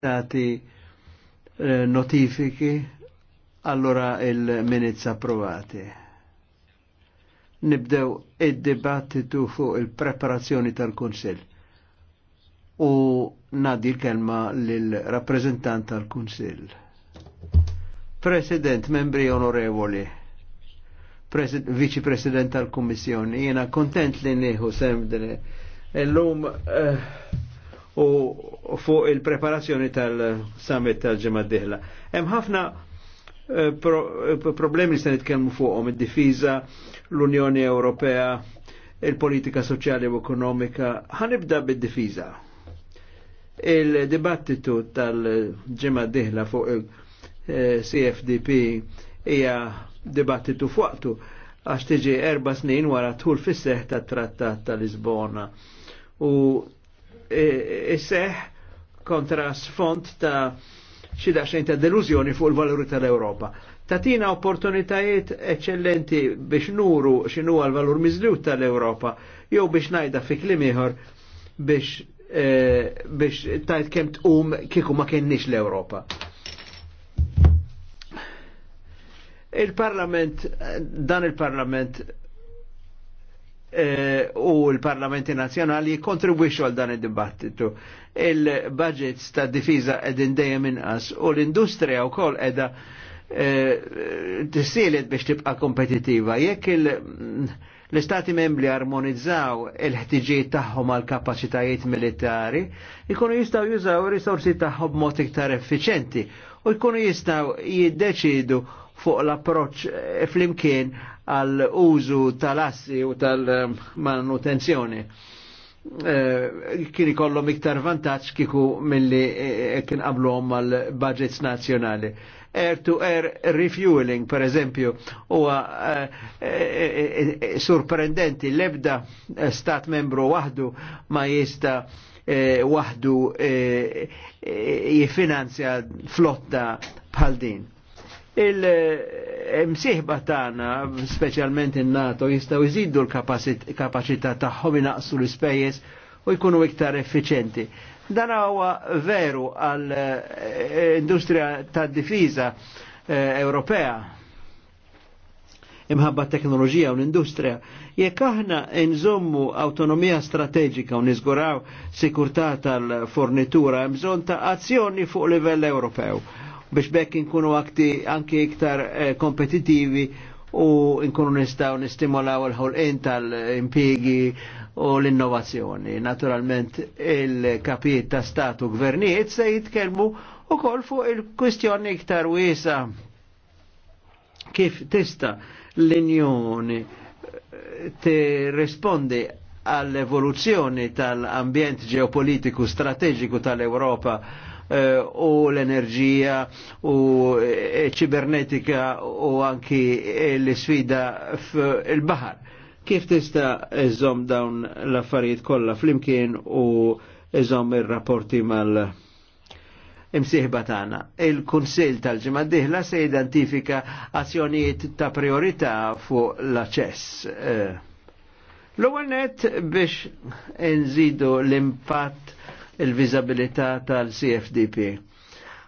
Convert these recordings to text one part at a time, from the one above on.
tati eh, notifiki, allora il-minizz approvati. Nibdew id-dibattitu fuq il-preparazzjoni tal-Kunsill. U nadi l-kelma lill-rappresentant tal-Kunsill. President, membri onorevoli, Vice President tal-Kommissjoni, jena kontent li nieħu sem din. lum eh, u fuq il-preparazzjoni tal-summit tal-ġemma d-dihla. Hemm ħafna eh, eh, problemi li se nitkellmu fuqhom id-difiża, l-Unjoni Ewropea, il-politika soċjali u ekonomika. Ħanibda bid-difiża. Il-dibattitu tal-ġemma d-dihla fuq il-CFDP eh, hija dibattitu fuqtu għax tiġi erba snin wara tħul fis-seħ tat-trattat tal-Lisbona. U iseħ e, e, kontra sfond ta' xi daxxejn ta' deluzjoni fuq il-valuri tal-Ewropa. Tatina opportunitajiet eccellenti biex nuru xinu l-valur miżlut tal-Ewropa jew biex ngħidha fi kliem ieħor biex e, biex tajt kemm tqum kieku ma kenniex l-Ewropa. Il-Parlament, dan il-Parlament Eh, u l-parlamenti nazjonali kontribwixu għal dan id-dibattitu. Il-budgets ta' difiża edin dejjem inqas u l-industrija u kol edha t biex tibqa kompetitiva. Jekk l-istati membri armonizzaw il-ħtiġijiet tagħhom għal kapaċitajiet militari, ikunu jistaw jużaw risorsi tagħhom mod iktar effiċenti u jkunu jistaw jiddeċidu fuq l-approċ eh, flimkien għal użu tal-assi u tal-manutenzjoni. E, kien ikollhom iktar vantaġġ kieku milli e, kien qablhom mal-budgets nazzjonali. Air-to-air refueling, per eżempju, huwa e, sorprendenti l-ebda stat membru waħdu ma jista' waħdu jifinanzja flotta bħal din Il-msiħba tagħna, speċjalment in-NATO, jistgħu jżidu l-kapaċità tagħhom inaqsu l-ispejjeż u jkunu iktar effiċenti. Dan huwa veru għall eh, industrija tad-difiża eh, Ewropea imħabba teknoloġija u l-industrija. Jekk aħna nżommu autonomija strateġika u niżguraw sikurtà tal-fornitura, hemm bżonn ta' azzjoni fuq livell Ewropew biex bekk inkunu anki iktar eh, kompetitivi u nkunu nistaw nistimolaw il-ħolqin tal-impiegi u l-innovazzjoni. Naturalment il-kapijiet ta' statu gvernijiet se jitkellmu u kol fuq il-kwistjoni iktar wiesa kif tista l-Unjoni eh, rispondi għall-evoluzzjoni tal-ambjent ġeopolitiku strategiku tal-Europa Eh, u l-enerġija u eh, ċibernetika u anki eh, l-sfida fil-bahar. Kif tista' iżom dawn l-affarijiet kollha flimkien u iżom ir-rapporti mal imsieħba tagħna. Il-Kunsill tal-ġimgħa dieħla se identifika azzjonijiet ta' priorità fuq l-aċċess. L-ewwel net biex inżidu l-impatt il vizabilità tal-CFDP.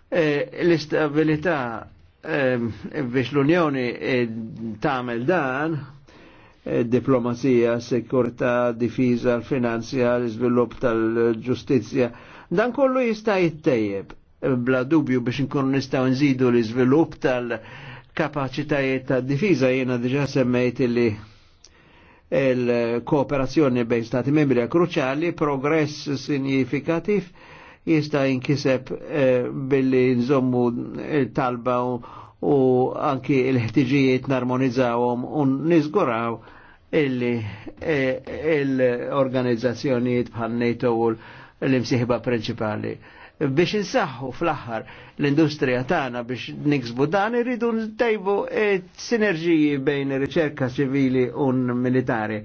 E, l-istabilità biex l-Unjoni e, tagħmel dan, e, diplomazija, sekurta, difiża, l-finanzja, l-iżvilupp tal-ġustizzja. Dan kollu jista' jittejjeb bla dubju biex nkunu nistgħu nżidu l-iżvilupp tal-kapaċitajiet tad-difiża jiena diġà semmejt li il-kooperazzjoni bejn stati membri kruċali, progress signifikativ jista' jinkiseb eh, billi nżommu il-talba u, anki il-ħtiġijiet narmonizzawhom u nizguraw illi eh, il-organizzazzjonijiet bħal NATO u l-imsieħba prinċipali biex insaħħu fl-aħħar l-industrija tagħna biex niksbu dan irridu ntejbu sinerġiji bejn ir-riċerka ċivili u militari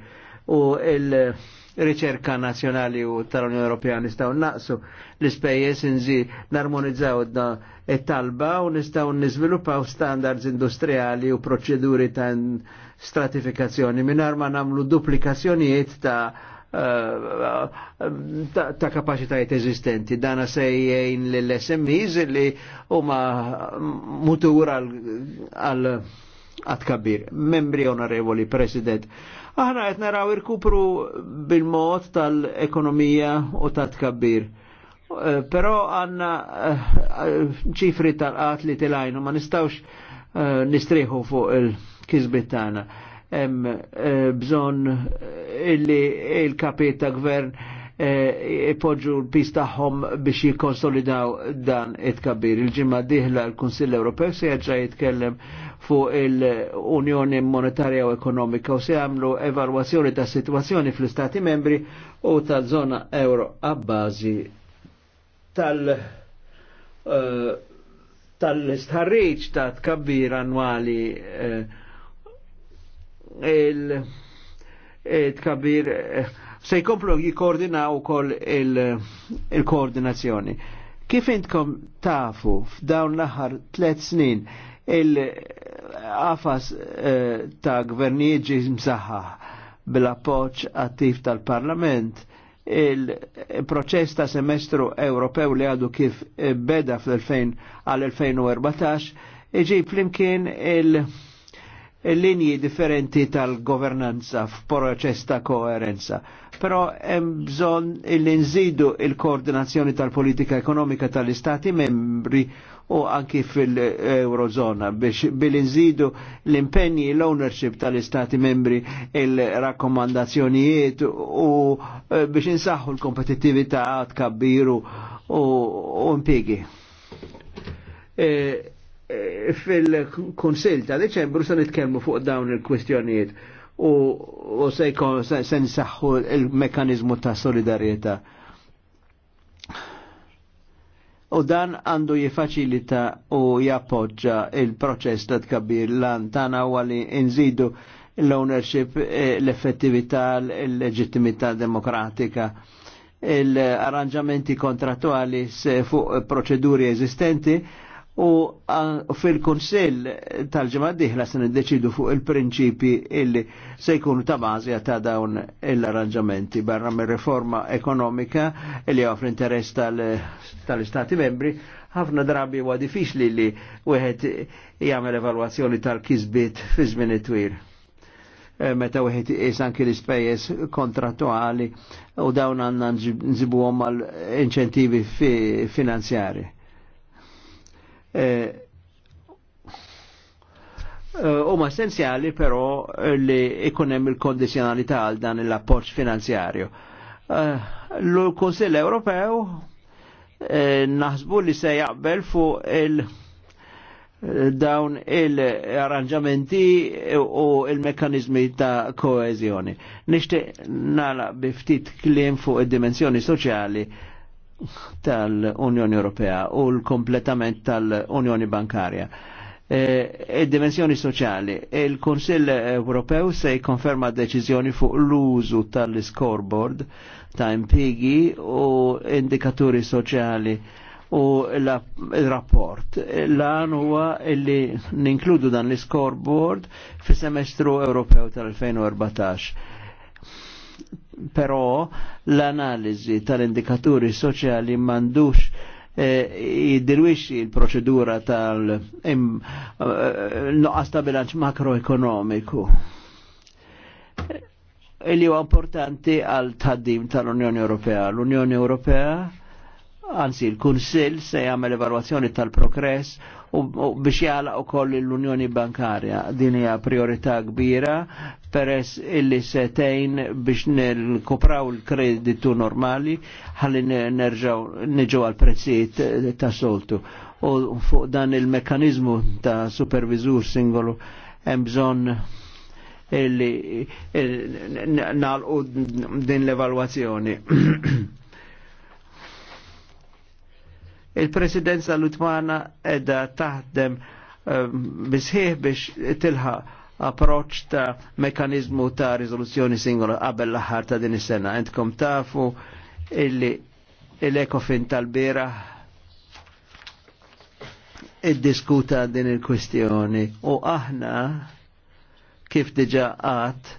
u il-riċerka nazzjonali u tal-Unjoni Ewropea nistgħu naqsu l-ispejjeż inżi narmonizzaw it-talba u nistgħu niżviluppaw standards industrijali u proċeduri ta' stratifikazzjoni mingħajr ma nagħmlu duplikazzjonijiet ta' ta' kapacitajiet eżistenti. Dana sejjejn l-SMEs li huma mutur għal għatkabbir. Membri onorevoli, President, aħna qed naraw irkupru bil-mod tal-ekonomija u ta' tkabbir eh, Però għanna eh, ċifri tal-qat li tilajnu ma nistawx eh, nistriħu fuq il-kizbit tagħna hemm eh, bżonn eh, illi il-kapiet ta' gvern eh, ipoġġu l-pis biex jikkonsolidaw dan it-kabir. Il-ġimgħa diħla l-Kunsill Ewropew se jerġa' jitkellem fuq il-Unjoni Monetarja u Ekonomika u se jagħmlu evalwazzjoni ta' situazzjoni fl-Istati membri u tal-żona euro għabbażi tal- tal-istħarriċ ta' tkabbir annwali il-tkabir e, e, se jkomplu jikkoordinaw ukoll il-koordinazzjoni. Kif intkom tafu f'dawn l-aħħar tliet snin il afas e, ta' gvernijiet ġi msaħħaħ bil-appoċ attiv tal-Parlament il-proċess ta' semestru Ewropew li għadu kif beda fl-2000 għal-2014 iġi flimkien il- il linji differenti tal-governanza f'proċess ta' koerenza. Però hemm bżonn li nżidu il-koordinazzjoni tal-politika ekonomika tal-istati membri u anki fil-Eurozona biex bil-inżidu l-impenji l-ownership tal-istati membri il-rakkomandazzjonijiet u eh, biex insaħħu l-kompetittività għad kabbiru u, u impiegi. E, fil-Konsil ta' Deċembru se nitkellmu fuq dawn il-kwestjonijiet u se nsaħħu il-mekanizmu ta' solidarieta. U dan għandu jifaċilita u jappoġġa il-proċess ta' tkabbir lan tana u għali nżidu l-ownership, eh, l-effettività, l-leġittimità demokratika l-arranġamenti kontrattuali fuq proċeduri eżistenti u fil kunsell tal ġemma diħla se niddeċidu fuq il-prinċipi illi se jkunu ta' bażi ta' dawn l-arranġamenti barra mir riforma ekonomika illi huwa fl-interess tal-Istati membri ħafna drabi huwa diffiċli li wieħed jagħmel evalwazzjoni tal-kisbiet fi żmien twir e, meta wieħed is anki l-ispejjeż kontrattuali u dawn għandna nżibuhom mal inċentivi finanzjari Eh, eh, huma essenzjali però li ikun hemm il-kondizjonalità għal dan l-appoġġ finanzjarju. Eh, L-Kunsill Ewropew naħsbu li se jaqbel fuq il- dawn il-arranġamenti u il mekanizmi ta' koezjoni. Nishtiq nala biftit klim fuq il dimensjoni soċjali tal-Unjoni Ewropea u l-kompletament tal-Unjoni Bankarja. Id-dimensjoni e, e soċjali. Il-Kunsill Ewropew se jkonferma deċiżjoni fuq l-użu tal-scoreboard ta' impigi u indikaturi soċjali u il-rapport. L-għan huwa illi ninkludu dan l-scoreboard fi semestru Ewropew tal-2014 però l-analiżi tal-indikaturi soċjali mandux E, eh, jiddirwixi il-proċedura tal-noqqas eh, ta' bilanċ makroekonomiku. Illi huwa importanti għal tħaddim tal-Unjoni Ewropea. L-Unjoni Ewropea, anzi l-Kunsill se jagħmel evalwazzjoni tal-progress u biex jala u koll l-Unjoni Bankarja. Din hija priorità kbira peress illi setejn biex nil kupraw l-kreditu normali ħalli nerġaw nġu għal-prezzijiet ta' soltu. U fuq dan il-mekanizmu ta' supervizur singolu hemm bżonn illi nalqu din l-evalwazzjoni. Il-presidenza l-Utmana edha taħdem eh, bisħieħ biex tilħa approċ ta' mekanizmu ta' rizoluzzjoni singola qabel l-aħħar ta' din is-sena. Entkom tafu illi l-ekofin tal-bira id-diskuta din il-kwistjoni u aħna kif diġa għat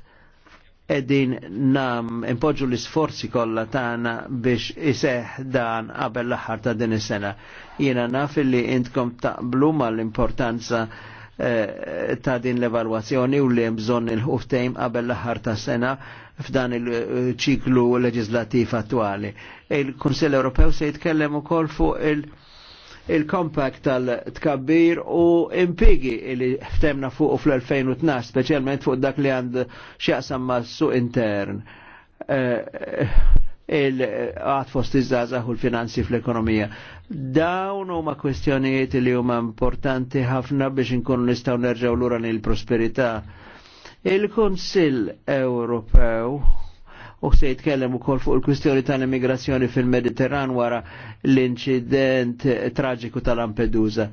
edin nam impoġġu l-isforzi kollha tagħna biex iseħ dan qabel l-aħħar ta' din is-sena. Jiena naf li intkom taqblu l importanza eh, ta' din l-evalwazzjoni u li hemm bżonn il-ħuftejn qabel l-aħħar ta' sena f'dan il-ċiklu leġislattiv attwali. Il-Kunsell Ewropew se jitkellem ukoll fuq il-, il-kompakt tal-tkabbir u impigi li ftemna fuq fl-2012, specialment fuq dak li għand xjaqsam ma' su intern. Eh, Il-għat fost iż-żazax u l-finanzi fl-ekonomija. Dawn huma kwestjonijiet li huma importanti ħafna biex inkunu nistgħu nerġgħu lura lil prosperità. Il-Konsill Ewropew u se jitkellem ukoll fuq il-kwistjoni tal-immigrazzjoni fil-Mediterran wara l-inċident traġiku tal ampedusa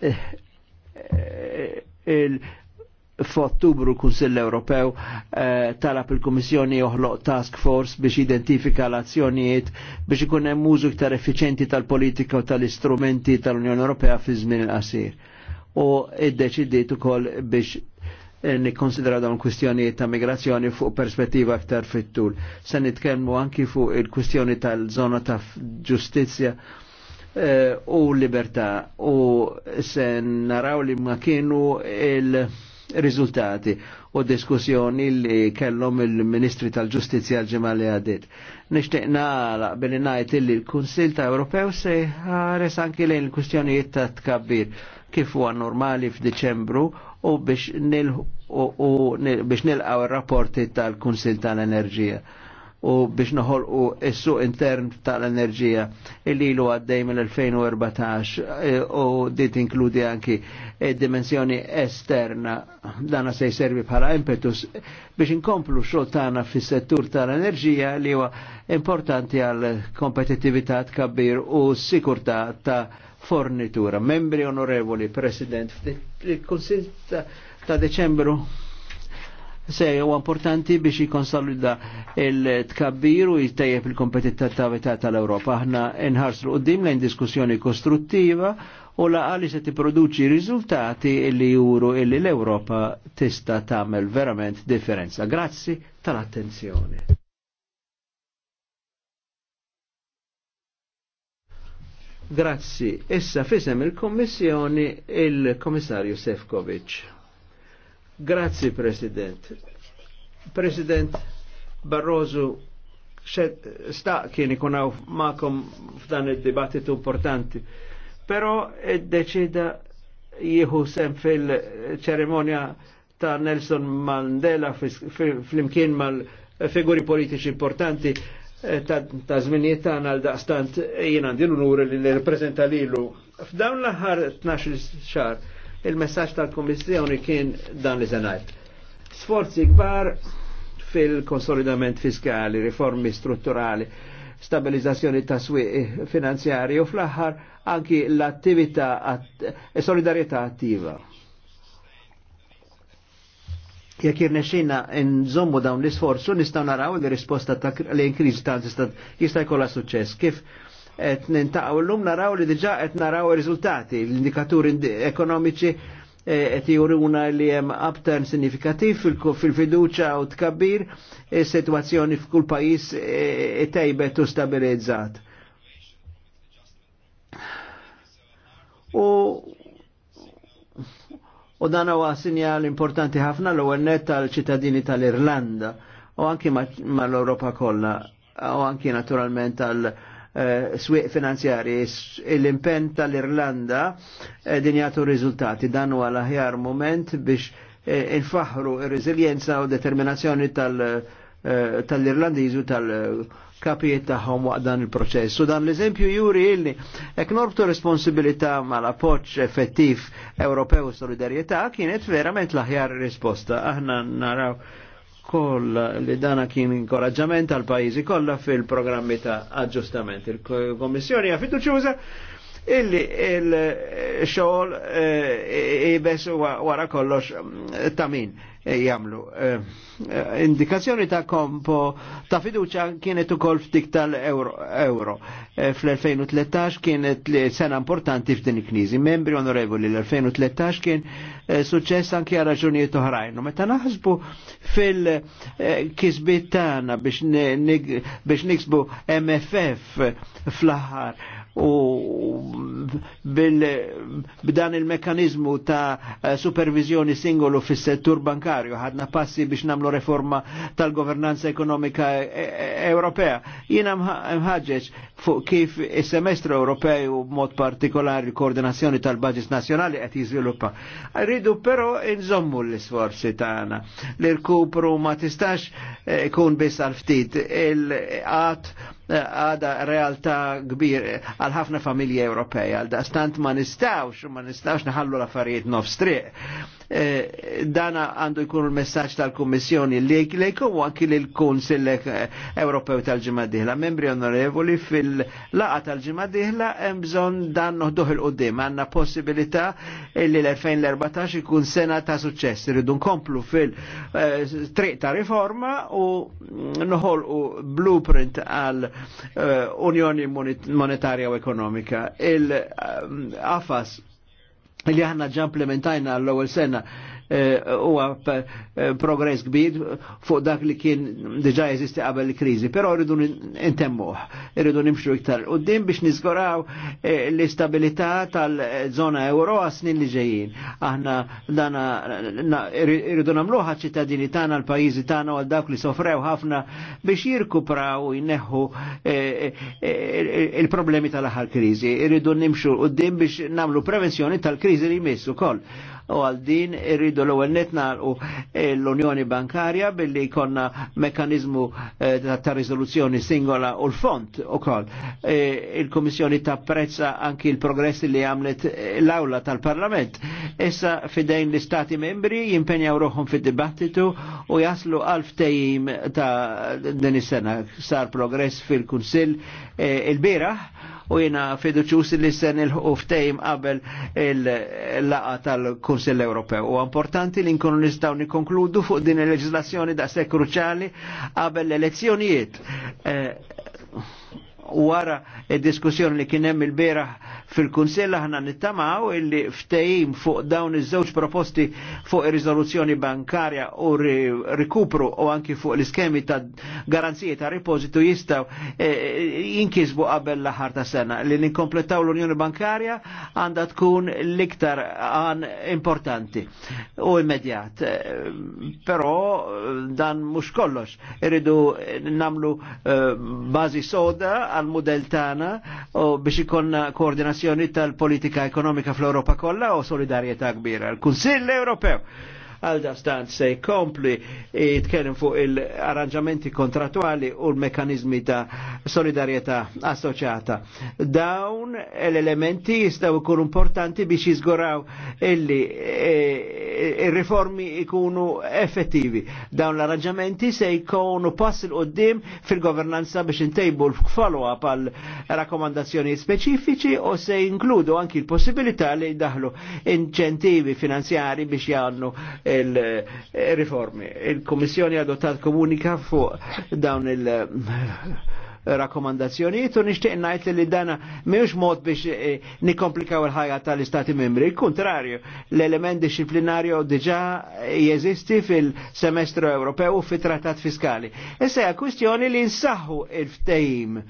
eh, eh, F'Ottubru Kunsill Ewropew eh, talab il-Kummissjoni joħloq task force biex identifika l-azzjonijiet biex ikun hemm użu iktar effiċenti tal-politika u tal-istrumenti tal-Unjoni Ewropea fi żmien il-qasir. U iddeċidiet ukoll biex E, nikkonsidra dawn kwistjonijiet ta' migrazzjoni fuq perspettiva aktar fit-tul. Se nitkellmu anki fuq il-kwistjoni tal-żona ta' ġustizzja e, u libertà u se naraw li ma kienu il- riżultati u diskussjoni li kellhom il-Ministri tal ġustizzja l-ġimgħa li għadiet. Nixtieq nagħlaq billi ngħid li l-Kunsill ta' Ewropew se ħares anki lejn il-kwistjonijiet ta' tkabbir kif huwa normali f'Diċembru u biex nilqaw il-rapporti tal-Kunsil tal-Enerġija u biex noħolqu s-suq intern tal-enerġija illi ilu għaddej mill-2014 e, u di tinkludi anki e, dimensjoni esterna dana se jservi bħala impetus biex inkomplu xogħol tagħna fis-settur tal-enerġija li huwa importanti għal kompetittività tkabbir u sikurtà ta' fornitura. Membri onorevoli, President, il Consiglio ta' Deċembru se huwa importanti biex jikonsolida il-tkabbir u jittajjeb il-kompetittività tal-Ewropa. Aħna nħarsu qudiem lejn diskussjoni kostruttiva u laqali se tipproduċi riżultati li juru illi l-Ewropa tista' tagħmel verament differenza. Grazzi tal-attenzjoni. Grazzi. Issa fisem il-Kommissjoni il-Komissarju Sefkovic. Grazzi, President. President Barroso, sta kien ikunaw ma'kom f'dan il-dibattitu importanti, pero id-deċida e jihu sem fil ċeremonja ta' Nelson Mandela fl-imkien mal-figuri politiċi importanti Eh, ta' zminiet ta' għal daqstant eh, jien għandin nur li l lilu. F'dawn l-aħħar 12 xar, il-messaġġ tal komissjoni kien dan li zanajt. Sforzi kbar fil-konsolidament fiskali, riformi strutturali, stabilizzazzjoni ta' swi finanzjari u fl-aħħar anki l-attività e solidarietà attiva jekk jirnexxina nżommu dawn l-isforzu nistgħu naraw li risposta ta' l-inkriżi ta' jista' jkollha suċċess. Kif qed nintaqgħu llum naraw li diġà qed naraw ir-riżultati, l-indikaturi ekonomiċi eh, qed juruna li hemm upturn sinifikattiv fil-fiduċa u tkabbir is-sitwazzjoni e f'kull pajjiż eh, e tejbet u stabilizzat. U U dan huwa sinjal importanti ħafna l ewwel net tal-ċittadini tal-Irlanda u anki mal-Europa kollha u anki naturalment tal- eh, swieq finanzjari l-impen tal-Irlanda eh, din jagħtu riżultati dan huwa l-aħjar moment biex eh, infaħru ir-reżiljenza u determinazzjoni tal- tal-Irlandiżu tal-, -tal kapijiet taħħom waqt dan il-proċess. U dan l-eżempju juri illi ek norbtu responsabilità mal-appoġġ effettiv Ewropew Solidarietà kienet verament l-aħjar risposta. Aħna naraw koll li dana kien inkoraġġament għal pajjiżi kollha fil-programmi ta' aġġustament. Il-Kommissjoni hija fiduċjuża illi il-xogħol jibes eh, wara kollox mm, ta' min eh, jamlu. Eh, indikazzjoni ta' kompo ta' fiduċa kienet ukoll ftik tal-euro. Fl-2013 kienet sena importanti f'din il-knizi. Membri onorevoli l-2013 kien suċċess anke għal raġunijiet oħrajn. Meta naħsbu fil-kisbit tana biex niksbu MFF fl ħar u bil, b'dan il-mekanizmu ta' eh, supervizjoni singolu fis settur bankarju ħadna passi biex namlu reforma tal-governanza ekonomika e, e, e, Ewropea. Jina mħagġeċ fuq kif is semestru Ewropej u mod partikolari koordinazzjoni tal-budget nazjonali qed jiżviluppa. Rridu però nżommu l-isforzi tagħna. L-irkupru ma tistax eh, ikun biss għal ftit il qat għada realtà kbir għal ħafna familji Ewropej, għal stant ma nistawx, ma nistawx naħallu l-affarijiet nofstriq. E, dana għandu jkun il-messaġġ tal kommissjoni li lejkom u anki l-Kunsill Ewropew tal ġimadihla Membri onorevoli fil-laqa tal ġimadihla diħla hemm bżonn dan noħduh il-qudiem, Għanna possibilità li l-2014 ikun sena ta' suċċess. Rridu nkomplu fil-triq e, ta' riforma u noħolqu blueprint għal Eh, Unjoni Monetarja u Ekonomika. Il-AFAS eh, mm, li ħanna ġamplementajna l ewel sena Eh, huwa eh, progress kbir fuq dak li kien diġa' jeżisti qabel il-kriżi, però rridu intemmuh, rridu nimxu iktar qudiem biex niżgoraw eh, l-istabilità tal-żona euro għasnin snin li ġejjin. Aħna dana irridu nagħmluha ċittadini tagħna l-pajjiżi tagħna għal dak li sofrew ħafna biex jirkupraw jneħħu il-problemi tal-aħħar kriżi. Irridu nimxu qudiem biex nagħmlu prevenzjoni tal-kriżi li jmissu koll u għal din irridu l-ewwel u eh, l-Unjoni Bankarja billi konna mekanizmu eh, ta' Rizoluzzjoni singola u l-font ukoll. Eh, il ta' tapprezza anki l-progress li għamlet l-Awla tal-Parlament. Issa fidejn l stati membri jimpenjaw ruħhom fid-dibattitu u jaslu għalf tejjim ta' din is-sena sar progress fil-Kunsill il-bieraħ u jina fiduċus li sen il ħuftejm qabel il-laqa tal-Kunsill Ewropew. U importanti li nkunu nistaw nikonkludu fuq din il-leġislazzjoni da' se kruċali qabel l-elezzjonijiet. Eh, wara diskussjoni li kien hemm il-beraħ fil-Kunsell aħna nittamaw illi ftehim fuq dawn iż-żewġ proposti fuq ir-riżoluzzjoni bankarja u rikupru u anki fuq l-iskemi ta' garanzijiet ta' ripożitu jistgħu jinkisbu eh, eh, qabel l-aħħar ta' sena. Li ninkompletaw l-Unjoni Bankarja għandha tkun l-iktar għan importanti u immedjat. Eh, però dan mhux kollox. Irridu namlu bażi soda għal model u biex ikonna koordinazzjoni tal-politika ekonomika fl-Europa kollha u solidarjetà kbira. Il-Kunsill Ewropew għal dastan se jkompli jitkellem fuq il-arranġamenti kontratuali u l-mekanizmi ta' solidarieta assoċjata. Dawn l-elementi jistaw ikun importanti biex jizguraw illi il-riformi e, e, ikunu effettivi. Dawn l-arranġamenti se jkunu pass il-qoddim fil-governanza biex intejbu l-follow-up għal rakomandazzjoni speċifiċi u se jinkludu anki l-possibilità li jdaħlu inċentivi finanzjari biex jgħannu e il-riformi. Il-Komissjoni adottat komunika fuq dawn il- rakkomandazzjonijiet u nixtieq ngħid li dana mhux mod biex eh, nikomplikaw il-ħajja tal-Istati membri. kontrarju l-element disciplinarju diġà jeżisti fil-semestru Ewropew u fit-trattat fiskali. Issa hija kwistjoni li nsaħħu il-ftehim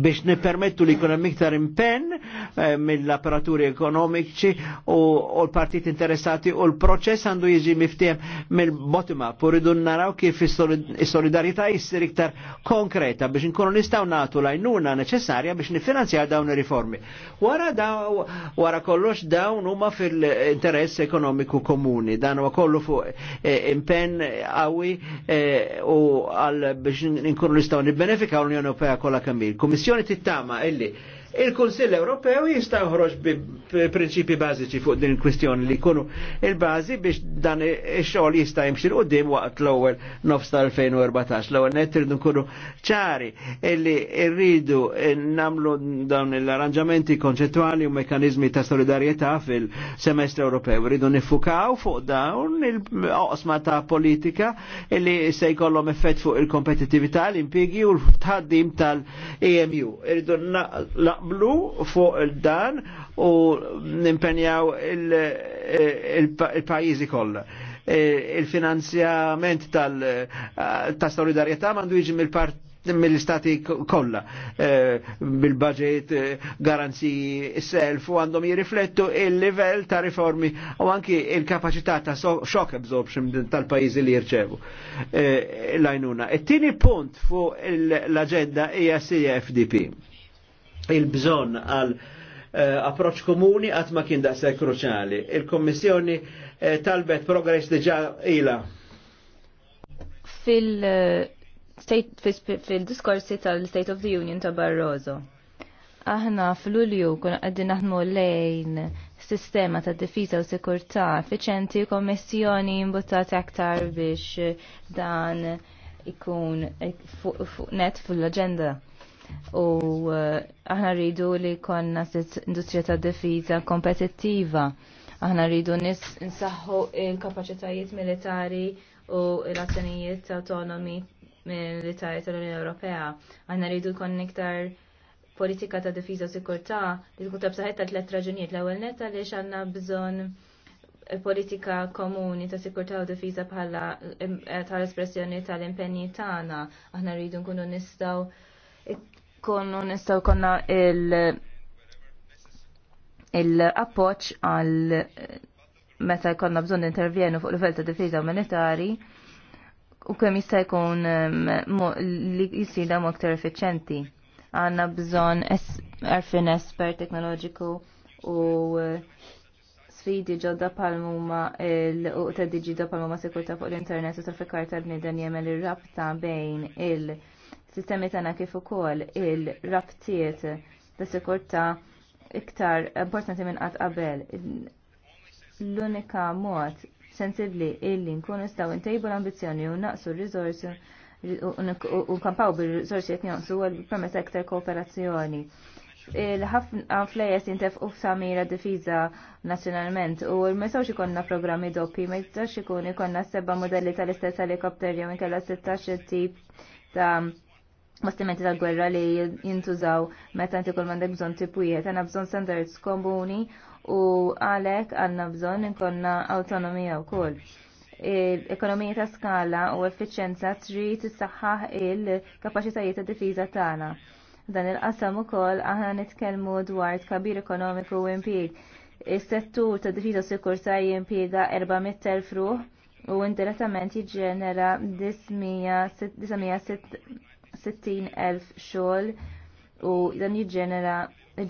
biex nipermettu li kunem miktar impenn eh, mill-apparaturi ekonomiċi u l-partit interessati u l-proċess għandu jiġi miftiem mill-bottom-up u naraw kif il-solidarita jissir iktar konkreta biex nkunu nistaw natu lajnuna neċessarja biex nifinanzjaw dawn il riformi Wara daw, wara kollox dawn huma fil-interess ekonomiku komuni, dan huwa kollu fuq eh, impen għawi eh, u għal biex nkunu nistaw nibbenefika l-Unjoni Ewropea kollha kemm Il-Kummissjoni tittama illi Il-Kunsill Ewropew jista' joħroġ bi prinċipi bażiċi fuq din il-kwistjoni li jkunu il-bażi biex dan ix-xogħol jista' jimxi l qudiem waqt l-ewwel nofs tal-2014. L-ewwel net irridu nkunu ċari li rridu nagħmlu dawn l-arranġamenti konċettwali u mekanizmi ta' solidarjetà fil-semestru Ewropew. Rridu nifukaw fuq dawn il-oqsma ta' politika illi se jkollhom effett fuq il-kompetittività, l-impjegi u l-tħaddim tal-EMU. Irridu naqblu fuq il-dan u nimpenjaw il-pajizi kollha. E, il-finanzjament tal-solidarietà mandu jiġi mill-part mill-istati kolla e, bil-budget, e, garanzi garanziji self u għandhom jirriflettu il-level ta' riformi u anki il-kapacità ta' shock absorption tal-pajizi li jirċevu lajnuna. l tieni Il-tini punt fuq l-agenda hija CFDP il-bżon għal eh, approċ komuni għat ma kien daqse kruċali. Il-Kommissjoni eh, talbet progress diġa ila. Eh, fil-diskorsi tal-State of the Union ta' Barroso, aħna fl-Ulju kun għaddin naħdmu lejn sistema ta' difiża u sekurtà effiċenti u kommissjoni imbuttati aktar biex dan ikun fuq net fl-agenda u eh, aħna rridu li konna industrija ta' difiża kompetittiva. Aħna rridu nis nsaħħu il-kapacitajiet militari u l-azzjonijiet autonomi militari tal-Unjoni Ewropea. Aħna rridu jkun iktar politika ta' difiża u sikurtà li tkun ta' b'saħħet ta' tliet raġunijiet. L-ewwel netta għaliex għandna bżonn politika komuni ta' sikurtà u difiża bħala eh, tal-espressjoni tal-impenji tagħna. Aħna rridu nkunu nistgħu konnu nistaw konna il- il-appoċ għal meta konna bżon intervjenu fuq l-vel ta' difiża umanitari u kemm jista' jkun um, li jisida dawn aktar effiċjenti. Għanna bżonn għarfien esper teknoloġiku u uh, sfidi ġodda palmuma l-uqta diġi ġodda palmuma sekurta fuq l-internet u traffikar tal-bnidan jemel ir-rabta bejn il- sistemi tagħna kif ukoll il-rabtiet ta' sikurtà iktar importanti minn qatt qabel. L-unika mod sensibbli illi nkunu nistgħu ntejbu l-ambizzjoni u naqsu r-riżorsi u kampaw bil qed jonqsu huwa għal permessa iktar kooperazzjoni. Il-ħafna flejes jintef u samira difiza nazjonalment u l-messawx ikonna programmi doppi, ma jistax ikun ikonna sebba' modelli tal-istess helikopter jew inkella 16 tip ta' bastimenti tal-gwerra li jintużaw meta inti kull mandek bżon tipujiet, għanna bżon standards komuni u għalek għanna bżon inkonna autonomija u koll. Ekonomija ta' skala u effiċenza trid tissaħħaħ il-kapaċitajiet ta' difiża tagħna. Dan il-qasam ukoll aħna nitkellmu dwar kabir ekonomiku u impjieg. Is-settur ta' difiża sikurta jimpjega 400,000 ruħ u indirettament jiġġenera 960 60,000 xogħol u dan jiġġenera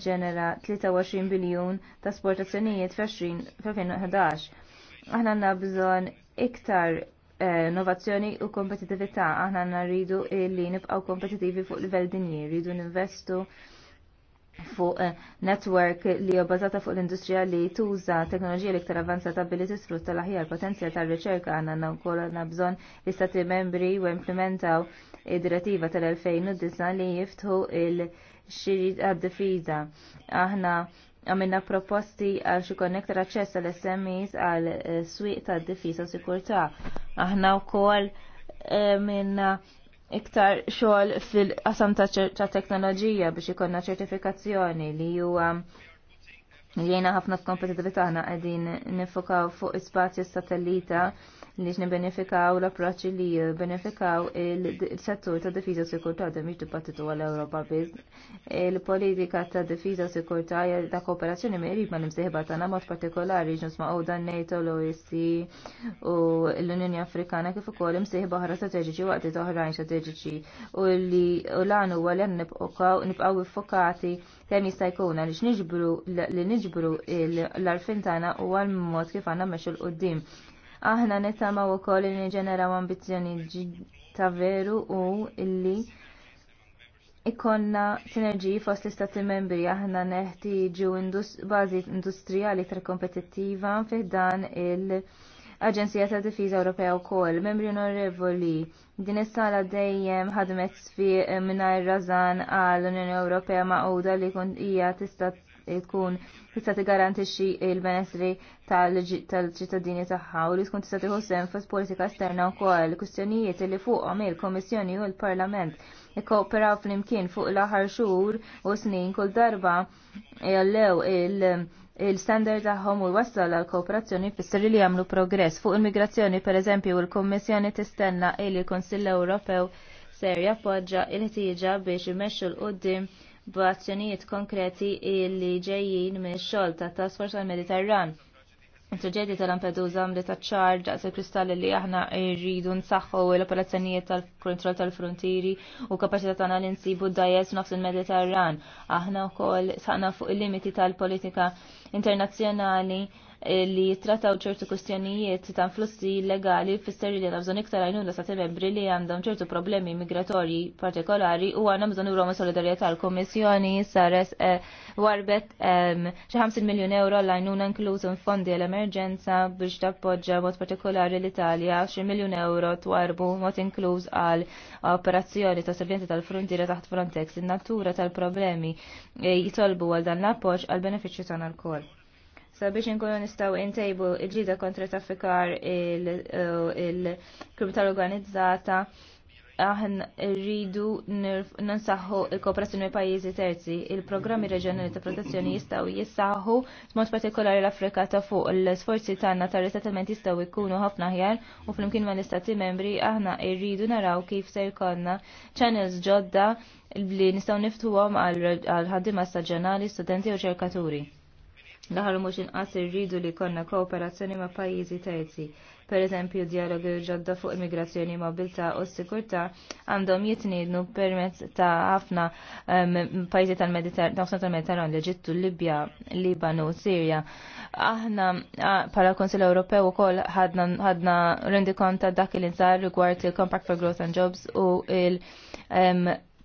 ġenera 23 biljun ta' sportazzjonijiet fl-2011. Aħna għandna bżonn iktar eh, innovazzjoni u kompetitività, aħna għandna rridu li nibqgħu kompetitivi fuq livell dinji, rridu ninvestu fuq eh, network li ho bażata fuq l-industrija li tuża teknoloġija li iktar avanzata billi tisfrutta l-aħjar potenzjal tar-riċerka għandna wkoll għandna bżonn li stati membri u implementaw id-direttiva tal-2009 li jiftħu il-xirid għad-difiża. Aħna għamilna proposti għal xi konnektar aċċess għal SMEs għal eh, swieq tad-difiża u sikurtà. Aħna wkoll eh, minna iktar xogħol fil-qasam ta' teknoloġija biex ikonna ċertifikazzjoni li huwa li ħafna f'kompetitività ħana qegħdin nifokaw fuq ispazju satellita nix nibenefikaw l-approċċi li benefikaw il-settur ta' difiża u sikurtà da mhix dibattitu għal Ewropa biss. Il-politika ta' difiża u sikurtà ta' kooperazzjoni mirib ma' nimsiħba tagħna mod partikolari ġnus ma' Oda NATO, l e oec u l-Unjoni Afrikana kif ukoll imsieħba oħra strateġiċi waqt oħrajn strateġiċi u li l għanu għal li nibqgħu iffokati kemm jista' jkun niġbru li niġbru l-arfin tagħna huwa l-mod kif għandna meċu l qudiem Aħna nitama u koll li nġeneraw ambizjoni ta' veru u illi ikonna sinerġiji fost l-istati membri aħna neħtieġu bażi industrijali tra kompetittiva fi dan il-Aġenzija ta' Difiża Ewropea wkoll. Membri onorevoli, din is-sala dejjem ħadmet fi mingħajr rażan għall unjoni Ewropea Magħquda li kont hija tista' tkun tista' tigarantixxi l-benessri tal-ċittadini tagħha u li tkun tista' tieħu sem fis-politika esterna wkoll kwistjonijiet li fuqhom il-Kummissjoni u l-Parlament ikkooperaw flimkien fuq l-aħħar xhur u snin kull darba jallew il-standard tagħhom u wassal għal kooperazzjoni fisser li jagħmlu progress fuq il-migrazzjoni, pereżempju u l-Kummissjoni tistenna il il-Kunsill Ewropew ser jappoġġa il-ħtieġa biex imexxu l-qudiem b'azzjonijiet konkreti li ġejjin minn xogħol ta' Task Force mediterran Il-traġedja tal-Lampedusa ta' ċar daqs il-kristalli li aħna rridu nsaħħu l-operazzjonijiet tal-kontroll tal-frontieri u kapaċità tagħna li nsibu d-dajes nofs il-Mediterran. Aħna wkoll saħna fuq il-limiti tal-politika internazzjonali li jitrataw ċertu kustjonijiet ta' flussi illegali fisser li għandha bżonn iktar għajnuna sa' membri li għandhom ċertu problemi migratorji partikolari u għandhom bżonn uroma solidarieta għal komissjoni sares eh, warbet ehm, xi 50 miljun euro l-għajnuna inkluż fondi l-emerġenza biex tappoġġa mod partikolari l-Italja xi miljon euro twarbu mod inkluż għal operazzjoni ta' servjenti tal-frontiera taħt Frontex. In-natura tal-problemi eh, jitolbu għal dan l-appoġġ għal benefiċċju tagħna l-kol sabiex inkunu nistgħu intejbu il-ġida kontra traffikar il-kriminalità organizzata aħna rridu nansaħħu il-kooperazzjoni me pajjiżi terzi. Il-programmi reġjonali ta' protezzjoni jistgħu jissaħħu mod partikolari l-Afrika ta' fuq l-sforzi tagħna ta' resettlement jistgħu jkunu ħafna aħjar u flimkien mal istati membri aħna rridu naraw kif se jkollna channels ġodda li nistgħu niftuhom għal ħaddiema staġjonali, studenti u ċerkaturi. Naħal mhux inqas irridu li konna kooperazzjoni ma' pajjiżi terzi. Per eżempju, dialogi ġodda fuq immigrazzjoni, mobilità u sikurta għandhom jitnidnu permezz ta' ħafna pajjiżi tal-Mediterran, l-Eġittu, Libja, Libanu, Sirja. Aħna bħala Konsil Ewropew ukoll ħadna rendi konta dak li nsar rigward il-Compact for Growth and Jobs u il-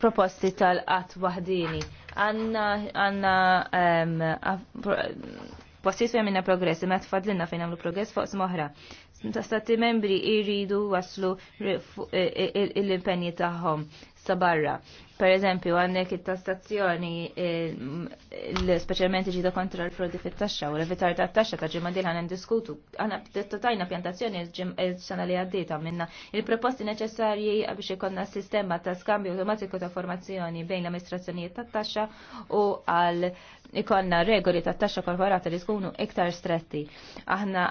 proposti tal-qatt waħdini għanna għanna postiet fejn minna progress, imma tfadlinna fejn għamlu progress fuq smoħra. Stati membri irridu waslu il impenji tagħhom sa barra. Per eżempju, għandek it tastazzjoni eh, specialment ġida kontra l-frodi fit-taxxa u l-evitar ta' taxxa ta' ġimadil għan diskutu. Għana t-tajna pjantazzjoni s-sena li għaddita minna il-proposti neċessarji biex ikonna sistema ta' skambju automatiku ta' formazzjoni bejn l-amministrazzjonijiet ta' taxxa u għal ikonna regoli ta' taxxa korporata li tkunu iktar stretti. Aħna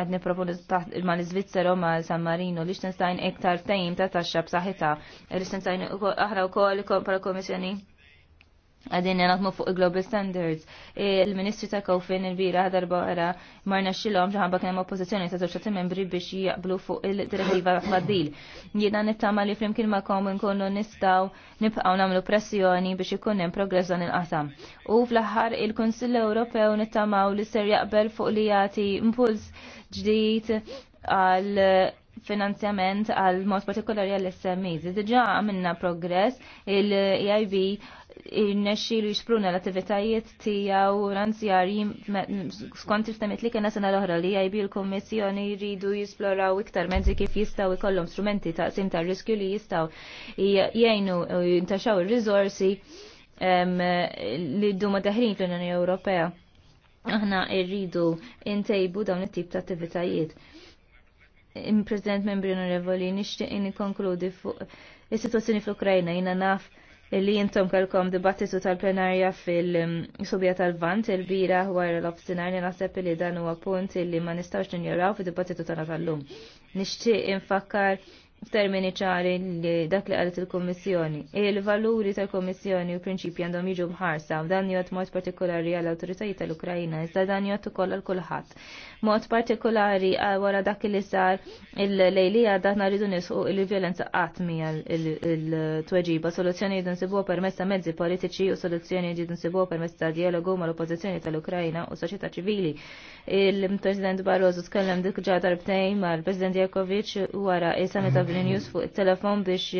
għadni proponu ma' l-Svizzero ma' San Marino, Liechtenstein iktar tejm ta' taxxa b'saħħita Liechtenstein aħna aħna wkoll kompra komissjoni għadin naħdmu fuq global standards. Il-Ministri ta' Kofin il-bira għadarba għara marna xilom ġaħba kienem oppozizjoni ta' zoċċati membri biex jaqblu fuq il-direttiva fadil. Jiena nittama li flimkien ma' kom nkunnu nistaw nibqaw namlu pressjoni biex ikun hemm progress dan il-qasam. U fl-aħħar il-Kunsill Ewropew nittamaw li ser jaqbel fuq li jagħti impuls ġdid għal finanzjament għal mod partikolari għal SMEs. Diġa għamilna progress il-EIB il-nexxi li jispruna l-attivitajiet tijaw ranzjari skont il-ftemet li kena sena l-oħra li jajbi l-Kommissjoni jridu jisploraw iktar mezzi kif jistaw ikollom strumenti ta' sim ta' riskju li jistaw jgħinu jintaxaw il-rizorsi li d-duma teħrin fl-Unjoni Ewropea. Aħna irridu intejbu dawn it-tip ta' attivitajiet. President membri onorevoli, nixtieq inni konkludi fuq is situazzjoni fl-Ukrajna jina naf li jintom kalkom dibattitu tal-plenarja fil-subja tal-vant il-bira wara l-obstinar li naħseb li dan huwa punt li ma nistgħux ninjoraw fi dibattitu tagħna tal-lum. Nixtieq infakkar f'termini ċari li dak li qalet il komissjoni Il-valuri tal komissjoni u prinċipji għandhom jiġu mħarsa u dan jgħat mod partikolari għall awtoritajiet tal-Ukrajina, iżda dan jgħod ukoll għal kulħadd mod partikolari eh, wara dak li sar il-lejlija daħna rridu nisqu il-violenza qatmi il-tweġiba. Soluzzjoni id nsibuha permezz ta' mezzi politiċi u soluzzjoni id nsibuha permezz ta' dialogu mal-oppożizzjoni tal ukrajina u soċieta ċivili. Il-President Barroso tkellem dik ġa darbtejn mal-President Jakovic wara il summit ta' Vilnius fuq it-telefon biex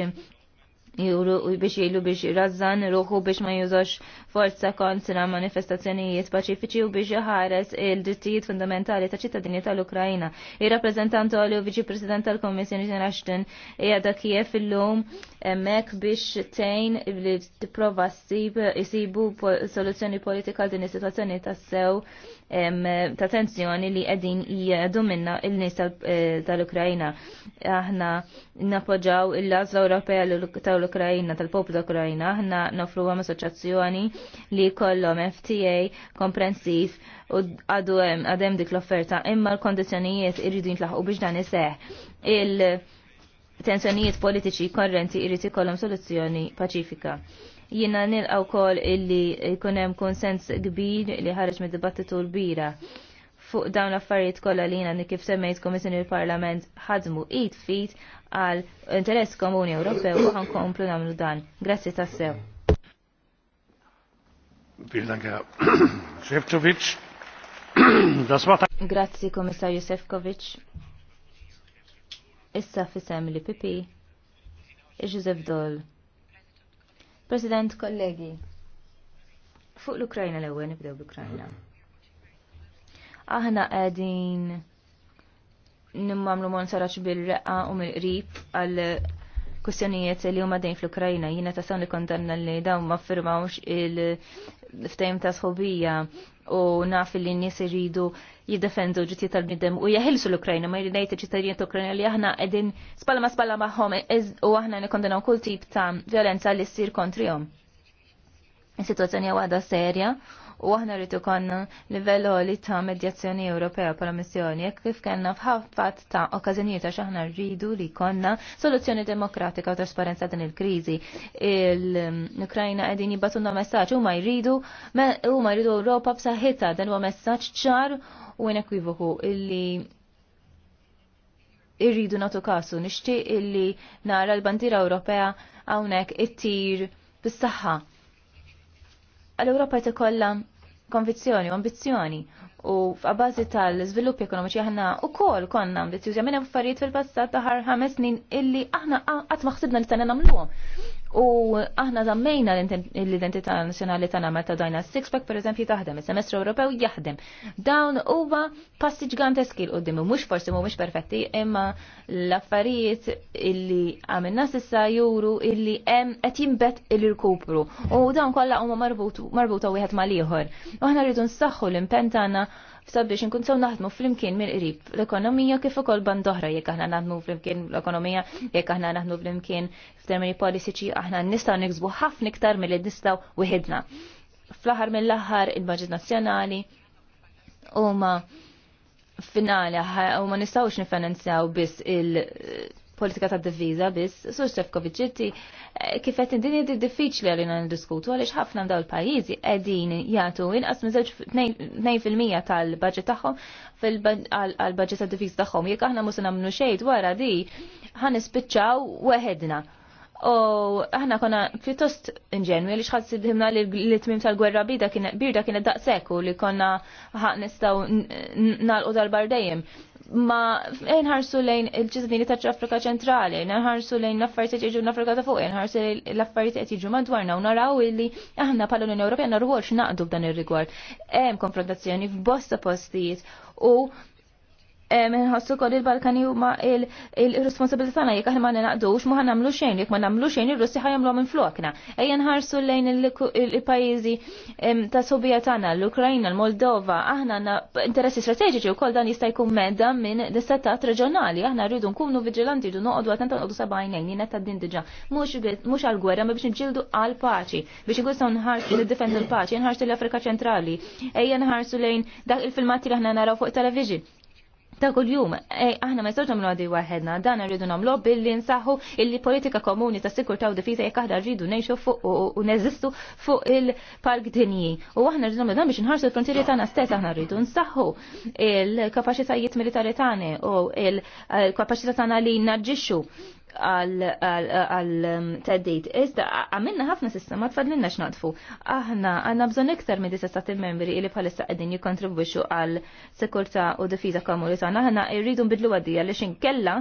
biex jilu biex razzan ruħu biex ma jużax forza kontra manifestazzjonijiet paċifiċi u biex jaħares il-drittijiet fundamentali ta' ċittadini tal ukrajina Il-rappresentant għalju viċi president tal-Komissjoni Ġen Ashton jgħada Kiev il-lum emmek biex tejn li t-prova jisibu soluzzjoni politika din is-situazzjoni tas sew ta' tensjoni li qegħdin jgħadu minna il-nies tal tal-tal-Ukrajina. Eh, aħna napoġaw il lazza Ewropea tal ukrajina tal-poplu tal ukrajina aħna nofru għam assoċjazzjoni li kollom FTA komprensiv u għadu għadem dik l-offerta imma l-kondizjonijiet irridu jintlaħqu biex dan iseħ. Il- tensjonijiet politiċi korrenti irriti ikollhom soluzzjoni paċifika. Jina nilqaw kol illi jkunem konsens kbir li ħarġ mid dibattitu l-bira. Fuq dawn l-affarijiet kollha li jina kif semmejt Komissjoni l-Parlament ħadmu id fit għal interess komuni Ewropew u ħankomplu nagħmlu dan. Grazzi tassew. Grazzi komissar Josefkovic. Issa fisem li pipi. Joseph Doll. President kollegi, fuq l-Ukrajna l-ewwel nibdew l-Ukrajna. Aħna qegħdin nimmamlu monsaraċ bil-reqqa u mill-qrib għal kwistjonijiet li huma dejn fl-Ukrajna. Jiena ta' sawni kondanna li dawn ma firmawx il-ftajm ta' sħobija u naf li n-nies iridu jiddefendu ġittijiet tal-bnidem u jaħilsu l-Ukrajna ma jridajt ċittadinijiet Ukrajna li aħna qegħdin spalla ma spalla magħhom u aħna nikkondenaw kull tip ta' violenza li ssir kontrihom. Is-sitwazzjoni waħda serja u aħna rritu konna livell li ta' medjazzjoni Ewropea pala missjoni, jekk kif kellna fħafat ta' okkażjonijiet għax aħna rridu li konna soluzzjoni demokratika u trasparenza din il-kriżi. L-Ukrajna qegħdin jibbatuna messaġġ huma jridu huma jridu Ewropa b'saħħitha dan huwa messaġġ ċar u inekwivoku illi irridu natu kasu, nishtiq illi nara l-bandira Ewropea għawnek it-tir bis-saħħa l europa jt konvizzjoni u ambizzjoni u f'abbażi tal-żviluppi ekonomiċi aħna wkoll konna ambizjużi minn affarijiet fil-passat taħar ħames snin illi aħna qatt ma ħsibna li tagħna nagħmluhom. U aħna zammejna l-identità nazjonali tagħna meta dajna six-pack pereżempju taħdem, is-semestru Ewropew jaħdem. Dawn huwa passi ġganteski l qudiem mhux forsi mhumiex perfetti, imma l-affarijiet illi għamilna sissa juru illi hemm qed jinbet il-rkupru. U dawn kollha huma marbuta wieħed mal-ieħor. U aħna rridu nsaħħu l-impenn tagħna sabiex nkun sew naħdmu flimkien mill-qrib l-ekonomija kif ukoll band oħra jekk aħna naħdmu flimkien l-ekonomija jekk aħna naħdmu flimkien f'termini politiċi aħna nistgħu niksbu ħafna iktar milli nistgħu wieħedna. Fl-aħħar mill-aħħar il-Baġit Nazzjonali huma finali huma nistgħux nifinanzjaw biss il- politika ta' diviza biss, Sur Stefkovic ġitti eh, kif qed indini di diffiċli għalina ndiskutu għaliex ħafna daw il-pajjiżi qegħdin jagħtu inqas minn żewġ fil-mija tal-baġġet tagħhom għall-baġġet tad-difiż tagħhom. Jekk aħna mhux nagħmlu xejn wara di ħanispiċċaw weħedna. U aħna konna pjuttost inġenwi li xħad sidhimna li l-tmim tal-gwerra birda kienet daqseku li konna ħaq nistaw nal dal-bardejjem ma nħarsu lejn il-ċittadini ta' Afrika ċentrali, nħarsu lejn l-affarijiet qed jiġu l-Afrika ta' fuq, nħarsu lejn l-affarijiet qed jiġu madwarna u naraw illi aħna bħala l-Unjoni Ewropea narruħolx naqdu f'dan ir-rigward. Hemm konfrontazzjoni f'bosta postijiet u Eh, minħassu kod il-Balkani u ma il-responsabilitana jek ma ma naqdux, ma nagħmlu xejn, jek ma nagħmlu xejn ir-Russi ħajamlu minn flokna. Ejja nħarsu lejn il-pajjiżi ta' Sovjetana, tagħna, l-Ukrajna, l-Moldova, aħna interessi strateġiċi wkoll dan jista' jkun medda minn dissettat reġjonali, aħna rridu nkunu viġilanti jdu noqogħdu attenta noqogħdu sebgħin lejn jiena ta' din diġà. Mhux għall-gwerra ma biex nġildu għall-paċi, biex inkunu nħarsu niddefendu l-paċi, nħarsu l-Afrika ċentrali, ejja nħarsu lejn dak il-filmati li aħna naraw fuq television ta' kull jum, aħna ma jistgħux nagħmlu għadi waħedna, dan irridu nagħmlu billi nsaħħu illi politika komuni ta' sikurtaw u jekk aħna rridu ngħixu fuq u neżistu fuq il-park dinji. U aħna rridu nagħmlu dan biex nħarsu l-frontieri tagħna stess aħna rridu nsaħħu il-kapaċitajiet militari tagħna u il-kapaċità tagħna li naġġixxu għal um, teddit. Iżda, għamilna ħafna sistema tfadlinna xnaqtfu. Aħna għanna bżon iktar minn disa stati membri li bħalissa għedin jikontribuċu għal sekurta u difiza komuni tagħna. Aħna irridu nbidlu għaddija li xinkella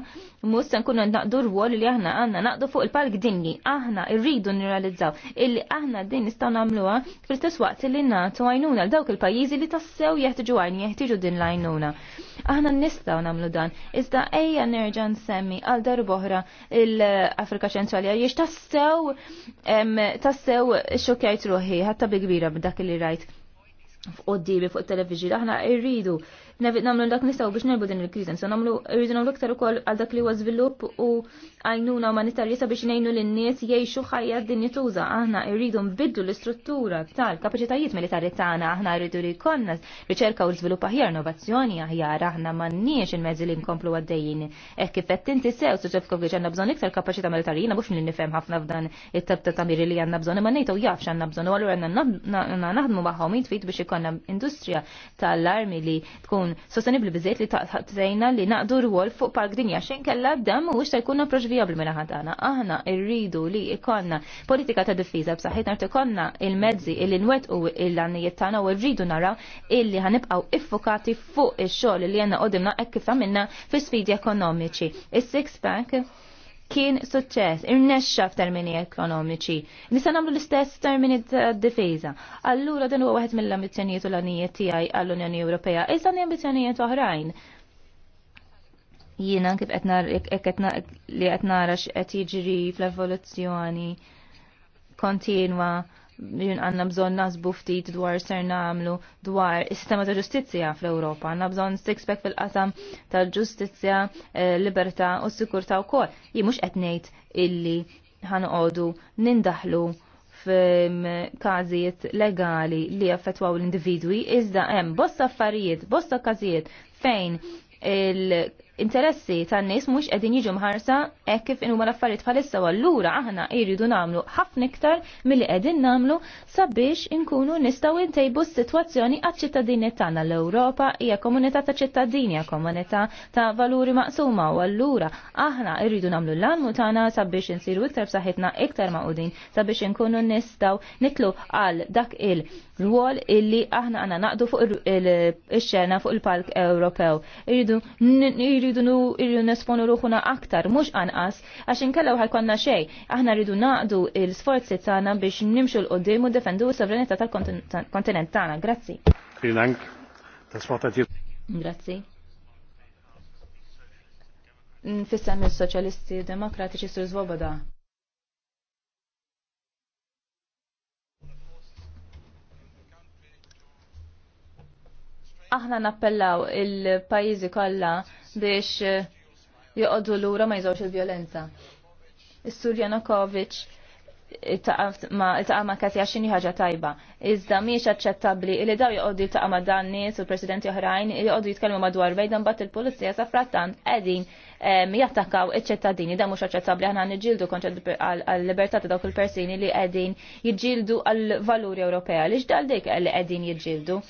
mus se nkunu naqdu rwol li aħna għanna naqdu fuq il-palk dinji. Aħna irridu nirrealizzaw illi aħna din nistgħu nagħmluha fil-istess waqt li nagħtu għajnuna għal dawk il-pajjiżi li tassew jeħtiġu għajni jeħtiġu din l-għajnuna. Aħna nistgħu nagħmlu dan. Iżda ejja nerġa' nsemmi għal darbohra l-Afrika ċentrali għaliex tassew tassew xokjajt ruħi ħatta bi kbira b'dak li rajt f'qoddibi fuq televizji aħna irridu namlu dak nistgħu biex nerbu din il-kriżi, nsa namlu irridu nagħmlu aktar ukoll għal dak li huwa żvilupp u għajnuna umanitarja sabiex nejnu l-nies jiexu ħajja dinjetuza. Aħna irridu nbiddu l-istruttura tal-kapacitajiet militari tagħna, aħna rridu li konna riċerka u l-żvilupp aħjar innovazzjoni aħjar aħna m'għandniex il-mezzi li nkomplu għaddejjin. Hekk kif qed inti sew soċjefkok li ġandna bżonn iktar kapaċità militari jiena mhux li nifhem ħafna f'dan it-tab ta' tamiri li għandna bżonn, imma ngħid jafx għandna bżonn u allura għandna naħdmu magħhom jitfit biex ikollna industrija tal-armi li tkun sostenibbli biżejt li taqtejna li naqdu rwol fuq park dinja xejn kellha b'dem u se jkunna proġvi fija bil-minaħa ħadana. Aħna rridu li ikonna politika ta' diffiża b'saħħitna li ikonna il-mezzi illi nwettqu il-għannijiet tagħna u rridu naraw illi ħanibqgħu iffokati fuq ix-xogħol li għandna qudimna hekk kif għamilna fi sfidi ekonomiċi. Is-six pack kien suċċess, irnexxa f'termini ekonomiċi. Nisa nagħmlu l-istess termini difiża. Allura dan huwa waħed mill-ambizzjonijiet u l-għanijiet tiegħi għall-Unjoni Ewropea. Iżda ambizzjonijiet oħrajn jiena kif qed li qed nara x'qed jiġri fl-evoluzzjoni kontinwa jien għanna bżon nasbu ftit dwar ser namlu dwar is-sistema ta' ġustizzja fl-Ewropa. Għanna bżon six-pack fil-qasam ta' ġustizzja, eh, libertà u sikurtà wkoll. Jien mhux qed ngħid illi ħanqogħdu nindaħlu f'każijiet legali li affettwaw l-individwi iżda hemm bosta affarijiet, bosta każijiet fejn il interessi tan-nies mhux qegħdin jiġu mħarsa hekk kif inhuma l-affarijiet bħalissa għallura allura aħna jridu nagħmlu ħafna iktar milli qegħdin nagħmlu sabiex inkunu nistgħu ntejbu s-sitwazzjoni għaċ-ċittadini tagħna l-Ewropa hija komunità ta' ċittadini, hija komunità ta' valuri maqsuma u allura aħna jridu nagħmlu l-għanmu tagħna sabiex insiru iktar b'saħħitna iktar maqudin sabiex inkunu nistgħu nitlu għal dak il- rwol illi aħna għanna naqdu fuq il-xena fuq il-Park Ewropew. Irridu irridu nesponu ruħuna aktar, mux għanqas, għaxin kalla uħal konna xej. Aħna rridu naqdu il-sforzi tagħna biex nimxu l-qoddim u defendu s-sovranità tal-kontinent tagħna. Grazzi. Grazzi. Fissam il-Soċjalisti Demokratiċi Sur Svoboda. aħna nappellaw il-pajizi kollha biex l eh, lura ma jżewx il-vjolenza. Is-Sur Janukovic itaqama kasi għaxini ħaġa tajba. Iżda miex aċċettabli li daw joqogħdu jitaqa' ma' dan nies u presidenti oħrajn joqogħdu jitkellmu madwar bejdan bat il-pulizija sa frattan qegħdin ehm, jattakaw iċ-ċittadini, da mhux aċċettabbli aħna nġildu konċet għall-libertà ta' dawk il-persini li qegħdin jġildu għall-valuri Ewropea. Lix dal dik li qegħdin jġildu?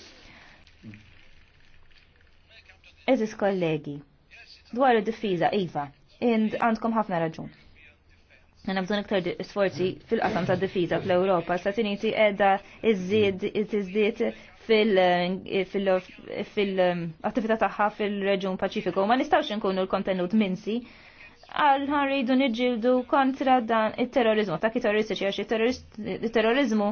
Eżis kollegi, dwar id-difiża, Iva, għandkom ħafna raġun. Għanna bżon iktar sforzi fil-qasam ta' difiża fl-Ewropa. Stati Uniti edha iżid iżdiet fil-attività tagħha fil-reġun Paċifiku. Ma nistawx nkunu l-kontenut minsi għal rridu nġildu kontra dan il-terrorizmu, ta' terroristiċi għax il-terrorizmu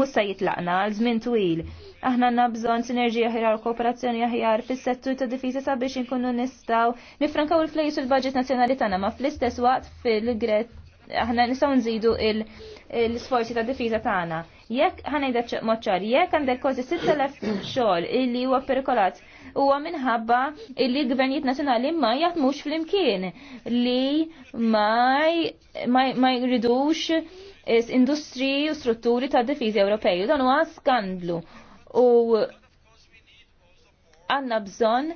musta jitlaqna għal żmien twil. Aħna għandna bżonn sinerġija ħjar kooperazzjoni aħjar fis-settur ta' sa' sabiex inkunu nistaw. nifrankaw il-flejus il-budget nazzjonali tagħna ma fl-istess waqt fil-Gret aħna nistgħu nżidu l-sforzi ta' difiża tagħna. Jekk ħanejda moċċar, jekk għandek kważi 6000 xogħol illi huwa perikolat huwa minħabba li gvernijiet nazzjonali ma jaħdmux fl-imkien li ma jridux industri u strutturi ta' difiżi Ewropej. Dan huwa skandlu. U għanna bżonn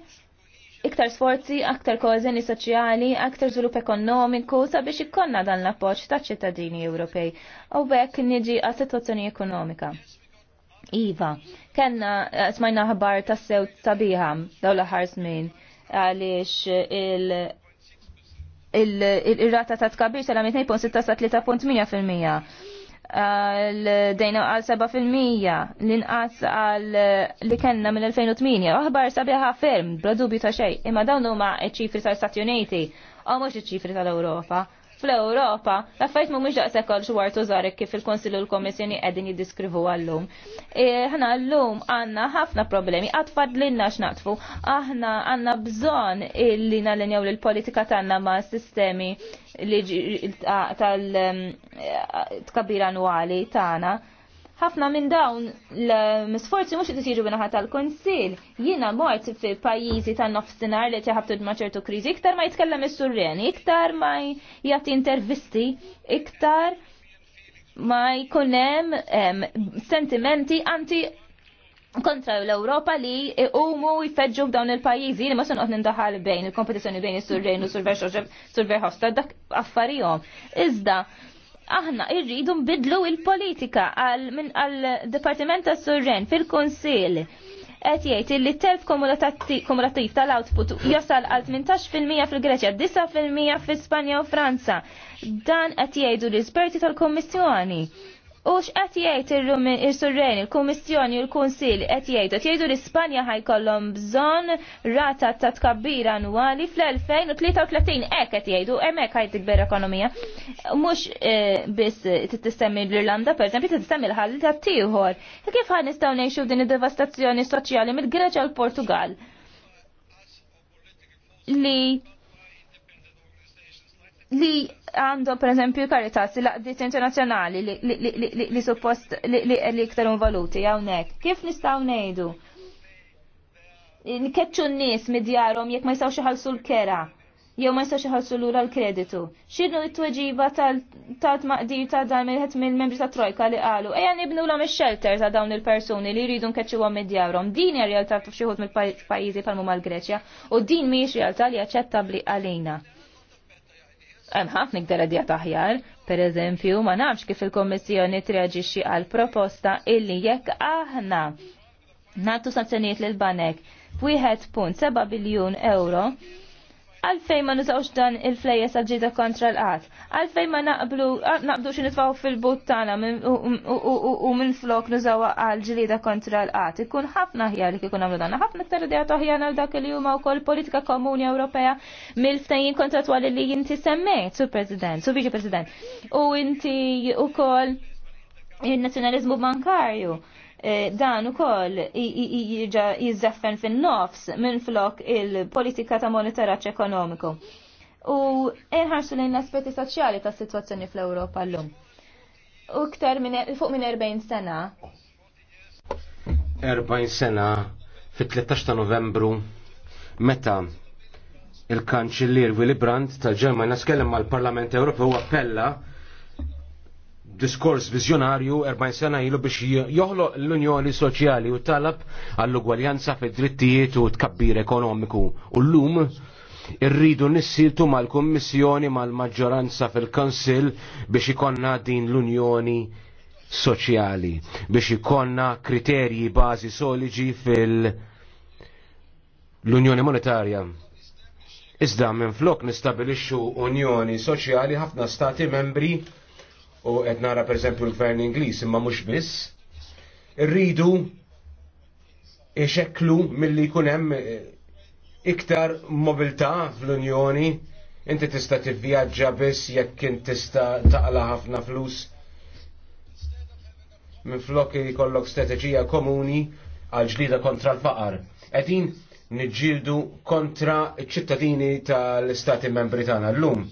iktar sforzi, aktar koezjoni soċjali, aktar żvilupp ekonomiku sabiex ikkonna dan l-appoġġ taċ ċittadini Ewropej. U bekk niġi għas-sitwazzjoni ekonomika. Iva, kena eh, smajna ħabar ta' sew sabiħa daw laħar żmien għaliex il- rata ta' tkabir sala 2.6 sa l Dejna għal 7% l-inqas għal li kellna mill-2008. Aħbar sabiħa ferm, bla dubju ta' xej, imma dawn huma ċifri tal-Stati Uniti, u mhux iċ-ċifri tal-Ewropa fl-Europa, laffajt mu mux daqsek kol xwartu zarek kif il-Konsil u l-Komissjoni għedin jiddiskrivu għallum. E, l-lum għanna ħafna problemi, għatfad l-inna xnaqtfu, aħna għanna bżon illi nallinjaw l-politika tanna ma' sistemi tal-kabir annuali tana. Ta eh, ħafna minn dawn l-misforzi mux jisiru minnaħat tal-konsil. Jina mort fi pajizi ta' nofsinar li tjaħabtu ċertu krizi, iktar ma jitkellem is-surreni, iktar ma jgħati intervisti, iktar ma jkunem sentimenti anti kontra l-Europa li umu jfedġu f'dawn il-pajizi li ma sunqot nindaħal bejn il-kompetizjoni bejn is-surrejn u surver xoġeb surver ħosta dak affarijom. Iżda, aħna irridu nbidlu il-politika għal-Departiment tas surren fil-Konsil qed jgħid li telf kumulattiv tal-output jasal għal 18% fil-Greċja, 9% fil-Spanja u Franza. Dan qed jgħidu l-isperti tal-Kommissjoni. U x'qed jgħid ir-Surreni, il-Kummissjoni u l-Kunsill qed jgħidu qed jgħidu l-Ispanja ħajkollhom bżonn rata ta' tkabbir annwali fl-2033 hekk qed jgħidu hemmhekk hekk ħajt tikber ekonomija. Mhux eh, biss tistemmi l-Irlanda pereżempju tistemmi l-ħalli ta' tieħor. Kif ħa nistgħu ngħixu din id-devastazzjoni soċjali mill-Greċja u l-Portugal? Li li għandhom per eżempju karitas laqdiet internazzjonali li suppost li iktar valuti hawnhekk. Kif nistgħu ngħidu? Nkeċċu n-nies mid-djarhom jekk ma jistaw iħallsu l-kera jew ma jistax iħallsu lura l-kreditu. X'inhu t-tweġiba tal-tmaqdir ta' dan mill mill-membri ta' Trojka li qalu ejja nibnu l shelter ta' dawn il-persuni li jridu nkeċċuhom mid-djarhom. Din hija realtà f'xi mill-pajjiżi pal mal greċja u din mhijiex realtà li aċċettabbli għalina hemm ħafna iktar għadija per pereżempju ma nafx kif il-Kommissjoni treaġixxi għal proposta illi jekk aħna nagħtu sanzjonijiet lil banek f'wieħed punt seba' biljun euro Għalfej ma nużawx dan il-flejjes għal-ġida kontra l-qat. Għalfej ma naqblu, naqbdu xin nitfaw fil-but tana u minn flok nużaw għal ġilida kontra l-qat. Ikun ħafna ħjar li kikun għamlu dan. ħafna ktar idea toħjan għal dak li huma wkoll politika komuni Ewropea mill-ftajin kontratwali li jinti semmejt, su President, su Viċi President. U inti u kol il-nazjonalizmu bankarju Eh, dan ukoll jizzaffen fin-nofs minn flok il-politika ta' monitoraġġ ekonomiku. U inħarsu lejn l-aspetti soċjali ta' situazzjoni fl-Ewropa llum. U ktar minn e, fuq minn 40 sena. 40 sena fit-13 ta' Novembru meta il-kanċillier Willy Brandt tal-Ġermanja skellem mal-Parlament Ewropew appella diskors vizjonarju 40 sena ilu biex joħloq l-Unjoni Soċjali u talab għall-ugwaljanza fid drittijiet u tkabbir ekonomiku. U l-lum irridu nissiltu mal-Kommissjoni mal-maġġoranza fil kunsill biex ikonna din l-Unjoni Soċjali, biex ikonna kriterji bażi soliġi fil- l-Unjoni Monetarja. Iżda minn flok nistabilixxu Unjoni Soċjali ħafna stati membri u qed nara pereżempju l-gvern Ingliż imma mhux biss. Irridu ixekklu milli jkun hemm eh, iktar mobilità fl-Unjoni, inti tista' tivvjaġġa biss jekk kien tista' taqla ħafna flus. Minflok jkollok strateġija komuni għal ġlida kontra l-faqar. Qegħdin niġġieldu kontra ċ-ċittadini tal-Istati Membri tagħna llum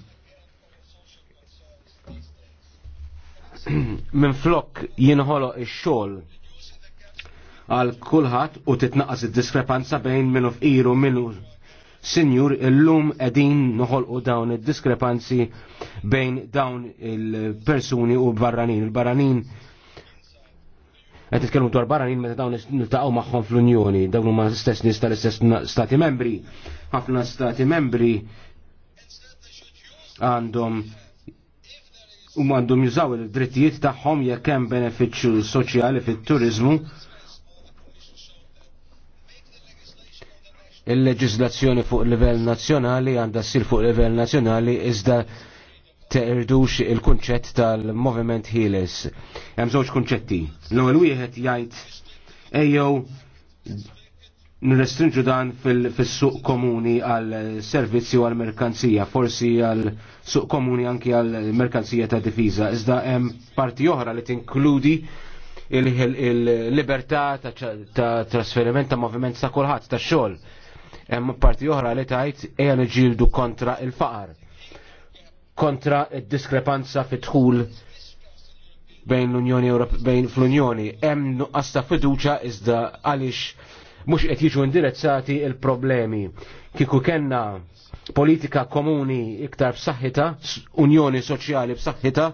minn flok jinħolo ix-xogħol għal kulħadd u titnaqqas id-diskrepanza bejn minnu senjur minnu sinjur illum qegħdin noħolqu dawn id-diskrepanzi bejn dawn il-persuni u barranin. Il-barranin qed nitkellmu dwar barranin meta dawn niltaqgħu magħhom fl-Unjoni, dawn huma stess nies tal-istess stati membri. Ħafna stati membri għandhom u għandhom jużaw il-drittijiet tagħhom jekk hemm benefiċċju soċjali fit-turiżmu il-leġislazzjoni fuq livell nazzjonali għandha ssir fuq livell nazzjonali iżda teqirdux il-kunċett tal-moviment ħieles. Hemm żewġ kunċetti. L-ewwel wieħed jgħid ejjew nirrestrinġu dan fil-suq komuni għal servizzi u għal merkanzija, forsi għal suq komuni anki għal merkanzija ta' difiża. Iżda hemm parti oħra li tinkludi il-libertà ta' trasferiment ta' moviment ta' kulħadd ta' xogħol. Hemm parti oħra li tajt ejja niġildu kontra il-faqar, kontra id-diskrepanza fit-tħul bejn l-Unjoni bejn fl-Unjoni. Hemm nuqqas ta' fiduċa iżda għaliex mhux qed jiġu indirizzati il-problemi. Kieku kenna politika komuni iktar b'saħħita, unjoni soċjali b'saħħita,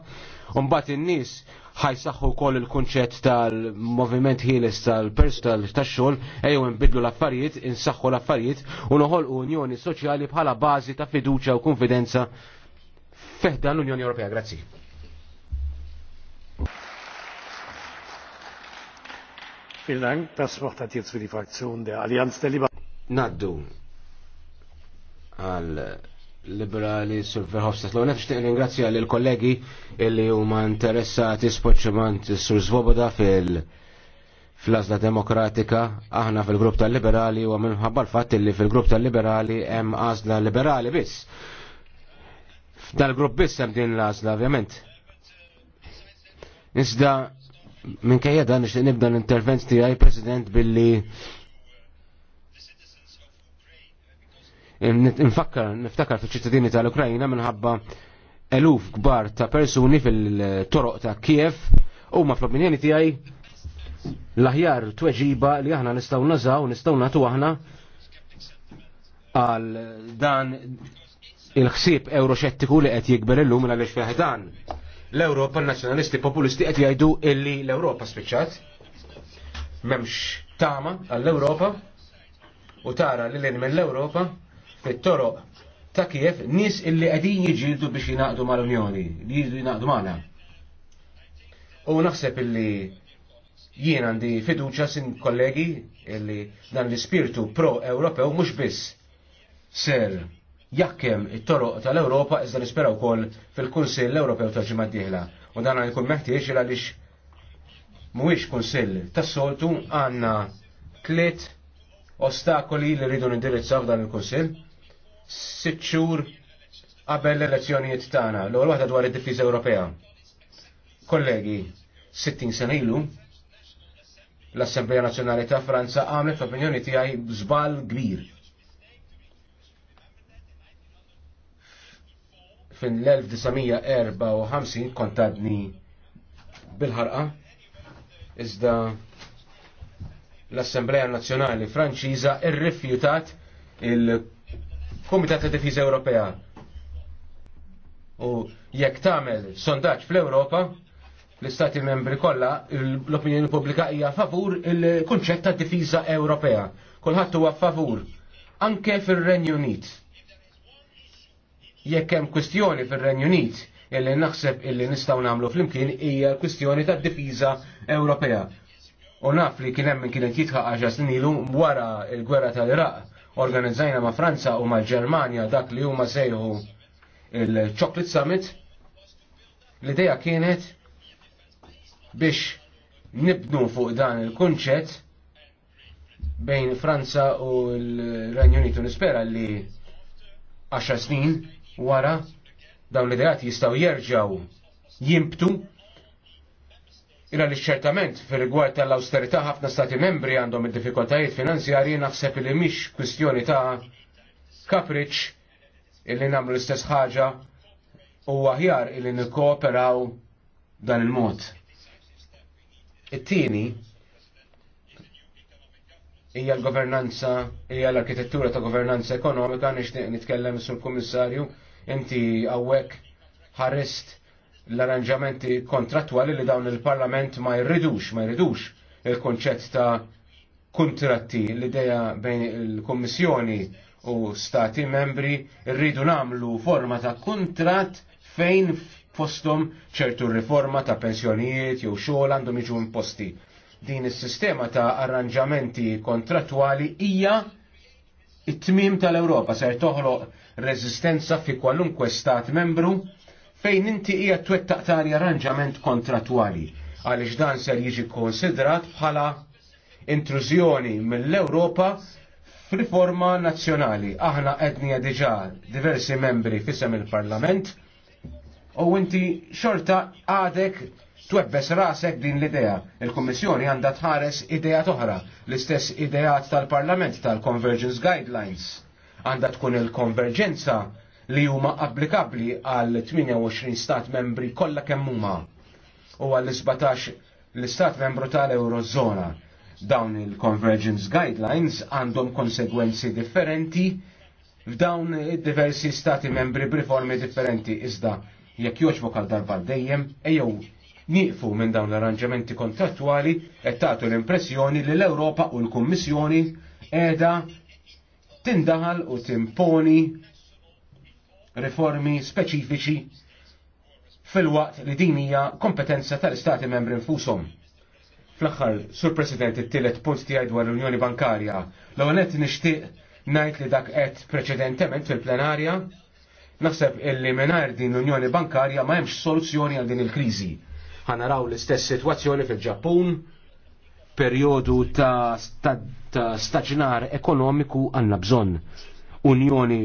u mbagħad in-nies ħajsaħħu wkoll il-kunċett tal-moviment ħieles tal-pers tal-xogħol ejjew nbidlu l-affarijiet, insaħħu l-affarijiet u noħolqu unjoni soċjali bħala bażi ta' fiduċja u konfidenza feħda l-Unjoni Ewropea. Grazzi. Vielen Dank. Das Wort hat jetzt für die Fraktion der Allianz der Liberalen. Naddu għal liberali sul Verhofstadt. Lo nefx ringrazzja l kollegi illi huma interessati spoċċiment sur Svoboda fil fl demokratika, aħna fil-grupp tal-liberali u minħabba l-fatt illi fil-grupp tal-liberali hemm għazla liberali biss. Dal-grupp biss hemm din l għazla ovvjament. Nisda Minkejja dan nixtieq nibda l-intervent tiegħi President billi nfakkar niftakar fiċ-ċittadini tal-Ukrajna minħabba eluf kbar ta' persuni fil-toroq ta' Kiev u ma fl-opinjoni tiegħi l-aħjar tweġiba li aħna nistgħu nażaw, nistgħu nagħtu aħna għal dan il-ħsieb euroxettiku li qed jikber illum għaliex fih dan l-Europa nazjonalisti populisti qed jgħidu illi l-Europa spiċċat. Memx tama għall-Europa u tara li l-in mill-Europa fit-toroq ta' kif nies illi qegħdin jiġildu biex jingħaqdu mal-Unjoni, li jiġdu jingħaqdu magħna. U naħseb illi jien għandi fiduċa sin kollegi illi dan l-ispirtu pro-Ewropew mhux biss ser jakkem it-toroq tal-Ewropa iżda nisperaw kol fil-Kunsill Ewropew ta' ġimgħa d-dieħla. U dan ikun meħtieġ il għaliex mhuwiex kunsill tas-soltu għandna tliet ostakoli li rridu nindirizzaw f'dan il-Kunsill. Sitt xhur qabel l-elezzjonijiet tagħna, l-ewwel waħda dwar id-difiża Ewropea. Kollegi, 60 sena ilu l-Assemblea Nazzjonali ta' Franza għamlet f'opinjoni tiegħi żball kbir l 1954 kontadni bil-ħarqa iżda l-Assembleja Nazzjonali Franċiża irrifjutat il-Kumitat ta' Difiża Ewropea. U jekk tagħmel sondaġġ fl-Ewropa, l-Istati membri kollha l-opinjoni pubblika hija favur il-kunċett ta' difiża Ewropea. Kulħadd huwa favur anke fir-Renju Unit jekk hemm kwistjoni fir-Renju Unit illi naħseb illi nistgħu nagħmlu flimkien hija l-kwistjoni tad-difiża Ewropea. U naf li kien hemm min kienet jitħaq għaxa nilu wara l-gwerra tal-Iraq organizzajna ma' Franza u ma' Ġermanja dak li huma sejħu il-Chocolate Summit. l ideja kienet biex nibnu fuq dan il-kunċett bejn Franza u l-Renju Unitu nispera li 10 snin wara daw d ideat jistaw jirġaw jimbtu ila li ċertament fir rigward tal-austerità ħafna stati membri għandhom id difikoltajiet finanzjarji naħseb li mhix kwistjoni ta' kapriċ illi nagħmlu l-istess ħaġa u aħjar illi nikkooperaw dan il-mod. It-tieni hija l-governanza, hija l-arkitettura ta' governanza ekonomika nixtieq nitkellem sul-Kummissarju Inti għawek ħarist l-arranġamenti kontrattuali li dawn il-Parlament ma jridux, ma jridux il-konċett ta' kontratti l-ideja bejn il-Kommissjoni u stati membri rridu namlu forma ta' kontrat fejn fostom ċertu riforma ta' pensjonijiet jew xogħol għandhom jiġu imposti. Din is-sistema ta' arranġamenti kontratwali hija it-tmim tal-Ewropa ser toħloq reżistenza fi kwalunkwe stat membru fejn inti hija twettaq tari arranġament kontratwali għaliex dan ser jiġi konsidrat bħala intrużjoni mill-Ewropa f'riforma nazzjonali. Aħna qednija diġà diversi membri fisem il-Parlament u inti xorta għadek twebbes rasek din l-idea. Il-Kommissjoni għandha tħares idea toħra, l-istess ideat tal-Parlament tal-Convergence Guidelines għandha tkun il-konverġenza li huma applikabli għal 28 stat membri kollha kemm huma u għal 17 l-istat membru tal-Eurozona. Dawn il-Convergence Guidelines għandhom konsegwenzi differenti f'dawn id-diversi stati membri b'riformi differenti iżda jekk joġbok għal darba dejjem ejjew nieqfu minn dawn l-arranġamenti kontrattwali qed tagħtu l-impressjoni li l-Ewropa u l-Kummissjoni qiegħda tindaħal u timponi riformi speċifiċi fil-waqt li din hija kompetenza tal-Istati membri nfushom. Fl-aħħar, Sur President, it tillet punt tiegħi dwar l-Unjoni Bankarja, l-ewwel nishtiq nixtieq ngħid li dak qed preċedentement fil-plenarja naħseb illi mingħajr din l-Unjoni Bankarja ma hemmx soluzzjoni għal din il-kriżi. Ħanaraw l-istess sitwazzjoni fil-Ġappun, perjodu ta' ta' staġnar ekonomiku għanna bżon. Unjoni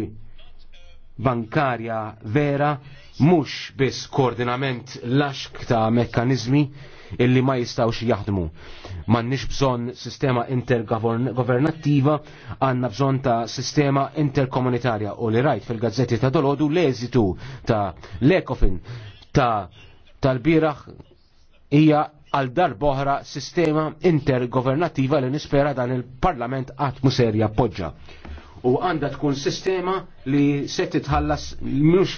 bankarja vera mhux biss koordinament laxk ta' mekkanizmi illi ma jistawx jaħdmu. Mannix bżon sistema intergovernattiva, għanna bżon ta' sistema interkomunitarja u li rajt fil-gazzetti ta' dolodu l-eżitu ta' l-ekofin ta' tal-biraħ hija għal darboħra sistema intergovernativa li nispera dan il-Parlament għat muser jappoġġa. U għanda tkun sistema li se titħallas mux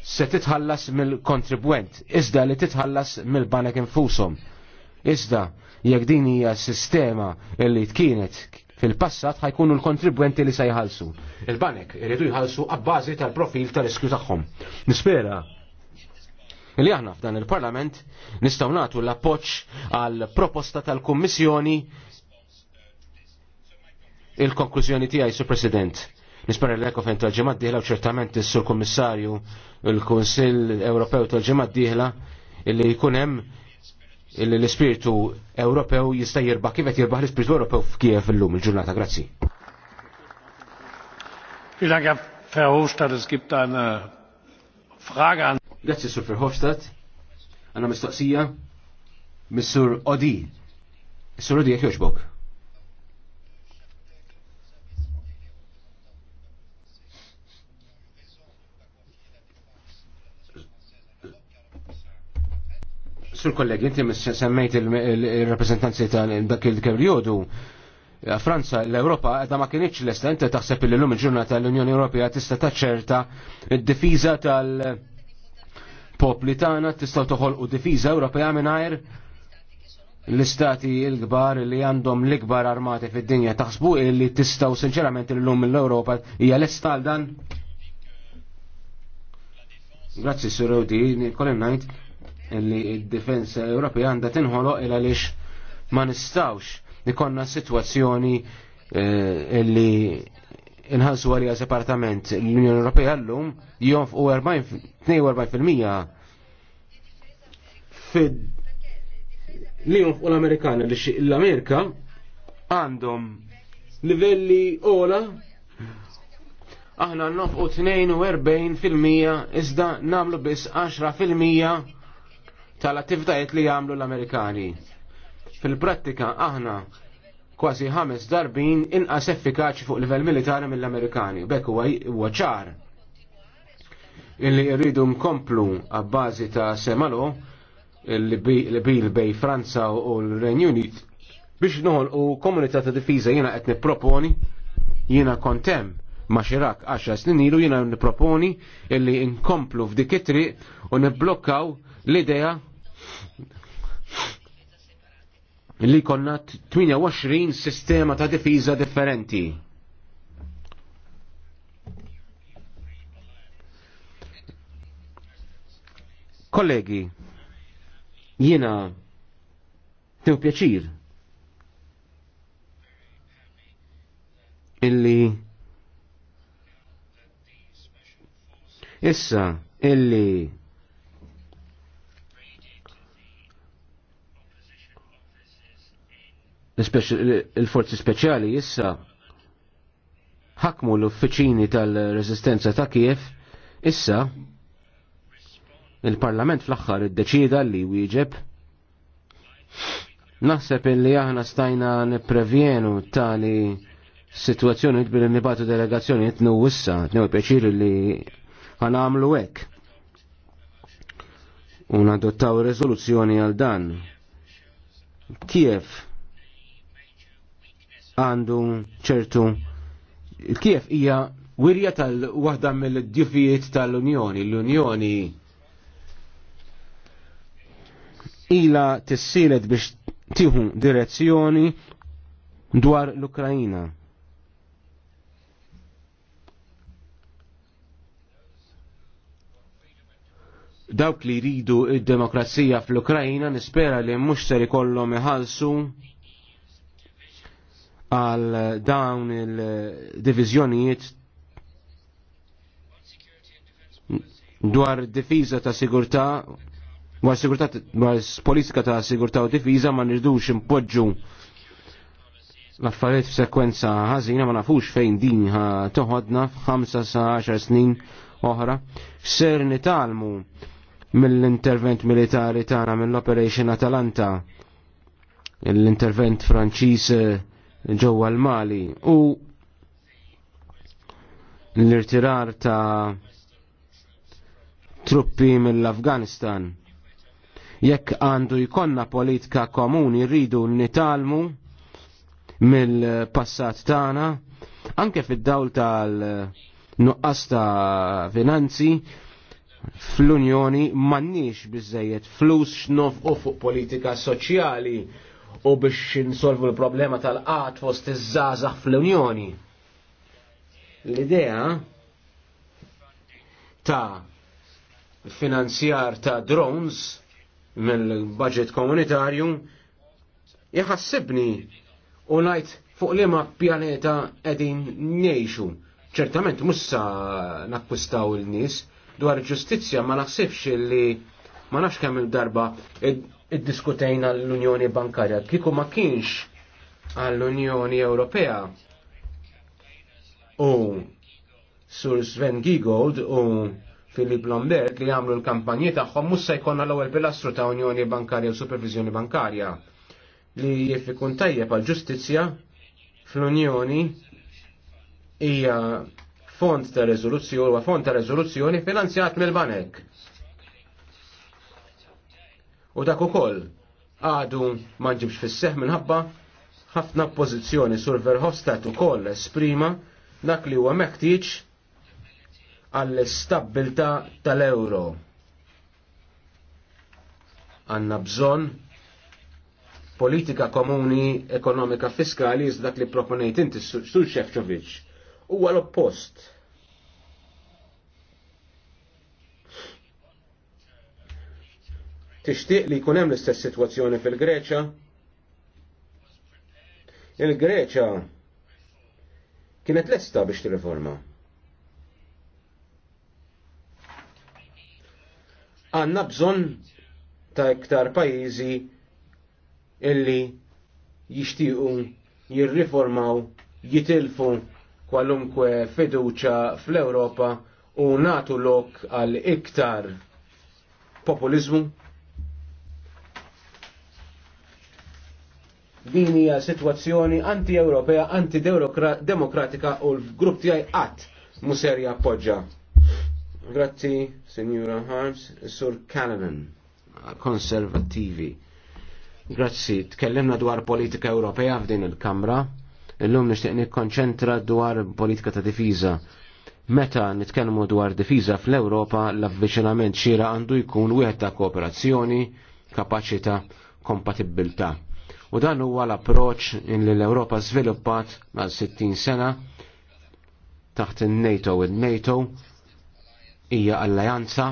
se titħallas mill-kontribwent, iżda li titħallas mill-banek infusom. Iżda, jekk din hija sistema li tkienet fil-passat ħajkunu l-kontribwenti li se jħallsu. Il-banek irridu jħallsu għabbażi tal-profil tal-riskju tagħhom. Nispera li aħna f'dan il-Parlament nistgħu nagħtu l-appoġġ għal proposta tal-Kummissjoni il-konklużjoni tiegħi, Sur President. Nispera l ekofen tal ġimgħat dieħla u ċertament is-Sur Kummissarju il-Kunsill Ewropew tal-ġimgħa d-dieħla illi jkun hemm illi l-ispirtu Ewropew jista' jirbaħ kif qed jirbaħ l-ispirtu Ewropew f'Kiev illum il-ġurnata. Grazzi. Vielen Dank, Herr Hofstadt. Es gibt eine Frage an Grazzi Sur Verhofstadt. Għanna mistoqsija. Missur Odi. Sur Odi jek joġbok. Sur kollegi, inti semmejt il-rappresentanzi ta' dak il-periodu. Franza, l-Europa, għadha ma kienieċ l-estent taħseb il-lum il-ġurnata l-Unjoni Europea tista taċċerta id difiza tal- popli tagħna tistgħu toħolqu difiża Ewropea mingħajr l-istati l-kbar li għandhom l-ikbar armati fid-dinja taħsbu li tistgħu sinċerament illum l-Ewropa hija lesta għal dan? Grazzi Sir Rodi, kollem ngħid li d-difensa Ewropea għandha tinħoloq il għaliex ma nistawx ikonna sitwazzjoni eh, illi Inħansu għalija separatament l-Unjoni Ewropea llum jonf u 42% fid li jonf u l-Amerikana li l-Amerika għandhom livelli ola aħna nofqu 42% iżda namlu biss 10% tal-attivitajiet li għamlu l-Amerikani. Fil-prattika aħna kważi ħames darbin inqas effikaċi fuq livell militari mill-Amerikani. Bekk huwa ċar illi rridu nkomplu għabbażi ta' semalo li bil bej Franza u l-Renju Unit biex noħolqu komunità ta' difiża jiena qed nipproponi jiena kontem ma' xirak 10 snin ilu jiena nipproponi illi nkomplu f'dik it-triq u nibblokkaw l-idea li konna 28 sistema ta' difiża differenti. Kollegi, jiena tew pjaċir illi issa illi il-forzi speċjali issa ħakmu l-uffiċini tal-rezistenza ta' Kiev, issa il-Parlament fl-axħar id-deċida li wieġeb. Naħseb li aħna stajna neprevjenu tali situazzjoni bil nibatu delegazzjoni jitnu wissa, jitnu pieċir li ħana għamlu għek. Un adottaw rezoluzzjoni għal dan. Kiev għandu ċertu kif hija wirja tal-waħda mill-djufijiet tal-Unjoni. L-Unjoni ila tissilet biex tiħu direzzjoni dwar l-Ukrajina. Dawk li jridu id-demokrazija fl-Ukrajina nispera li mhux ser ikollhom iħallsu għal dawn il-divizjonijiet dwar difiża ta' sigurtà dwar sigurtà dwar politika ta' sigurtà u difiża ma nirdux impoġġu l-affarijiet f'sekwenza ħażina ma nafux fejn din toħodna f'5 sa 10 snin oħra. Ser nitalmu mill-intervent militari tagħna mill-Operation Atalanta l-intervent Franċiż eh, ġewwa l-Mali u l-irtirar ta' truppi mill-Afganistan. Jekk għandu jkonna politika komuni rridu nitalmu mill-passat tagħna, anke fid-dawl tal-nuqqas ta' finanzi, fl-Unjoni mannix bizzejiet flus x'nofqu fuq politika soċjali u biex insolvu l-problema tal-qat fost iż-żazax fl-Unjoni. L-idea ta' finanzjar ta' drones mill-budget komunitarju jħassibni u najt fuq li ma' pjaneta edin nejxu. ċertament mussa nakkwistaw il-nis dwar ġustizja ma naħsibx li ma nafx kemm il-darba iddiskutejna l-Unjoni Bankarja. Kiku ma kienx għall-Unjoni Ewropea u Sur Sven Giegold u Filip Lombert li għamlu l-kampanji tagħhom mhux se jkollna l-ewwel pilastru ta' Unjoni Bankarja u Supervizjoni Bankarja li jekk ikun tajjeb għal ġustizzja fl-Unjoni hija fond ta' rezoluzzjoni u fond ta' rezoluzzjoni finanzjat mill-banek. U dak ukoll għadu ma ġibx fis-seħ minħabba ħafna pożizzjoni sur Verhofstadt ukoll esprima dak li huwa meħtieġ għall-istabbilta tal-euro. Għanna bżonn politika komuni ekonomika fiskali dak li proponejt inti Sur Šefčovic. Huwa l-oppost. tixtieq li jkun hemm l-istess sitwazzjoni fil-Greċja. Il-Greċja kienet lesta biex tirriforma. Għanna bżonn ta' iktar pajjiżi illi jixtiequ jirriformaw, jitilfu kwalunkwe fiduċa fl-Europa u natu lok għal iktar populizmu Din hija sitwazzjoni anti-Ewropea, anti-demokratika u l-grupp tiegħi qatt muserja poġġa. Grazzi, Signora Harms, Sur Canavan, konservativi. Grazzi, tkellimna dwar politika Ewropea f'din il-Kamra, illum nixtieq nikkonċentra dwar politika ta' difiża. Meta nitkellmu dwar difiża fl-Ewropa, l-avviċinament xira għandu jkun wieħed ta' kooperazzjoni, kapaċità, kompatibilta. U dan huwa l-approċ li l-Ewropa żviluppat għal 60 sena taħt il-NATO u il-NATO hija alleanza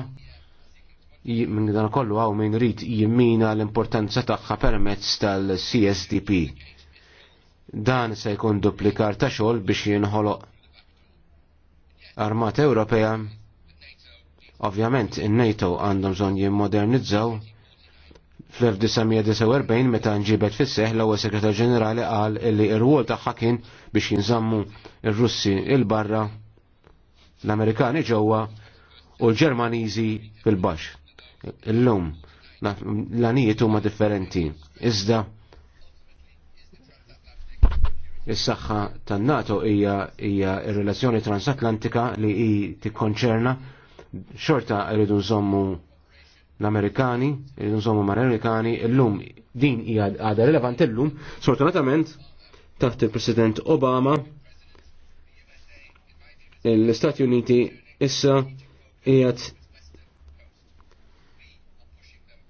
minn dan kollu għaw minn rid jimmina l-importanza tagħha permezz tal-CSDP. Dan se jkun duplikar ta' xogħol biex jinħoloq Armata Ewropea. Ovvjament in-NATO għandhom bżonn jimmodernizzaw fl-1949 meta nġibet fis seħħ l-ewwel segretar ġenerali qal illi r-rwol tagħha kien biex jinżammu ir-Russi il barra l-Amerikani ġewwa u l-Ġermaniżi fil-baxx. Illum l-anijiet huma differenti. Iżda is-saħħa tan-NATO hija hija r-relazzjoni transatlantika li hi tikkonċerna xorta rridu nżommu l-Amerikani, il-nżommu ma' l-Amerikani, illum din hija għada relevant illum, sfortunatament taħt il-President Obama, l-Stati Uniti issa qiegħed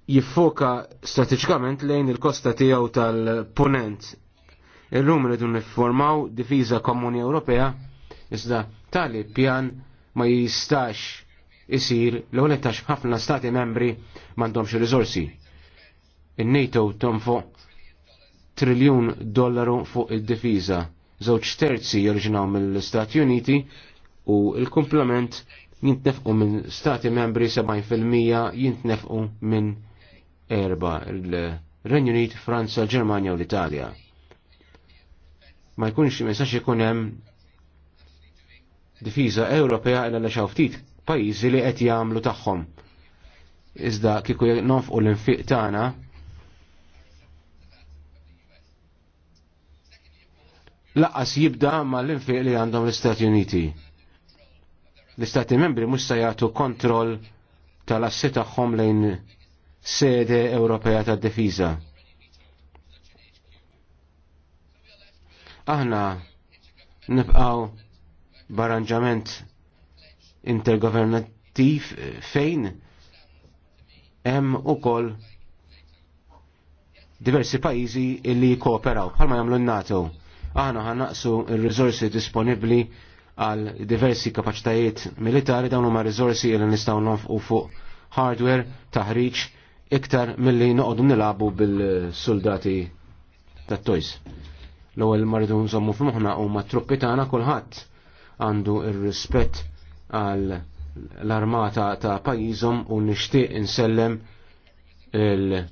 jiffoka strateġikament lejn il-kosta tiegħu tal-punent. Illum rridu niffformaw difiża komuni Ewropea iżda tali pjan ma jistax isir l-għolet tax ħafna stati membri mandomx risorsi. Il-NATO tomfo triljun dollaru fuq il-difiża, żewġ terzi jorġinaw mill-Stati Uniti u il-komplement jintnefqu minn stati membri 70% jintnefqu minn erba il-Renju Unit, Franza, Ġermanja u l-Italja. Ma jkunx jimessax jkunem ikun hemm Ewropea illa lexaw ftit pajizi li qed jagħmlu tagħhom. Iżda kieku nonfqu l-infiq tagħna laqas jibda ma l-infiq li għandhom l-Istati Uniti. L-Istati membri mhux se jagħtu kontroll tal-assi tagħhom lejn sede Ewropea tad-Difiża. Aħna nibqgħu barranġament intergovernattiv fejn hemm ukoll diversi pajjiżi li jikkooperaw bħalma jagħmlu n-NATO. Aħna ħannaqsu r-riżorsi disponibbli għal diversi kapaċitajiet militari dawn huma riżorsi li nistgħu nonfqu fuq hardware, taħriġ, iktar milli noqogħdu nilabu bil-soldati tat-tojs. L-ewwel marridu nżommu f'moħħna huma t-truppi tagħna kulħadd għandu ir-rispett għal l-armata ta' pajizom u nishtiq insellem il-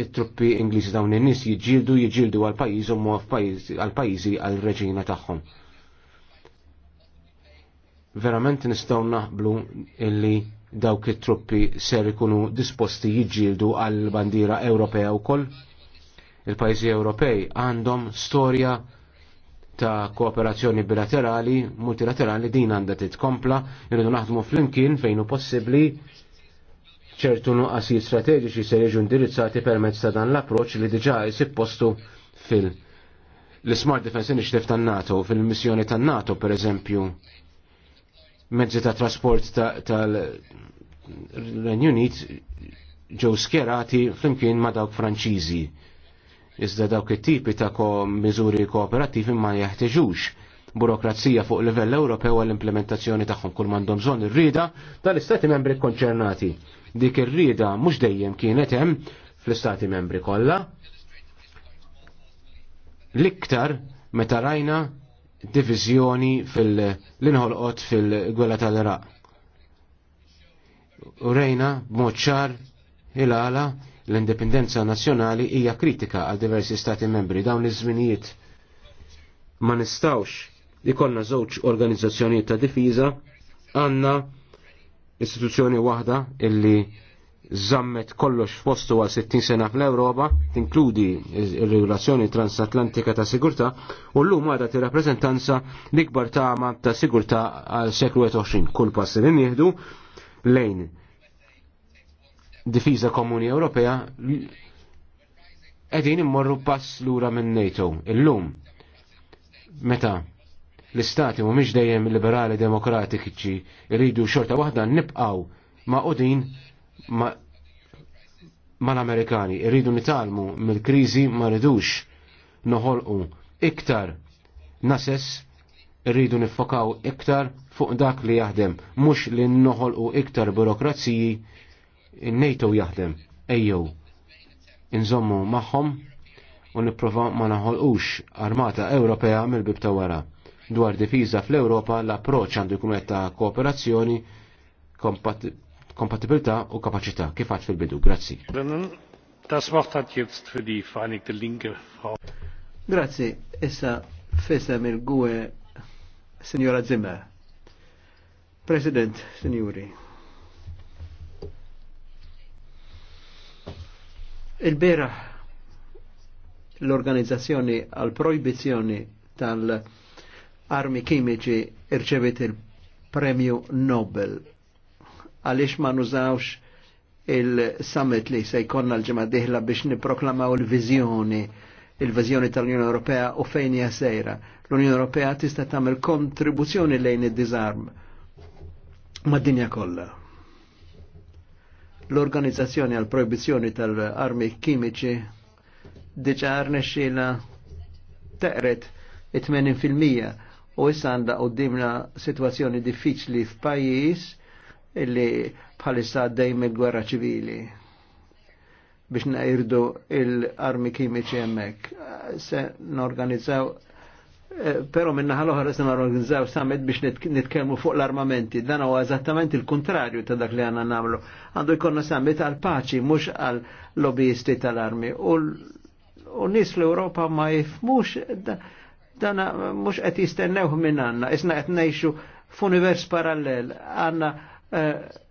il-truppi Ingliżi dawn in-nies jiġġieldu jiġġieldu għal pajjiżhom u għal pajjiżi għal reġina tagħhom. Verament nistgħu naħblu illi dawk it-truppi ser ikunu disposti jiġġieldu għal bandiera Ewropea wkoll? il pajzi Ewropej għandhom storja ta' kooperazzjoni bilaterali, multilaterali din għandha titkompla, irridu naħdmu flimkien fejn hu possibbli ċertu nuqqas strateġiċi se jiġu indirizzati permezz ta' dan l-approċ li diġà jsib postu fil- l-Smart Defense Initiative tan-NATO, fil-missjoni tan-NATO per eżempju, mezzi ta' trasport tal-Renju Unit ġew skerati flimkien ma' dawk Franċiżi Iżda dawk it-tipi ta' miżuri kooperattivi ma jeħtieġux burokrazija fuq livell Ewropew għall-implementazzjoni tagħhom kull m'għandhom bżonn ir-rieda tal-istati membri konċernati. Dik ir-rieda mhux dejjem kienet hemm fl-istati membri kollha. L-iktar meta rajna diviżjoni fil-inħolqot fil-gwela tal-Iraq. U rejna b'mod ċar il-għala L-indipendenza nazzjonali hija kritika għal diversi stati membri dawn iż-żminijiet ma nistawx ikollna żewġ organizzazzjonijiet ta' difiża għandna istituzzjoni waħda illi zammet kollox fostu għal 60 sena fl-Europa, tinkludi il-regolazzjoni transatlantika ta' sigurta, u l-lum tirrappreżentanza ti rappresentanza l-ikbar ta' ta' sigurta għal seklu 20. Kull passi li nieħdu lejn difiża komuni Ewropea qegħdin immorru pass lura minn NATO illum. Meta l-istati mhumiex dejjem liberali demokratiċi rridu xorta waħda nibqgħu ma' udin ma' mal-Amerikani irridu nitalmu mill-kriżi ma ridux noħolqu iktar nases irridu nifokaw iktar fuq dak li jaħdem, mhux li noħolqu iktar burokraziji il-NATO jaħdem, ejjew, inżommu maħħom u nipprova ma naħolqux armata Ewropea mill-bib ta' wara. Dwar difiża fl-Ewropa l-approċ għandu jkun qed ta' kooperazzjoni, kompatibilità u kapaċità kif għat fil-bidu. Grazzi. Das hat jetzt für die Vereinigte Linke Frau. Grazzi, issa fisem il-gwe Signora Zimmer. President, Signori. Il-bera l-organizzazzjoni għal proibizjoni tal-armi kimiċi irċevit il-premju Nobel Għalix ma nużawx il-summit li se jkonna l ġemad diħla biex niproklamaw il-vizjoni il-vizjoni tal-Unjoni Ewropea u fejn hija sejra. L-Unjoni Ewropea tista' tagħmel kontribuzzjoni lejn id-disarm mad-dinja kollha. L-organizzazzjoni għal proibizjoni tal-armi kimiċi diġa arnexxila teqret 80% u issa għandha qudiemna sitwazzjoni diffiċli f'pajjiż illi bħalissa dejjem il-gwerra ċivili biex naqirdu il-armi kimiċi hemmhekk. Se norganizzaw Eh, Pero minna ħal-oħra s organizzaw summit biex nitkelmu fuq l-armamenti. Dan huwa eżattament il-kontrarju ta' dak li għanna namlu. Għandu jkollna summit għal-paċi, mux għal-lobbyisti tal-armi. U nis l-Europa ma jifmux dan mux qed jistennew minn għanna. Isna qed nejxu f'univers parallel. Għanna eh,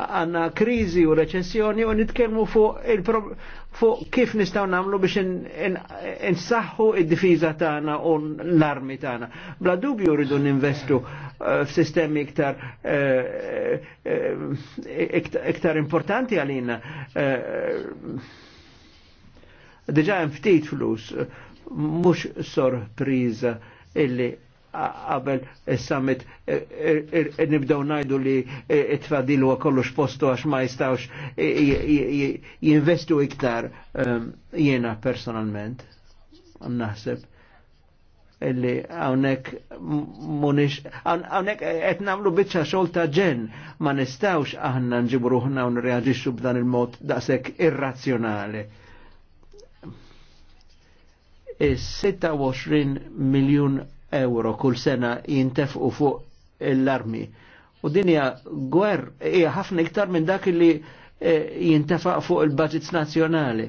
għanna krizi u reċessjoni u nitkelmu fuq fu kif nistaw namlu biex nsaħħu id-difiża tagħna u l-armi tagħna. Bla dubju rridu ninvestu uh, f'sistemi iktar uh, uh, iktar importanti għalina. Diġa hemm ftit flus, mhux sorpriża illi qabel is-summit e, e, e, nibdew ngħidu li t-tfadil huwa kollox postu għax ma jistawx jinvestu iktar ehm, jiena personalment naħseb illi għawnek munix, għawnek għet namlu bieċa xol ta' ġen, ma nistawx aħna nġibu ruħna un reagġiċu b'dan il-mod daqsek irrazzjonali. E 26 miljon euro kull sena jintefqu fuq l-armi. U dinja gwer hija ħafna iktar minn dak li eh, jintefaq fuq il-budgets nazzjonali.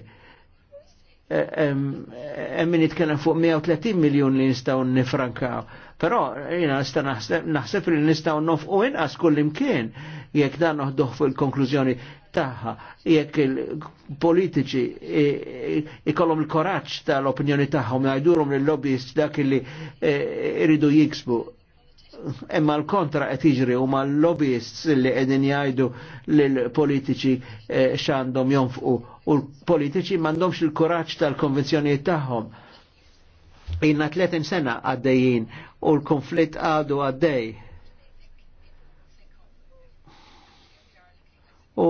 Eh, Emmin jitkellem fuq 130 miljon li nistaw nifrankaw. Pero jina nista naħseb li nistaw nofqu inqas kull imkien jekk dan noħduħ fuq il-konklużjoni tagħha jekk il-politiċi ikollhom il-koraġġ tal-opinjoni tagħhom jgħidulhom lill-lobbyist dak li e, iridu jiksbu. Imma l-kontra qed jiġri huma l-lobbyists li qegħdin jgħidu lill-politiċi e, x'għandhom jonfqu u l-politiċi m'għandhomx il-kuraġġ tal-konvenzjonijiet tagħhom. Inna 30 sena għaddejjin u l-konflitt għadu għaddej. U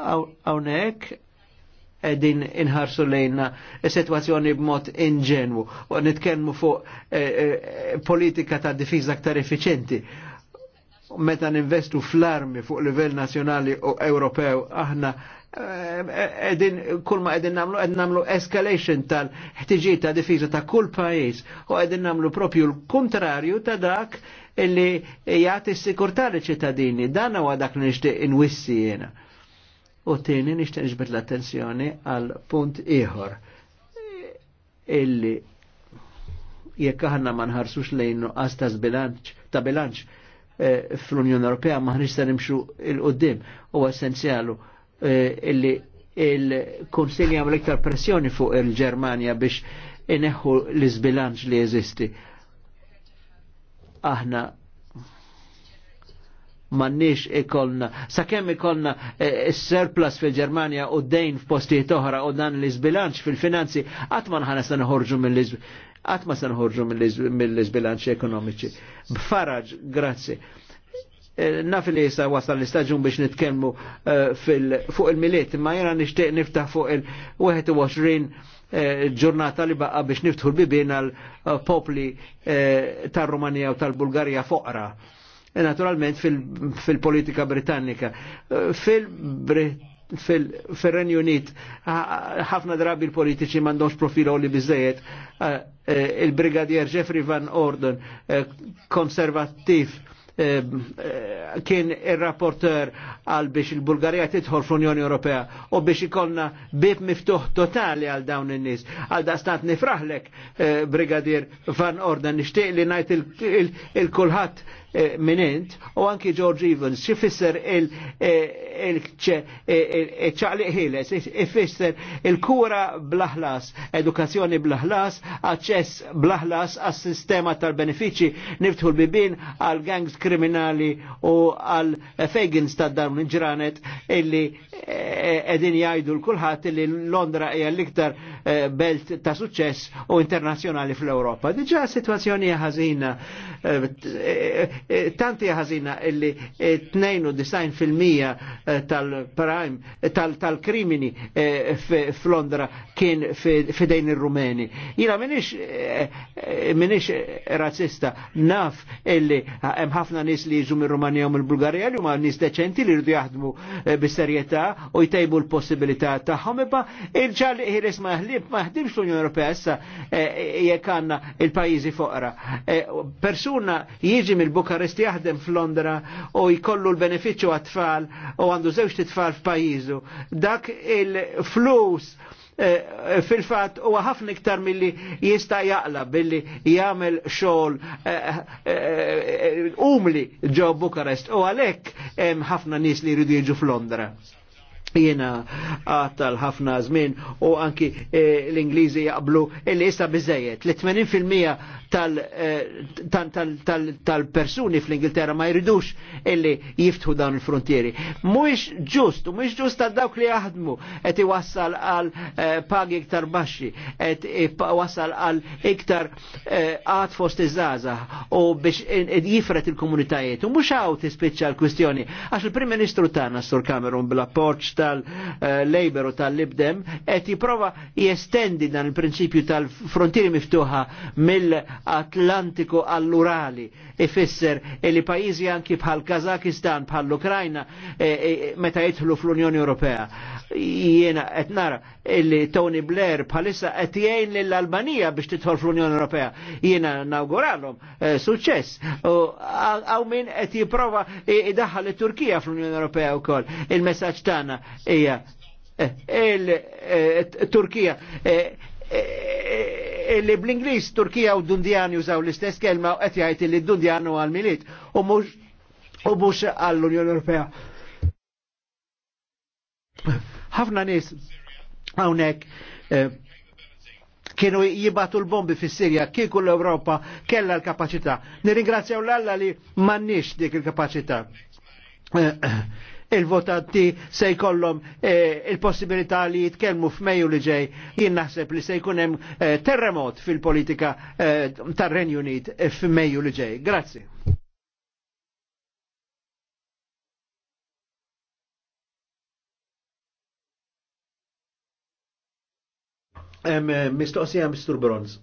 hawnhekk din inħarsu lejna situazzjoni b'mod inġenwu u nitkellmu fuq eh, eh, politika ta' difiża aktar effiċenti. Meta ninvestu fl-armi fuq livell nazzjonali u Ewropew aħna edin eh, kull ma edin namlu edin namlu escalation tal-ħtiġi ta' difiża ta' kull pajis u edin namlu propju l-kontrarju ta' dak illi jgħati s-sikurtà li ċittadini dan huwa dak li nixtieq inwissi jena. U t-tini nixtieq niġbed l-attenzjoni għal punt ieħor illi jekk aħna ma nħarsux lejnu nuqqas ta' bilanċ ta' bilanċ eh, fl-Unjoni Ewropea ma ħniex nimxu il-qudiem u essenzjalu eh, illi il-Konsilli għamlu iktar pressjoni fuq il-Ġermanja biex ineħħu l-izbilanċ li jeżisti. Aħna mannix ikolna, sakemm ikolna s e, e, surplus fil ġermania u dejn f'postijiet oħra u dan l-izbilanċ fil-finanzi, għatman ħanas nħorġu mill-izbilanċ għatma sanħorġu mill izbilanċ ekonomiċi. B'faraġ, grazzi. E, naf li jisa wasal l-istagġun biex nitkelmu fuq il-miliet, ma jena nishtiq niftaħ fuq il-21 ġurnata li baqa biex niftħu l-bibin għal popli tal-Rumanija u tal-Bulgarija foqra. E naturalment fil-politika e, fil britannika. Fil-Renju Unit, ħafna drabi l-politiċi mandomx profilo li bizzejet, e, il-brigadier Jeffrey Van Orden, konservattiv, kien il-rapporter għal biex il-Bulgarija titħol fl-Unjoni Ewropea u biex ikollna bib miftuħ totali għal dawn in-nies. Għal da stant nifraħlek, eh, Brigadier Van Orden, nixtieq li ngħid il-kulħadd il Eh, minint u anki George Evans xifisser il-ċaqliq eh, eh, ħiles, ifisser il-kura blaħlas, edukazzjoni blaħlas, aċċess blaħlas għas sistema tal-benefiċi niftħu l-bibin għal gangs kriminali u għal fejgins ta' dawn ġranet illi edin jajdu l-kulħat illi Londra hija l-iktar belt ta' suċċess u internazjonali fl-Europa. Diġa situazzjoni ħażina Eh, tanti ħazina illi 92% eh, eh, tal-prime tal-krimini f'Londra kien fidejn ir-Rumeni. Jina minix razzista naf illi hemm ħafna nies li jiġu mir-Rumanija u mill-Bulgarija li huma nies deċenti li rridu jaħdmu bis-serjetà u jtejbu l-possibilità tagħhom imma il-ġal ħires ma ħdimx l-Unjoni Ewropea issa jekk għandna il-pajjiżi foqra. Persuna jiġi mill-Buk Bukarest jaħdem f'Londra u jkollu l-beneficju għat-tfal u għandu zewġ tfal f'pajizu. Dak il-flus eh, fil-fat u ħafna iktar milli jista jaqla billi jagħmel xogħol eh, eh, umli ġo Bukarest u għalhekk hemm ħafna nies li jridu jiġu f'Londra jena għattal ħafna żmien u anki eh, l-Ingliżi jaqblu illi issa biżejjed. L-80% eh, tal-persuni fl-Ingilterra ma jridux illi jiftħu dawn il-frontieri. Mux ġust u mhuwiex ġust ta' dawk li jaħdmu qed iwassal għal eh, pagi iktar baxxi, qed iwassal għal iktar għad fost iż u biex jifret il-komunitajiet. U mhux t-spicċa l-kwistjoni għax il-Prim Ministru tagħna Sur Cameron bil apporċ tal-Labor u tal-Libdem qed jipprova jestendi dan il-prinċipju tal-frontieri miftuħa mill-Atlantiku għall-Urali ifisser li pajjiżi anki bħal Kazakistan bħal ukrajna e, e, meta jidħlu fl-Unjoni Ewropea. Jiena qed nara illi Tony Blair bħalissa qed jgħin lill-Albanija biex tidħol fl-Unjoni Ewropea. Jiena nawguralhom e, suċċess. Għaw min qed jipprova idaħħal it-Turkija fl-Unjoni Ewropea wkoll. Il-messaġġ tagħna hija eh, il-Turkija eh, illi eh, bl-Inglis Turkija u Dundjan użaw l-istess kelma u qed jgħid li Dundjan u għal-Milit u mhux għall-Unjoni Ewropea. Ħafna nies hawnhekk kienu jibatu l-bombi fis sirja kieku l-Europa kella l-kapacità. Nirringrazzjaw l-Alla li mannix dik il-kapacità il-votanti se jkollhom eh, il-possibilità li jitkellmu f'Mejju li ġej. Jien naħseb li se jkun hemm eh, terremot fil-politika eh, tar-Renju Unit f'Mejju li ġej. Grazzi. Mistoqsija Mr. Bronz.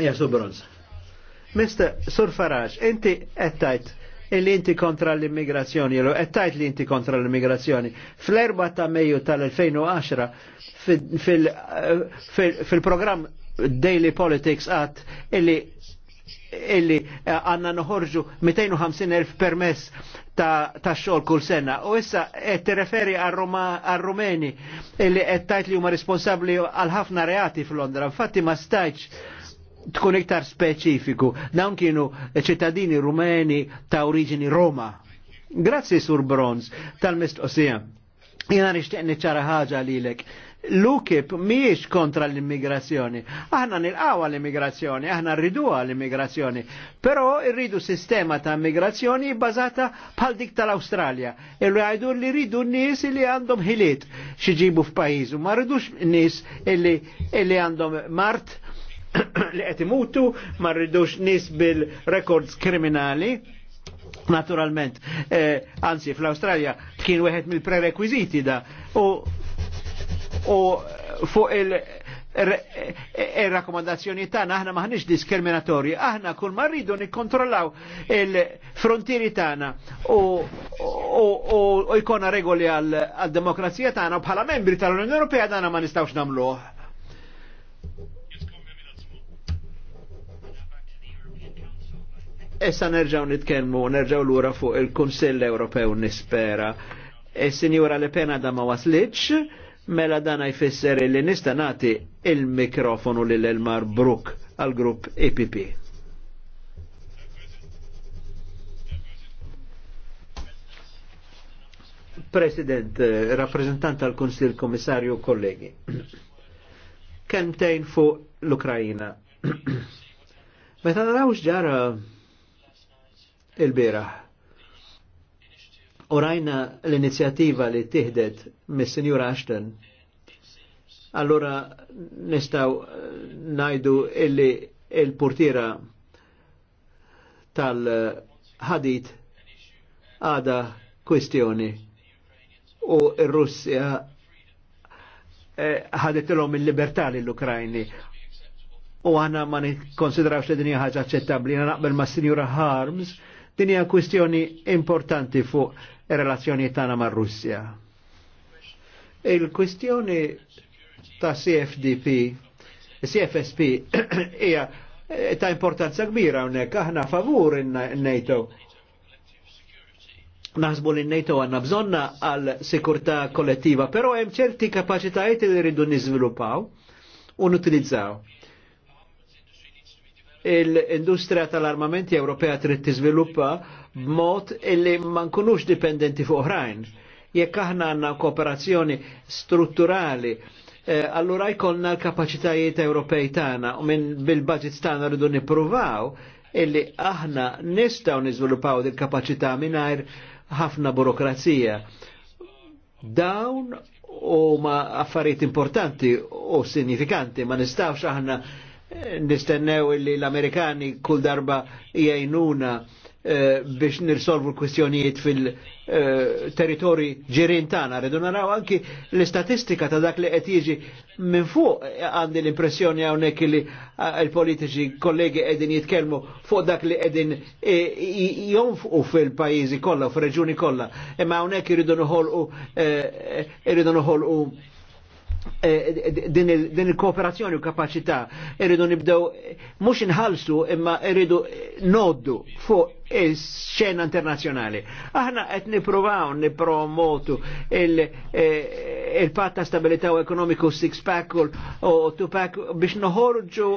Ja, Sur Bronz. Mr. Sur Farax, inti għettajt li inti kontra l-immigrazzjoni, jelu, ettajt li inti kontra l-immigrazzjoni. Fl-4 ta' meju tal-2010 fil-programm Daily Politics għat illi illi eh, għanna noħorġu 250.000 permess ta', ta xogħol kull sena. U issa qed tirreferi għar-Rumeni illi qed tajt li huma responsabbli għal ħafna reati f'Londra. Infatti ma stajtx tkun iktar speċifiku. Dawn kienu ċittadini rumeni ta' oriġini Roma. Grazzi Sur Bronz tal-mistoqsija. Jena nishtiq niċċara ħaġa lilek. L-UKIP miex kontra l-immigrazzjoni. Aħna nilqawa l-immigrazzjoni, aħna rriduha l-immigrazzjoni. Però rridu sistema ta' immigrazzjoni bbażata bħal dik tal-Awstralja. Illu għajdu li rridu n-nies li għandhom ħiliet xiġibu f'pajjiżu. Ma rridux n-nies illi għandhom mart li qed imutu ma rridux nies bil-records kriminali. Naturalment, eh, anzi fl-Australja kien wieħed mill-prerekwiziti da u, u fuq il- il-rakkomandazzjoni e-, e-, tagħna aħna maħnix diskriminatorji, aħna kull ma rridu nikkontrollaw il-frontieri tagħna u ikona regoli għal-demokrazija tagħna bħala membri tal-Unjoni Ewropea tagħna ma nistgħux namluħ. Issa nerġaw nitkelmu, nerġaw l-ura fuq il-Kunsill Ewropew nispera. Is-Sinjura e Le Pena da ma waslitx, mela dana jfisser li nista nati il-mikrofonu lil Elmar Brook għal-grupp EPP. President, eh, rappresentant tal konsil Komissarju, kollegi. Kemtejn fuq l-Ukrajina. Meta narawx ġara il-biraħ. U rajna l-inizjattiva li tihdet mis sinjura Ashton. Allora nistaw eh, najdu illi il-portira tal-ħadit għada kwestjoni u il russja ħaditilhom eh, l-om il-libertà l ukrajni u għana ma nikonsidrawx li dinja ħaġa ċettabli, għana naqbel ma' Sinjura Harms Din hija kwistjoni importanti fuq ir-relazzjoni tagħna mar-Russja. Il-kwistjoni ta' CFDP, CFSP hija ta' importanza kbira hawnhekk aħna favur in-NATO. Naħsbu li n-NATO għanna bżonna għal sekurtà kollettiva, pero hemm ċerti kapaċitajiet li rridu niżviluppaw u nutilizzaw l-industrija tal-armamenti Ewropea trid tiżviluppa b'mod illi ma nkunux dipendenti fuq oħrajn. Jekk aħna għandna kooperazzjoni strutturali, eh, allura jkollna l-kapaċitajiet Ewropej tagħna u minn bil-budget tagħna rridu nippruvaw illi aħna nistgħu niżviluppaw din kapaċità mingħajr ħafna burokrazija. Dawn huma affarijiet importanti u sinifikanti ma nistgħux aħna nistennew li l-Amerikani kull darba jajnuna eh, biex nirsolvu l-kwistjonijiet fil-territori eh, ġirin Rridu naraw anki l-istatistika ta' dak li qed jiġi minn fuq għandi l-impressjoni hawnhekk li eh, l-politiċi kollegi qegħdin jitkellmu fuq dak li qegħdin e, jonfqu fil-pajjiżi kollha u fir-reġuni kollha. Imma hawnhekk iridu noħolqu iridu noħolqu Eh, din il-kooperazzjoni u kapacità irridu nibdew mhux inħallsu imma irridu noddu fuq xena internazjonali. Aħna qed nippruvaw nippromotu eh, il-patta stabilità u ekonomiku six pack u two pack biex noħorġu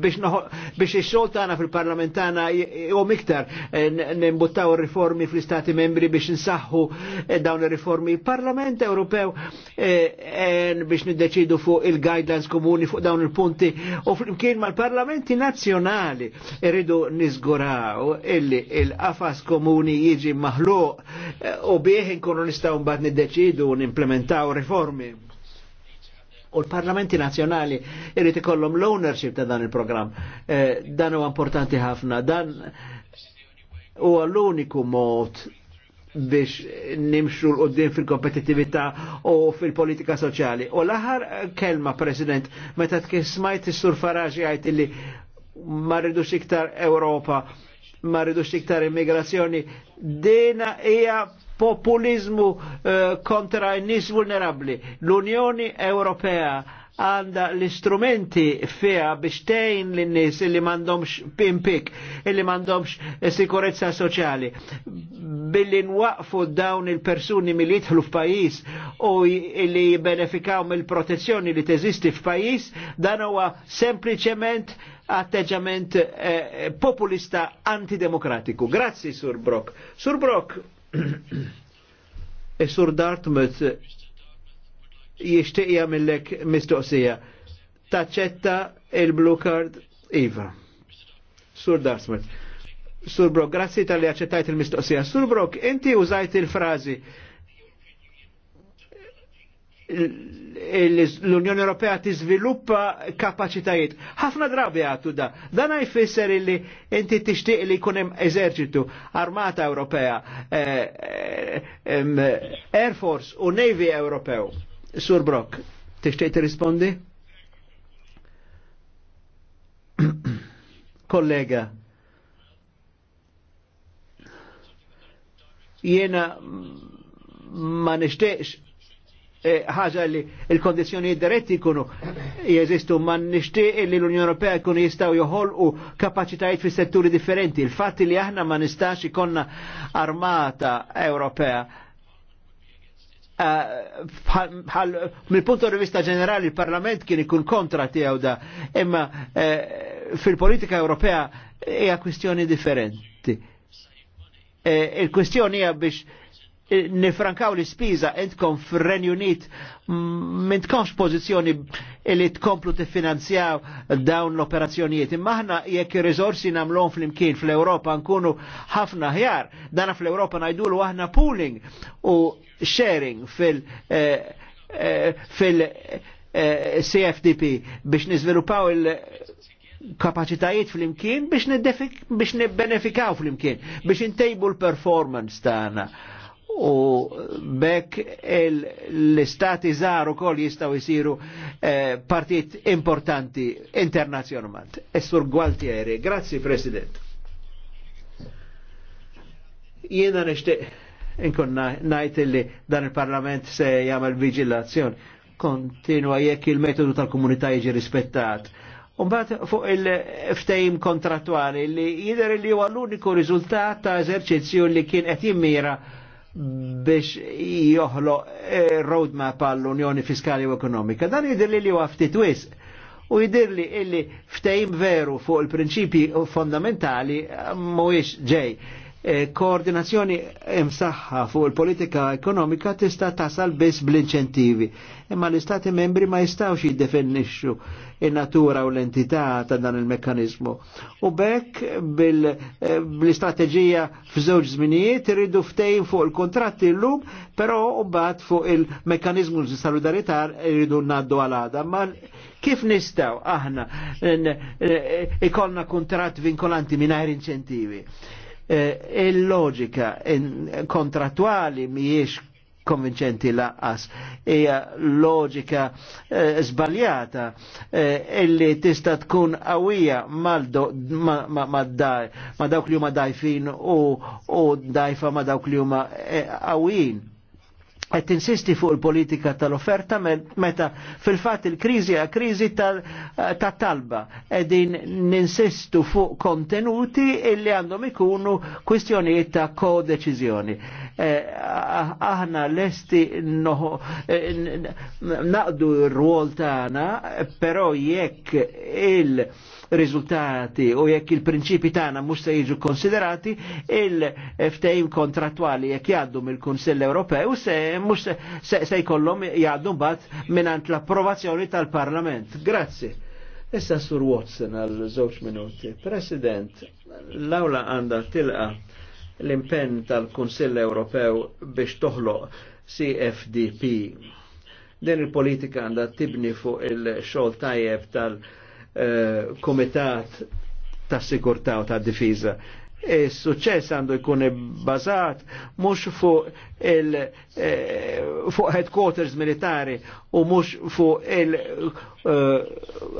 biex ix-xogħol tagħna fil-parlament tagħna u miktar eh, nimbuttaw riformi fl-istati membri biex nsaħħu eh, dawn ir-riformi. Parlament Ewropew biex niddeċidu fuq il-guidelines komuni fuq dawn il-punti u flimkien mal-parlamenti nazzjonali irridu nizguraw illi il-qafas komuni jiġi maħluq eh, u bieħ nkunu nistgħu mbagħad niddeċidu u nimplementaw riformi. U l-parlamenti nazjonali irrid ikollhom l-ownership ta' dan il-programm. Eh, dan huwa importanti ħafna. Dan huwa l-uniku mod biex nimxu l-qoddim fil-kompetitività u fil-politika soċjali. U l-aħħar kelma, President, meta tkismajt is-sur għajt illi ma rridux iktar Ewropa ma rridux iktar immigrazzjoni. Dina hija populizmu eh, kontra n-nis vulnerabli. L-Unjoni Ewropea għanda l-istrumenti fija biex tejn l-nis li mandomx pimpik, li mandomx sikurezza soċjali. Billi nwaqfu dawn il-persuni mill jidħlu f'pajis u li jibbenefikaw mill-protezzjoni li teżisti f'pajis, dan huwa sempliciment atteġġament eh, populista antidemokratiku. Grazzi, Sur Brok. Sur Brok, E sur Dartmouth jishtiqja millek mistoqsija. Taċċetta il-blue card Iva. Sur Darsmet. Sur Brok, grazzi tal-li accettajt il-mistoqsija. Sur Brok, inti użajt il-frazi l-Unjoni Ewropea tiżviluppa kapacitajiet. Ħafna drabi għattu da. Dan jfisser illi inti tixtieq li jkun hemm eżerċitu, armata Ewropea, eh, eh, Air Force u Navy Ewropew. Sur Brock, tixtieq rispondi? Kollega, ma eh, ħaġa li il-kondizjoni diretti jeżistu ma li l-Unjoni Ewropea joħolqu fi setturi differenti. il li aħna ma nistax ikonna armata Ewropea Eh, mill punto di vista ġenerali il-Parlament kien ikun kontra tiegħu da, imma fil-politika eh, Ewropea hija kwistjoni differenti. Eh, e Il-kwistjoni hija biex nifrankaw l-ispiża entkom fir-Renju Unit minn tkomx pożizzjoni li tkomplu tiffinanzjaw dawn l-operazzjonijiet. Imma aħna jekk ir-riżorsi nagħmluhom flimkien fl-Ewropa nkunu ħafna ħjar, dana fl-Ewropa ngħidulu aħna pooling u sharing fil- eh, eh, fil- eh, CFDP biex niżviluppaw il- kapacitajiet fl-imkien biex nibbenefikaw fl-imkien, biex intejbu l-performance tagħna u bekk l-istati zaru kol jistaw jisiru eh, partit importanti internazjonalment. Essur Gualtieri, grazzi President. Jiena nishtiq inkun najt li dan il-Parlament se jagħmel vigilazzjoni kontinwa jekk il-metodu tal-komunità jiġi rispettat. Umbat fuq il-ftejm kontratwali li jidher li huwa l-uniku riżultat ta' eżerċizzju li kien qed jimmira biex joħlo eh, roadmap għall-Unjoni Fiskali u Ekonomika. Dan jidir li li għafti twis u jidir li illi ftejm veru fuq il-prinċipi fondamentali mhuwiex ġej Eh, koordinazzjoni imsaħħa fuq il-politika ekonomika tista' tasal biss bl-inċentivi. Imma l-Istati membri ma jistawx jiddefinixxu in-natura u l-entità ta' dan il-mekkanizmu. U bekk eh, bl-istrateġija f'żewġ żminijiet irridu ftejn fuq il-kontratti llum, però u bat fuq il-mekkanizmu solidarità irridu ngħaddu għal għada. Ma kif nistgħu aħna ikollna kuntratt vinkolanti mingħajr inċentivi? Eh, il-loġika kontratwali miex konvinċenti laqqas. Hija loġika żbaljata eh, eh, illi tista' tkun qawwija ma dawk li huma dajfin u dajfa ma dawk li huma qawwin qed tinsisti fuq il-politika tal-offerta meta fil-fatt il-kriżi għal kriżi tat-talba qegħdin ninsistu fuq kontenuti illi għandhom ikunu kwistjonijiet ta' kodeċiżjoni. Eh, aħna lesti eh, naqdu r ruol tagħna, però jekk il- rizultati u jekk il-prinċipi tagħna mhux se jiġu konsiderati, il-ftehim kontrattwali jekk jgħaddu mill-Kunsill Ewropew se mhux se jkollhom jgħaddu mbagħad mingħand l-approvazzjoni tal-Parlament. Grazzi. Issa Sur Watson għal żewġ minuti. President, l-awla għandha tilqa l-impenn tal-Kunsill Ewropew biex toħloq CFDP. Din il-politika għandha tibni fuq il-xogħol tajjeb tal- komitat ta' sigurta u ta' difiza. Il-sucċess għandu jkun bazat mux fuq il fuq headquarters militari u mux fuq il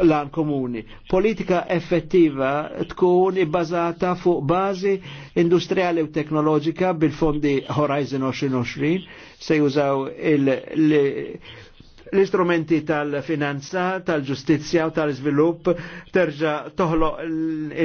lan komuni. Politika effettiva tkun bazata fuq bazi industriali u teknoloġika bil-fondi Horizon 2020 se jużaw il l-istrumenti tal-finanza, tal-ġustizja u tal izvilup terġa toħloq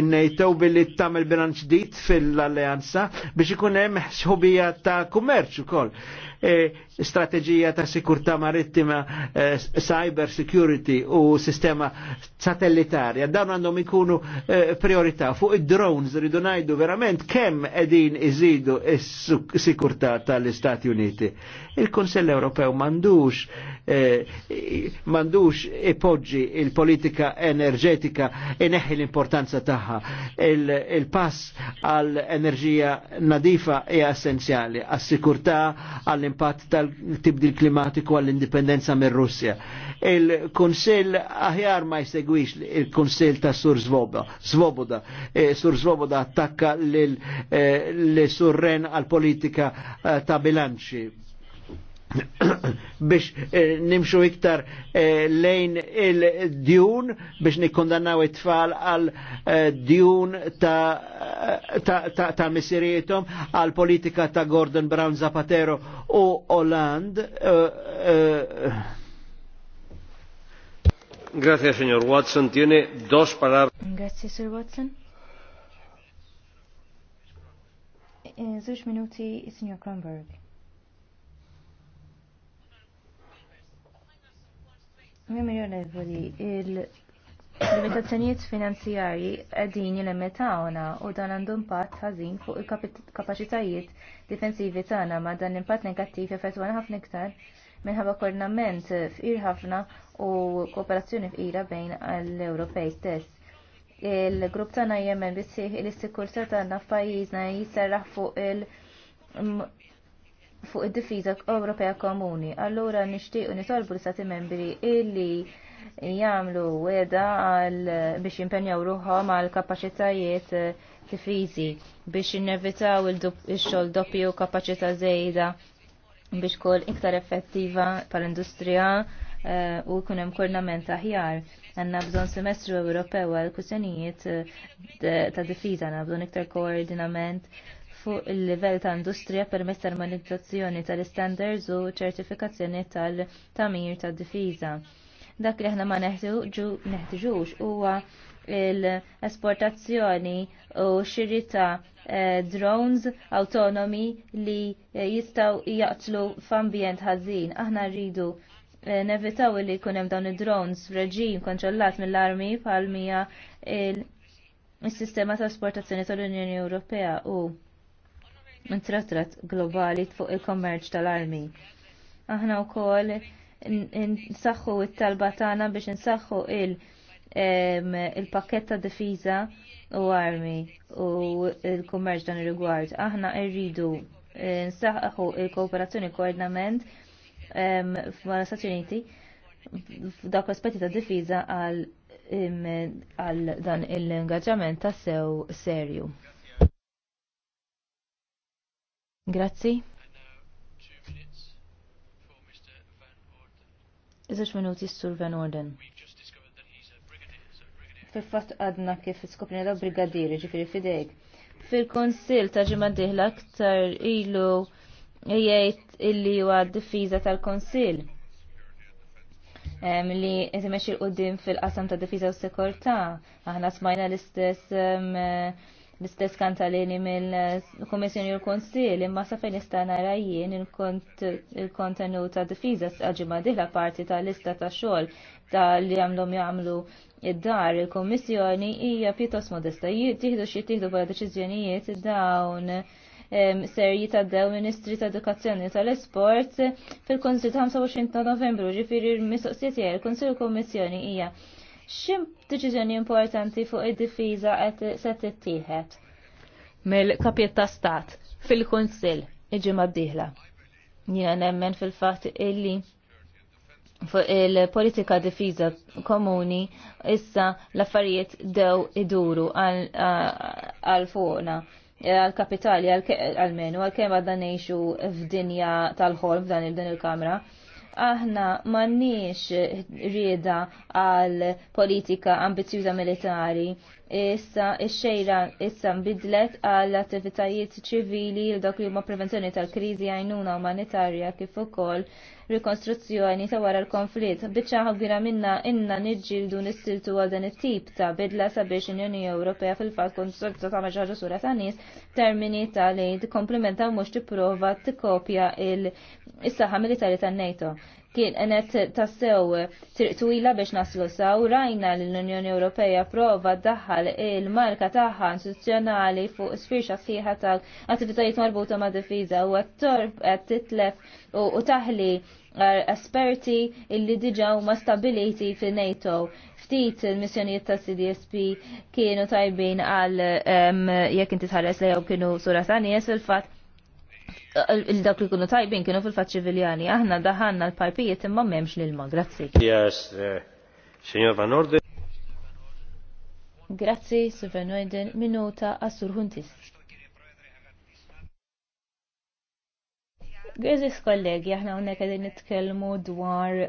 il u billi tamel bilanċ dit fil-alleanza biex ikun hemm ħsħubija ta' kummerċ ukoll. E, strategija ta' sikurta marittima, e, cyber security u sistema satellitarja. Dan għandhom ikunu e, priorità fuq id-drones rridu najdu verament kemm edin iżidu s sikurta tal-Istati Uniti. il konsell Ewropew mandux mandux ipoġġi il-politika enerġetika ineħi l-importanza tagħha. Il-pass għall-enerġija nadifa hija essenzjali għas-sikurtà għall l impatt tal-tibdil klimatiku għall-indipendenza mir russja Il-Kunsell aħjar ma jsegwix il-Kunsell ta' Sur Svoboda. E sur Svoboda attakka l-surren e, għal-politika e, ta' bilanċi biex eh, nimxu iktar eh, lejn il-djun biex nikkondannaw it-tfal għal eh, djun ta' misirietom għal politika ta' Gordon Brown Zapatero u Oland. Grazie, signor Watson. Tiene dos palabras. Grazie, signor Watson. Zuċ minuti, signor Kronberg. Mimri onorevoli, il-limitazzjonijiet finanzjarji għedin jilemetawna u dan għandu impatt ħażin fuq il-kapacitajiet difensivi tagħna ma dan impatt negattiv effettwana ħafna iktar minħabba koordinament f'ir ħafna u kooperazzjoni f'ira bejn l-Ewropej stess. Il-grupp tagħna jemmen bisih il-sikurtà tagħna f'pajjiżna jisserraħ fuq il- fuq id-difiża Ewropea Komuni. Allura nixtiequ nitolbu l sati membri illi jagħmlu weda għal biex jimpenjaw ruħhom għal kapaċitajiet eh, difiżi biex innevitaw il xogħol doppju kapaċità żejda biex kol iktar effettiva tal-industrija eh, u jkun hemm kornament aħjar. Għandna bżonn semestru Ewropew għal kusenijiet eh, ta' difiża, għandna bżonn iktar koordinament fuq il-livell ta' industrija permezz tal armonizzazzjoni tal-standards u ċertifikazzjoni tal-tamir tad-difiża. Dak li aħna ma neħtiġux huwa l-esportazzjoni u xiri ta' eh, drones autonomi li jistaw jaqtlu f'ambjent ħażin. Aħna rridu eh, nevitaw li kunem dawn id-drones f'reġim kontrollat mill-armi bħal mija il-sistema ta' esportazzjoni tal-Unjoni Ewropea u minn tratrat globali fuq il-kommerċ tal-armi. Aħna wkoll nsaħħu it-talba tagħna biex insaħħu il- il-pakket ta' difiża u armi u il-kummerċ dan ir-rigward. Aħna rridu eh, nsaħħu il-kooperazzjoni koordinament mal Stati Uniti f'dak aspetti ta' difiża għal dan il-ingaġġament ta' sew serju. Grazzi. Iżax minuti s-sur Van Orden. Fil-fat għadna kif skoprina da brigadiri ġifiri fidejk. Fil-konsil ta' ġimma diħla ktar ilu jgħajt illi huwa d-difiża tal-konsil. Li jtimex il-qoddim fil-qasam ta' difiza u sekurta. Aħna smajna l-istess l-istess kantalini mill-Komissjoni u l-Konsil, imma sa fejn nista' nara jien il kontenu ta' difiża għalġimgħa diħla parti ta' lista ta' xogħol ta' li għamlom jagħmlu id-dar il-Komissjoni hija pjuttost modesta. Tieħdu xi tieħdu bħala deċiżjonijiet dawn serji ta' dew Ministri ta' Edukazzjoni tal-Esport fil-Konsil ta' 25 ta' Novembru ġifieri l-mistoqsijiet il-Konsil u Komissjoni hija xim deċiżjoni importanti fuq id-difiża qed se tittieħed mill-kapiet ta' stat fil-Kunsill iġimgħa d-dieħla. Jiena nemmen fil-fatt illi fuq il-politika difiża komuni issa l-affarijiet dew iduru għal fuqna għal-kapitali għal-menu għal-kem għadda neħxu f'dinja tal-ħolm f'dan il-din il-kamra. il kamra aħna m'għandniex rieda għal politika ambizjuża militari issa ix-xejra issa mbidlet għall attivitajiet ċivili l dak li huma prevenzjoni tal-kriżi għajnuna umanitarja kif ukoll rikostruzzjoni ta' wara l-konflitt. Biċċa ħabbira minna inna niġġieldu nistiltu għal dan it-tip ta' bidla sabiex l-Unjoni Ewropea fil-fatt kun sorta ta' maġġa sura ta' nies termini ta' li tkomplimenta mhux tipprova tikkopja il-saħħa militari tan-NATO kien enet tassew triqtwila biex naslu saw rajna l-Unjoni Ewropea prova daħal il-marka taħħa istituzzjonali fuq sfirxa sħiħa tal attivitajiet marbuta ma' difiża u għat-torb titlef u taħli esperti illi diġaw huma stabiliti fi NATO. Ftit il-missjonijiet ta' CDSP kienu tajbin għal jekk inti tħares lejhom kienu sura tanies fil-fatt il-dawk li kunu tajbin kienu fil-fat ċiviljani. Aħna daħanna l-pajpijiet imma memx li l ma Grazzi. Yes, uh, signor Van Orden. Grazzi, Sir Van Orden. Minuta għassur Huntis. Għazis kollegi, aħna unnek kħedin nitkelmu dwar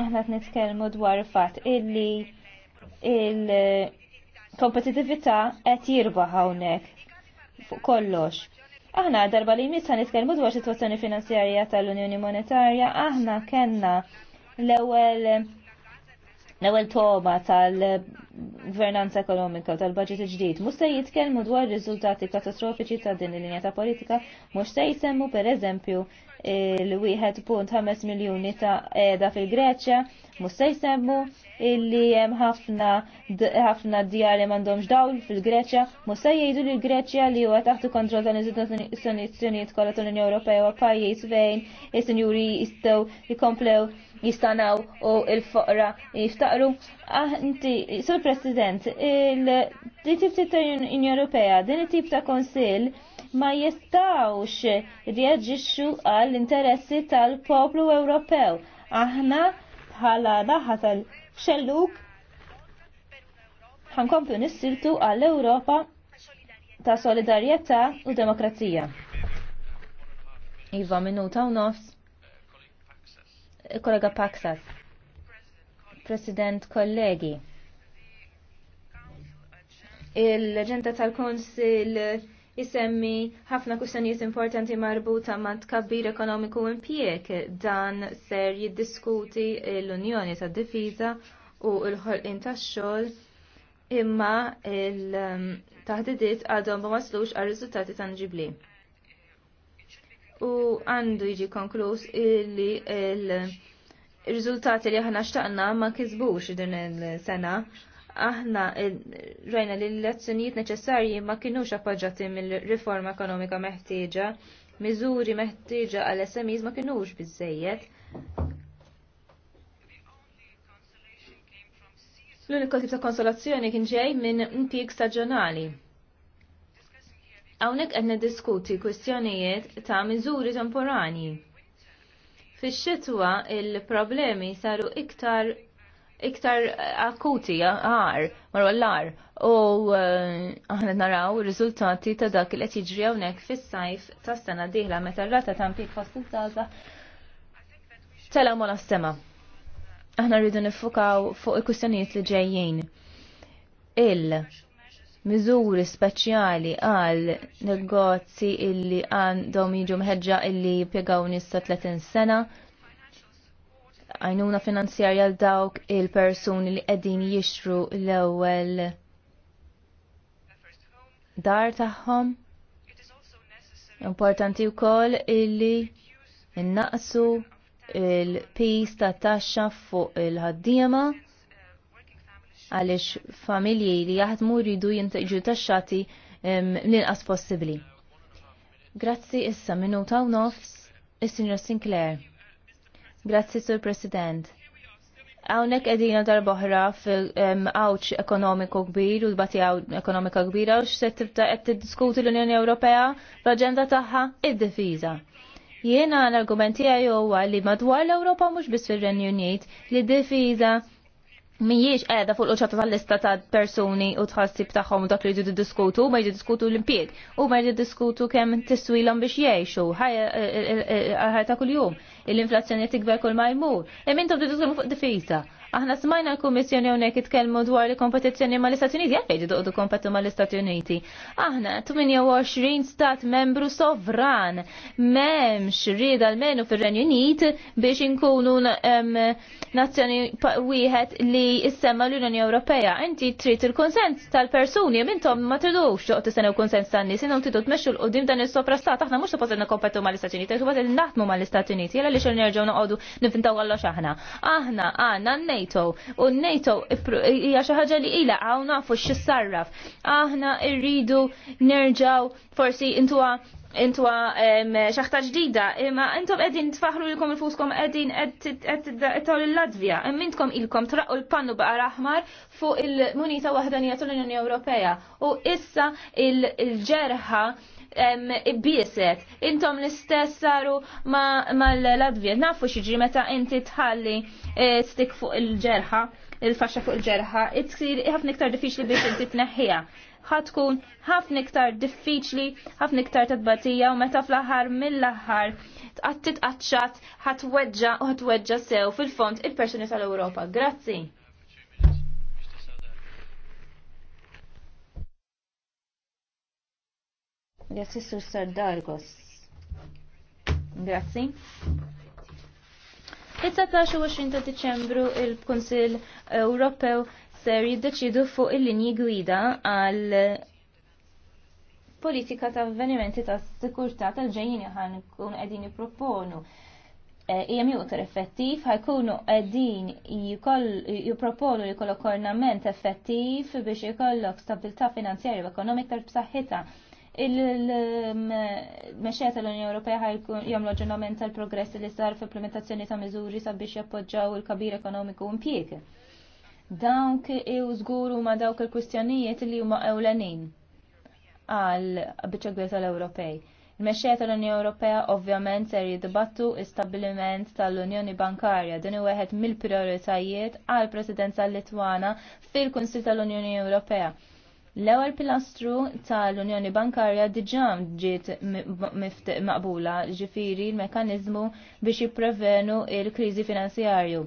aħna nitkellmu dwar il-fatt illi il-kompetitività qed jirbaħ hawnhekk fuq kollox. Aħna darba li jmiss nitkellmu dwar sitwazzjoni finanzjarja tal-Unjoni Monetarja, aħna kellna l-ewwel l-ewwel toma tal-gvernanza ekonomika tal-budget ġdid mhux se jitkellmu dwar riżultati katastrofiċi ta' din il-linja ta' politika mhux se jsemmu pereżempju punt 15 miljuni ta' qiegħda fil-Greċja mhux se jsemmu li hemm ħafna ħafna djar m'għandhomx dawl fil-Greċja mhux se jgħidu li l-Greċja li huwa taħt kontroll ta' istituzzjonijiet kollha tal-Unjoni Ewropea pajjiż fejn is-sinjuri jistgħu jkomplew jistanaw u il-foqra jiftaqru. Ah, inti, sur President, il-tip ta' Unjoni Ewropea, din it-tip ta' konsil ma jistawx reagġixxu għall-interessi tal-poplu Ewropew. Aħna bħala naħa tal-xelluk ħankomplu nissiltu għall-Ewropa ta' solidarjetà u demokrazija. Iva minuta u nofs kollega Paksas. President, kollegi. Il-ġenda tal-Konsil jisemmi ħafna kustanijiet importanti marbuta ma' tkabbir ekonomiku impjek dan ser jiddiskuti l-Unjoni tad difiża u l-ħolqin tax-xogħol imma il-taħdidiet għadhom ma waslux għal riżultati tanġibli u għandu jiġi konkluż illi il-riżultati li aħna xtaqna ma kisbux din il-sena. Aħna rajna li l lezzjonijiet neċessarji ma kinux appoġġati mill-riforma ekonomika meħtieġa, miżuri meħtieġa għal SMEs ma kinux biżejjed. L-unika tip ta' konsolazzjoni kien ġej minn impjieg staġjonali Hawnhekk qed niddiskuti kwistjonijiet ta' miżuri temporani. Fix-xitwa il-problemi saru iktar iktar akuti għar, marwa l-għar, u eh, aħna naraw riżultati ta' dak li qed jiġri hawnhekk fis-sajf ta' sena dieħla meta ta' rata ta' impjieg fost taza żgħażagħ tela mola sema. Aħna rridu nifukaw fuq il-kwistjonijiet li ġejjin. Il- miżuri speċjali għal negozzi illi għandhom jiġu mħedġa illi pjegaw nista 30 sena għajnuna finanzjarja l dawk il-persuni li qegħdin jixtru l-ewwel dar tagħhom. Importanti wkoll illi innaqsu il-pis ta' taxxa fuq il-ħaddiema. il ħaddiema għaliex familji li jaħdmu jridu jintaqġu taxxati l-inqas possibbli. Grazzi issa minuta u nofs is-Sinjor Sinclair. Grazzi Sur President. Għawnek edina darboħra fil-għawċ ekonomiku kbir u l-bati ekonomika kbira u x-set tibta għed diskuti l-Unjoni Ewropea l-agenda taħħa id-difiza. Jiena l-argumenti għaj li madwar l-Ewropa mhux biss fir-Renju Unit li d difiza mijiex edha fuq l-oċata tal-lista ta' personi u tħassib taħħom dak li jdu diskutu, ma jridu diskutu l-impieg, u ma jridu diskutu kemm tiswilhom biex jgħixu, ħajja eh, eh, eh, ta' kuljum, l-inflazzjoni tikber kull majmur jmur. E minn tobdu diskutu fuq difisa. Aħna smajna l-Kummissjoni hawnhekk itkellmu dwar il kompetizzjoni mal-Istati Uniti, għalfejn ġidu kompettu mal-Istati Uniti. Aħna 28 stat membru sovran m'hemmx rieda almenu fir-Renju Unit biex inkunu nazzjoni wieħed li issemma l-Unjoni Ewropea. Inti trid il-konsens tal-persuni mintom ma tridux joqgħod tistennew konsens tan-nies, inhom tidu tmexxu l-qudiem dan is stat aħna mhux suppost nikkompetu mal-Istati Uniti, suppost naħdmu mal-Istati Uniti, jela li xi nerġgħu noqogħdu nifintaw għallox aħna. Aħna għandna NATO u NATO hija xi ħaġa li ilha hawn nafu x'issarraf. Aħna rridu nerġaw forsi intuha intuwa xaħta ġdida, imma intom edin tfaħru lilkom il-fuskom edin edtaw l-Latvija, mintkom kom traqqu l-pannu baqa raħmar fuq il-munita wahdanija l unjoni Ewropea. U issa il-ġerħa bieset. Intom l-istess saru mal-Latvija. Nafu xieġi meta inti tħalli eh, stik fuq il-ġerħa, il-faxxa fuq il-ġerħa, it sir ħafna iktar diffiċli biex inti tneħħija. Ħatkun ħafna iktar diffiċli, ħafna iktar tadbatija u meta fl-aħħar mill-aħħar tqattit qaċċat ħatweġġa u ħatweġġa sew fil-fond il-persuni tal-Ewropa. Grazzi. Jassissu Sardargos. Grazzi. Fit-19 u 20 ta' Diċembru il-Kunsill Ewropew ser jiddeċidu fuq il-linji gwida għal politika ta' avvenimenti ta' sikurtà tal-ġejjini ħan kun qegħdin jipproponu. EMU ter effettiv ħajkunu qegħdin jipproponu li jkollok ornament effettiv biex ikollok stabilta finanzjarja u ekonomika tal-b'saħħita il-mexxija tal-Unjoni Ewropea jom jagħmlu aġġornament tal-progress li sar fl-implementazzjoni ta' miżuri sabiex jappoġġaw il-kabir ekonomiku impjieg. Dawk u żguru huma dawk il-kwistjonijiet li huma ewlenin għal biċċa tal-Ewropej. Il-mexxija tal-Unjoni Ewropea ovvjament ser jiddibattu istabbiliment tal-Unjoni Bankarja din hu wieħed mill-prijoritajiet għall Presidenza Litwana fil-Kunsil tal-Unjoni Ewropea L-ewwel pilastru tal-Unjoni Bankarja diġà ġiet maqbula ġifiri l-mekanizmu biex jipprevenu il-kriżi finanzjarju.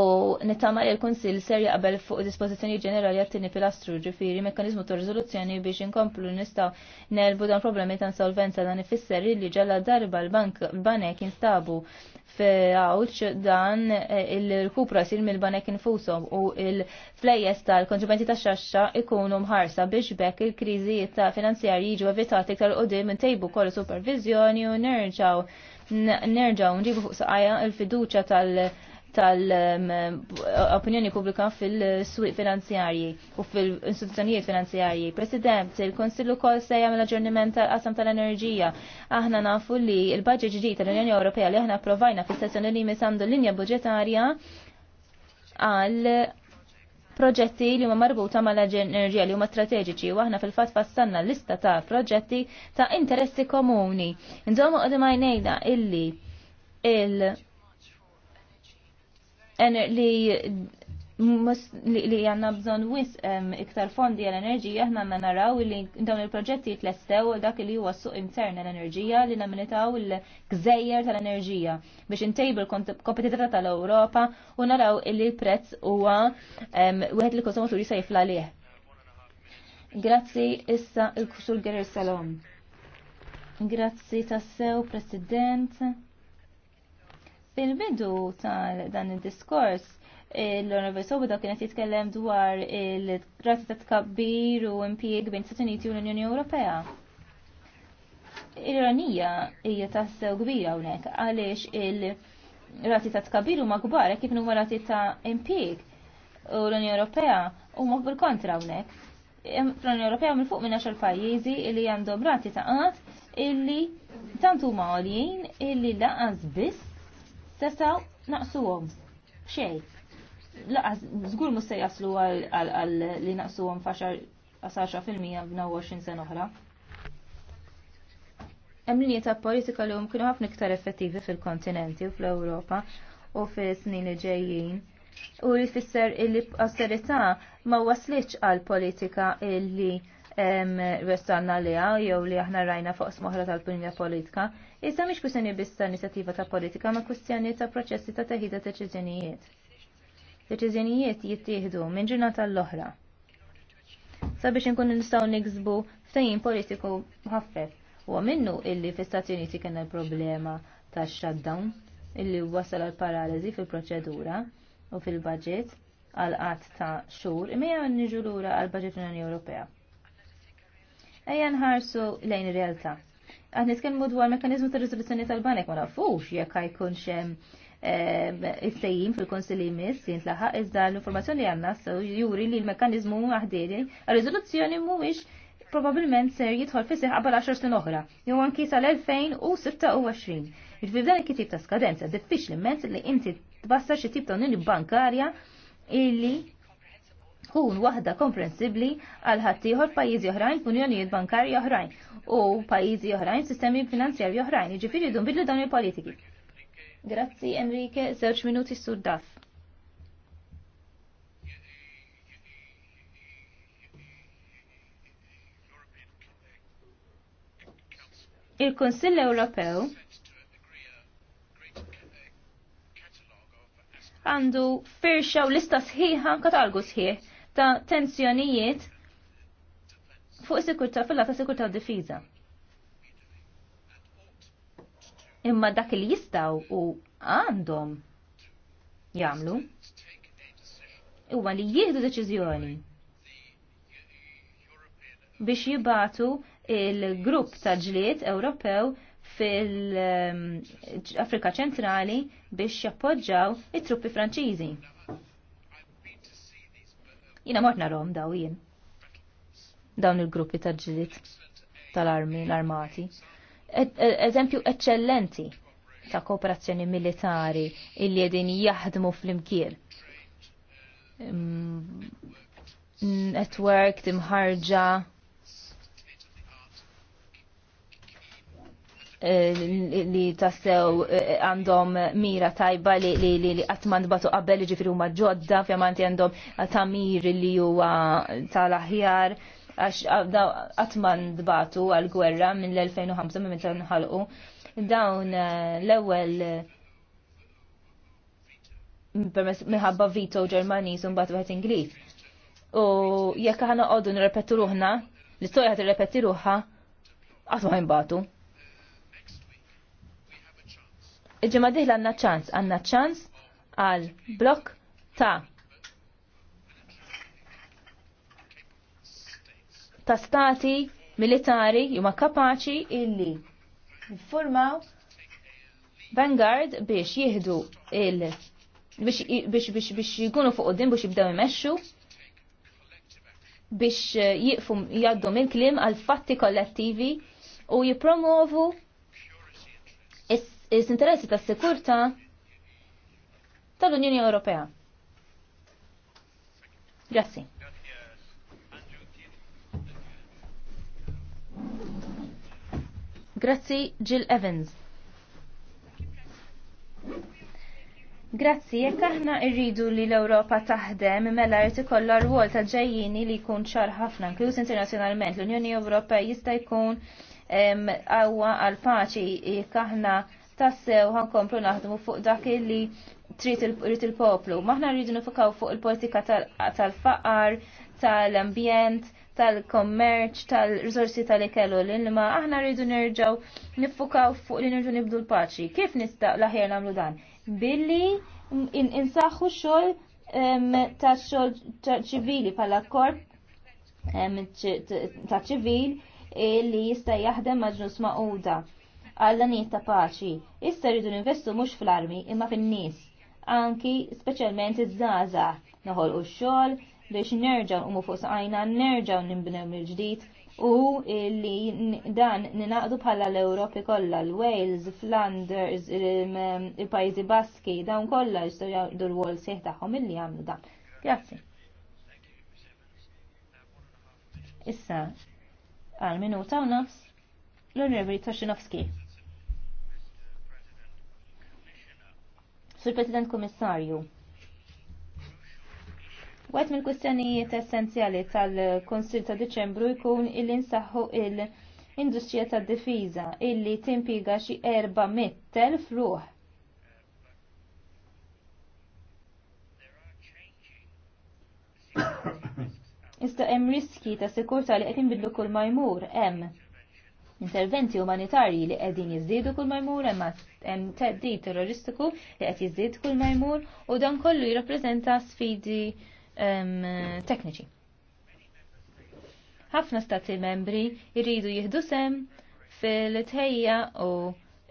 U nittama li l-Kunsill ser jaqbel fuq dispożizzjoni ġenerali għat-tieni pilastru ġifiri mekanizmu ta' riżoluzzjoni biex inkomplu nistgħu nerbu dan problemi ta' insolvenza dan ifisser li ġalla darba l-bank banek jinstabu f'għawċ dan eh, il-kupra sir mil banek infusom u il-flejjes tal-konġumenti ta' xaxxa ikunu mħarsa biex bekk il-kriżijiet ta' finanzjarji jiġu evitati iktar qudiem intejbu kollu supervizjoni u nerġaw nerġaw nġibu fuq saqajja il-fiduċa tal- tal-opinjoni pubblika fil suq finanzjarji u fil-istituzzjonijiet finanzjarji. President, il-Konsillu kol se jagħmel aġġorniment tal-qasam tal-enerġija. Aħna nafu li il-budget ġdid tal-Unjoni Ewropea li aħna approvajna fis-sessjoni li misandu linja budġetarja għal proġetti li huma marbuta mal-enerġija li huma strateġiċi u aħna fil-fatt fassanna lista ta' proġetti ta' interessi komuni. Nżommu qogħdu ma jnejna illi il- li li għanna bżon wis iktar fondi għal-enerġija ħna ma naraw li dawn il-proġetti jitlestew dak li huwa suq intern għal-enerġija li naminitaw il-gżejjer tal-enerġija biex intejbu l-kompetitività tal-Ewropa u naraw li l-prezz huwa wieħed li konsumatur jisajfla liħ. Grazzi issa il-kusur Gerir Salom. Grazzi tassew, President. Fil-bidu tal dan il-diskors, l-Honorable Sobuda kienet jitkellem dwar il-rati ta' tkabbir u impjieg bejn Stati Uniti u l-Unjoni Ewropea. Il-Iranija hija tassew kbira hawnhekk għaliex il-rati ta' tkabbir huma kbar kif huma rati ta' impjieg u l-Unjoni Ewropea huma bil-kontra hawnhekk. Fl-Unjoni Ewropea minn fuq minn għaxar pajjiżi li għandhom rati ta' qatt illi tant huma għoljin illi laqas biss naqsu naqsuhom xej. Laqas zgur mhux se jaslu għal li għom faxar għasaxa fil-mija 20 sena oħra. Emlinji ta' politika li hum kienu ħafna iktar effettivi fil-kontinenti u fl-Ewropa u fis-snin li ġejjin. U li fisser il-austerità ma waslitx għal politika illi li għaw, jew li aħna rajna fuq smoħra tal-punja politika. issa mhix kusjoni biss inizjattiva ta' politika ma' kusjoni ta' proċessi ta' teħida deċiżjonijiet. Deċiżjonijiet jittieħdu minn ġurnata l-oħra. Sabiex inkunu nistgħu niksbu ftehim politiku ħaffef. U minnu illi fl-Istati Uniti kien il-problema ta' shutdown illi wasal għal paralizi fil-proċedura u fil-budget għal qatt ta' xhur imma niġu lura għal budget Unjoni Ewropea ejja nħarsu lejn ir-realtà. Għad nitkellmu dwar mekanizmu ta' rizoluzzjoni tal-banek ma nafux jekk jkunx hemm il-sejjim fil-konsili jmiss jintlaħaq iżda l-informazzjoni għanna so juri li l-mekanizmu għahdiri għal-riżoluzzjoni mhuwiex probabilment ser jidħol fisih qabel 10 snin oħra, jew anki sal-2026. Jiġifieri dan il-kitib ta' skadenza diffiċli immens li inti tbassar xi tip ta' unjoni bankarja illi tkun waħda komprensibli għal ħaddieħor pajjiżi oħrajn f'unjonijiet bankarji oħrajn u pajjiżi oħrajn sistemi finanzjarji oħrajn, jiġifieri jdu nbidlu dawn il-politiki. Grazzi Enrique, żewġ minuti sur-daf. il-Konsill Ewropew għandu firxa u lista sħiħa katalgu sħiħ ta' tensjonijiet fuq sikurta fil ta' sikurta u difiża. Imma dak li jistaw u għandhom jagħmlu huwa li jieħdu deċiżjoni biex jibatu il-grupp ta' ġlied Ewropew fil-Afrika um, ċentrali biex jappoġġaw it-truppi Franċiżi. Jina mort narom daw jien. Dawn il-gruppi ta' ġilit tal-armi, l-armati. E, eżempju eccellenti ta' kooperazzjoni militari illi jedin jaħdmu fl imkir mm, Network, timħarġa, Eh, li tassew eh, għandhom mira tajba li li li għatman batu qabel ġifiri maġodda fja manti għandhom tamir li huwa tal-aħjar għax għatman dbatu għal-gwerra minn l-2005 minn meta nħalqu dawn eh, l-ewwel miħabba minħabba vito Ġermaniż u batu għat Ingliż. U jekk aħna qogħdu nirrepetu ruħna, l-istorja tirrepeti ruħha qatt ma jinbatu. Iġima diħla għanna ċans, għanna ċans għal blok ta' ta' stati militari juma kapaċi illi jiffurmaw vanguard biex jihdu il biex biex biex biex jikunu fuq din biex jibdew imexxu biex jiqfu jaddum mill klim għal fatti kollettivi u jipromovu interessi sekurta ta' tal-Unjoni Ewropea. Grazzi. Grazzi Jill Evans. Grazzi, jekk aħna rridu li l-Ewropa taħdem mela jrid ikollha rwol ta' ġejjini li jkun ċar ħafna, inkluż internazzjonalment. L-Unjoni Ewropea jista' jkun awwa għal paċi jekk aħna tassew komplu naħdmu fuq dak li trid il-poplu. Maħna rridu nifukaw fuq il-politika tal-faqar, tal-ambjent, tal-kommerċ, tal-rizorsi tal-ikellu l-ilma, aħna rridu nerġaw nifukaw fuq li nerġu nibdu l-paċi. Kif nistaq laħjar namlu dan? Billi insaħħu xogħol ta' xogħol ċivili bħala korp ta' ċivil eh, li jista' jaħdem maġnus ma' għal nies ta' paċi. Issa rridu ninvestu mhux fl-armi imma fin-nies. Anki speċjalment iż-żgħażagħ noħolqu x-xogħol biex nerġgħu nqumu fuq saqajna, nerġgħu nibnew mill-ġdid u li dan ninaqdu bħala l-Europi kollha, l-Wales, Flanders, il-Pajjiżi Baski, dawn kollha jistgħu jgħidu l-wol sieħ tagħhom illi jagħmlu dan. Grazzi. Issa, għal minuta u nofs l-Onorevoli Toshinovski. Sur President Komissarju, Wet mill kustjonijiet essenzjali tal-Konsil ta' Deċembru jkun il-insaħħu il-Industrija tad difiża illi timpiga xi 400,000 ruħ. Issa hemm riski ta' sikurta li qed inbidlu kull ma jmur hemm interventi umanitarji li qegħdin jiżdiedu kull ma jmur imma hemm teddid terroristiku li qed jiżdied kull ma jmur u dan kollu jirrappreżenta sfidi ehm, tekniċi. Ħafna stati membri jridu jieħdu sem fil-tħejja u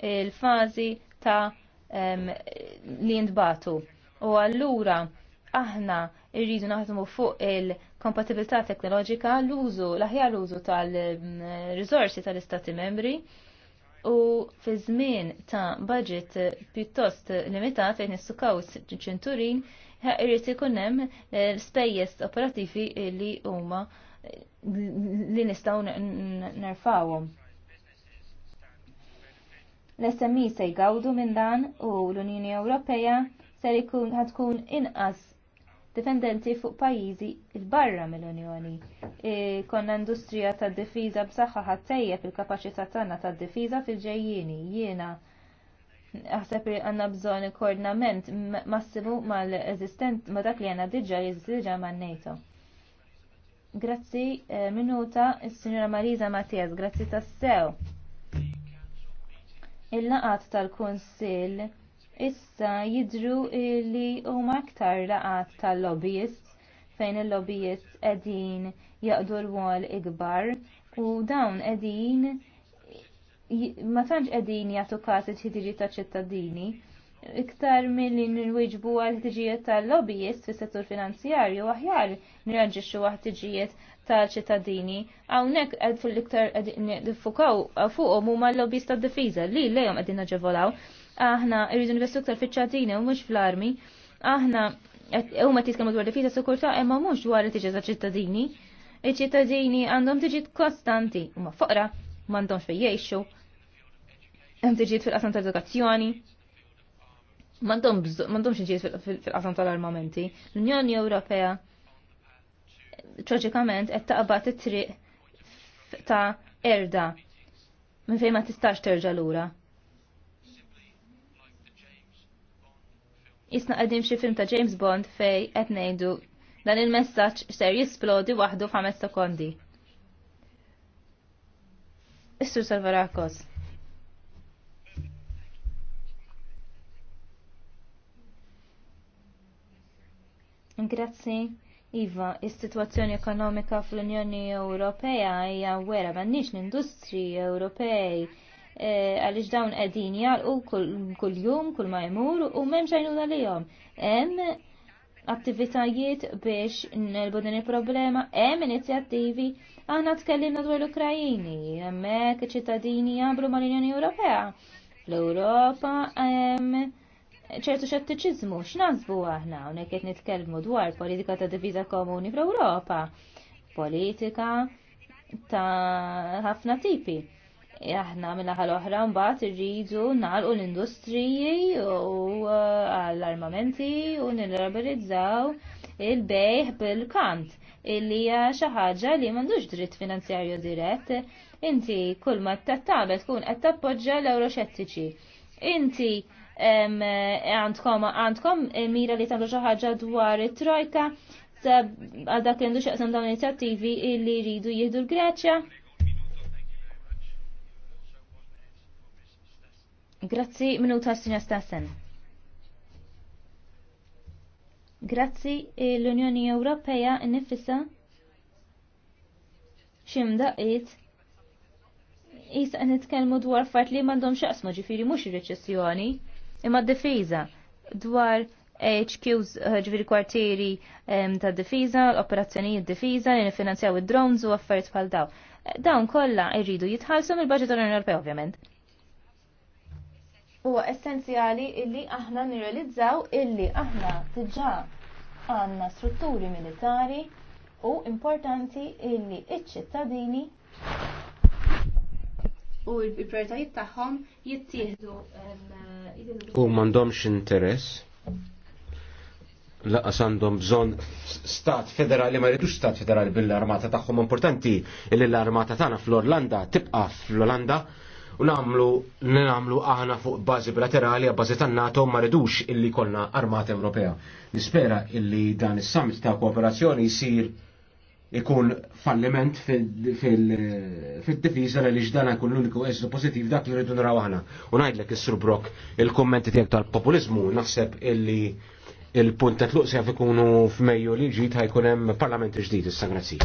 il-fażi ta' ehm, li jintbatu. U allura aħna irridu naħdmu fuq il- kompatibilità teknoloġika, l-użu, l-aħjar użu tal-rizorsi tal-istati membri u fi żmien ta' budget pjuttost limitat fejn issukaw ċinturin irrid ikun hemm eh, spejjeż operattivi li huma li nistgħu nerfawhom. L-SMI se jgawdu minn dan u l-Unjoni Ewropea se ikun ħatkun inqas dipendenti fuq pajjiżi il-barra mill-Unjoni. E, konna industrija tad difiża b'saħħa ħattejjeb il-kapaċità tagħna tad difiża fil-ġejjieni jiena aħseb li għandna bżonn koordinament massimu mal-eżistent ma dak li għandna diġà jeżistiġa man NATO. Grazzi e, minuta s sinjora Marisa Mattias, grazzi tassew. il naqat tal-Kunsill issa jidhru li huma aktar laqat tal-lobbyists fejn il-lobbyists qegħdin jaqdu l-wol ikbar u dawn qegħdin ma tantx qegħdin jagħtu każ it-ħtiġijiet taċ-ċittadini iktar milli nirwiġbu għal ħtiġijiet tal-lobbyist fis settur finanzjarju aħjar nirranġixxu għal ħtiġijiet tal-ċittadini. Hawnhekk qed l iktar fukaw fuqhom huma l-lobbyist tad-difiża li lejhom qegħdin naġevolaw aħna irridu investu ktar fiċċatina u mhux fl-armi. Aħna huma titkellmu dwar difiża sikurtà imma mhux dwar it-tiġi ċittadini. Iċ-ċittadini għandhom tiġi kostanti huma foqra m'għandhomx fejn jgħixu. Hemm tiġi fil-qasam tal-edukazzjoni, m'għandhomx iġiet fil-qasam tal-armamenti. L-Unjoni Ewropea traġikament qed taqbad it-triq ta' erda minn fejn ma tistax terġa' lura. Isna qadim xi film ta' James Bond fej qed ngħidu dan il-messaġġ ser jisplodi waħdu f'ħames sekondi. Issu Salvarakos. Grazzi. Iva, is-sitwazzjoni ekonomika fl-Unjoni Ewropea hija wera m'għandniex l-industri Ewropej Eh, għaliex dawn qegħdin jalqu kull jum, kull ma jmur u m'hemmx għajnuna jom. Hemm attivitajiet biex nelbu din il-problema, hemm inizjattivi aħna tkellimna dwar l-Ukrajini, hemmhekk ċittadini jablu mal-Unjoni Ewropea. L-Ewropa hemm ċertu xettiċiżmu x'nazbu aħna hawnhekk qed nitkellmu dwar politika ta' diviża komuni fl-Ewropa. Politika ta' ħafna tipi aħna minnaħal oħra mbagħad irridu nagħlqu l-industriji u eh, għall-armamenti u nirrabilizzaw il-bejħ bil-kant illi hija xi ħaġa li m'għandux dritt finanzjarju dirett. Inti kull ma tagħmel tkun qed tappoġġja l-Ewroxettiċi. Inti għandkom għandkom mira li tagħmlu xi ħaġa dwar it-trojka għal dak li għandu xaqsam dawn l-inizjattivi illi jridu jieħdu l-Greċja Grazzi, minuta s-sinja Stassen. Grazzi, eh, l-Unjoni Ewropea xim ximdaqiet jisa nitkelmu dwar fart li mandom xaqsmu ġifiri mux reċessjoni imma d-difiza dwar HQs eh, ġifiri kwartieri ta' difiza, operazzjonijiet difiza li nifinanzjaw id-drones u għaffariet bħal daw. Dawn kollha jridu jitħallsu mill tal-Unjoni Ewropeja, ovvjament huwa essenzjali illi aħna nirrealizzaw illi aħna diġà għandna strutturi militari u importanti illi iċ-ċittadini u l-prioritajiet tagħhom jittieħdu eh, u m'għandhomx interess laqas għandhom bżon stat federali, ma jridux stat federali bil-armata tagħhom importanti illi l-armata tagħna fl-Orlanda tibqa fl-Olanda u namlu namlu aħna fuq bażi bilaterali għal bażi tan-NATO ma ridux illi konna armata Ewropea. Nispera illi dan is-summit ta' kooperazzjoni jsir ikun falliment fil-difiża li ġdana jkun l-uniku eżu pozitiv dak li rridu naraw aħna. U ngħidlek is-Sur Brock il-kummenti tiegħek tal-populizmu naħseb illi il-punt ta' tluq se ikunu f'Mejju li ġid ħajkun hemm parlament ġdid issa grazzi.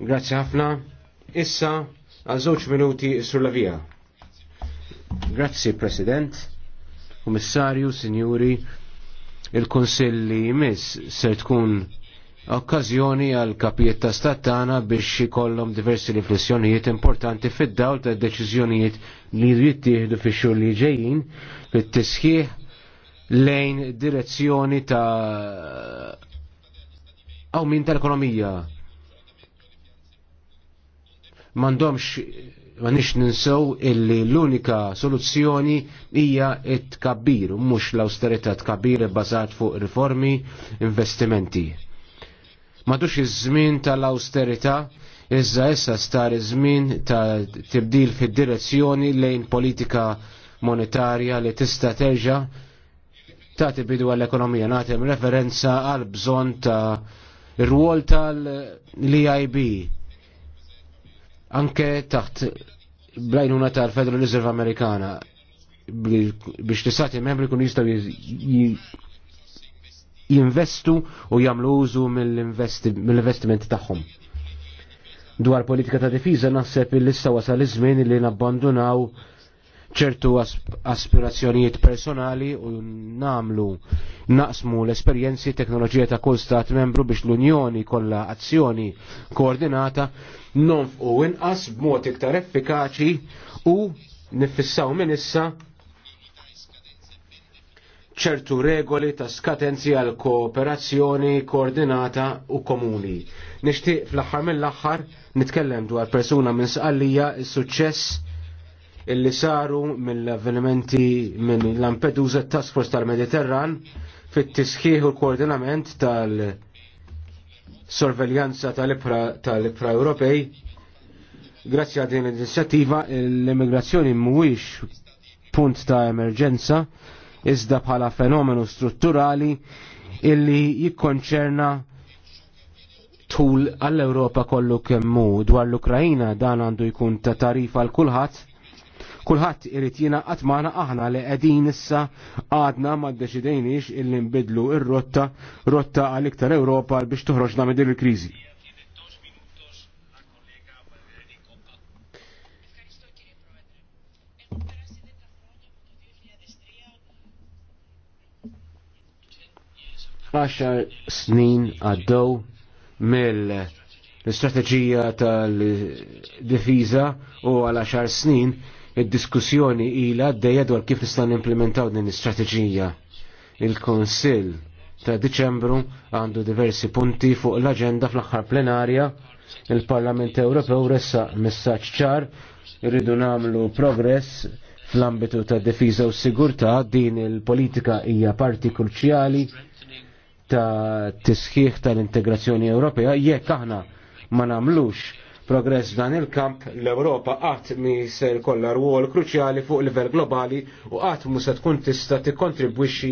Grazzi ħafna. Issa Għal żewġ minuti sur la via. Grazzi President, Kommissarju, Sinjuri, il-Konsill li jmiss ser tkun okkażjoni għal kapijiet ta' stattana biex ikollhom diversi riflessjonijiet importanti fid-dawl ta' deċiżjonijiet li jittieħdu fi xhur li ġejjin fit-tisħiħ lejn direzzjoni ta' għaw tal-ekonomija mandomx ma nix ninsew illi l-unika soluzzjoni hija it-kabbir, mhux l-austerità tkabbir bazat fuq riformi, investimenti. Madux iż-żmien tal-austerità, iżda issa star iż-żmien ta' tibdil fid-direzzjoni lejn politika monetarja li tista' terġa' ta' tibidu għall-ekonomija nagħtem referenza għal bżonn ta' ir-rwol tal lib anke taħt blajnuna tal-Federal Reserve Amerikana biex t istati membri kun jistaw jinvestu u jamlu użu mill-investimenti tagħhom. Dwar politika ta' difiża naħseb il-issa wasal iż-żmien li nabbandunaw ċertu aspirazzjonijiet personali u namlu naqsmu l-esperjenzi teknoloġija ta' kull stat membru biex l-Unjoni kollha azzjoni koordinata non u inqas b'mod iktar effikaċi u nifissaw minn issa ċertu regoli ta' skatenzi għal kooperazzjoni koordinata u komuni. Nixtieq fl-aħħar mill-aħħar nitkellem dwar persuna minn sqallija il suċċess illi saru mill-avvenimenti minn Lampedusa Task Force tal-Mediterran fit-tisħiħ u l-koordinament tal-sorveljanza tal-Ipra Ewropej. Grazzi għad din l-inizjattiva l-immigrazzjoni mhuwiex punt ta' emerġenza iżda bħala fenomenu strutturali illi jikkonċerna tul għall-Ewropa kollu kemmu dwar l-Ukrajina dan għandu jkun ta' tarifa għal kulħadd Kulħadd irid jina għatmana aħna li qegħdin issa għadna ma ddeċidejniex illi nbidlu ir-rotta rotta għal iktar Ewropa biex toħroġna minn din il-kriżi. Għaxar snin għaddew mill l-istrateġija tal-difiża u għal għaxar snin Id-diskussjoni ila d dwar kif nistgħu implementaw din l-istrateġija. il konsil ta' Diċembru għandu diversi punti fuq l-aġenda fl-aħħar plenarja. Il-Parlament Ewropew ressa messaġġ ċar irridu nagħmlu progress fl-ambitu ta' defiża u sigurtà din il-politika hija parti kruċjali ta' tisħiħ tal-integrazzjoni Ewropea jekk aħna ma nagħmlux progress dan il-kamp l-Ewropa qatt mi ser jkollha rwol kruċjali fuq livell globali u qatt mu se tkun tista' tikkontribwixxi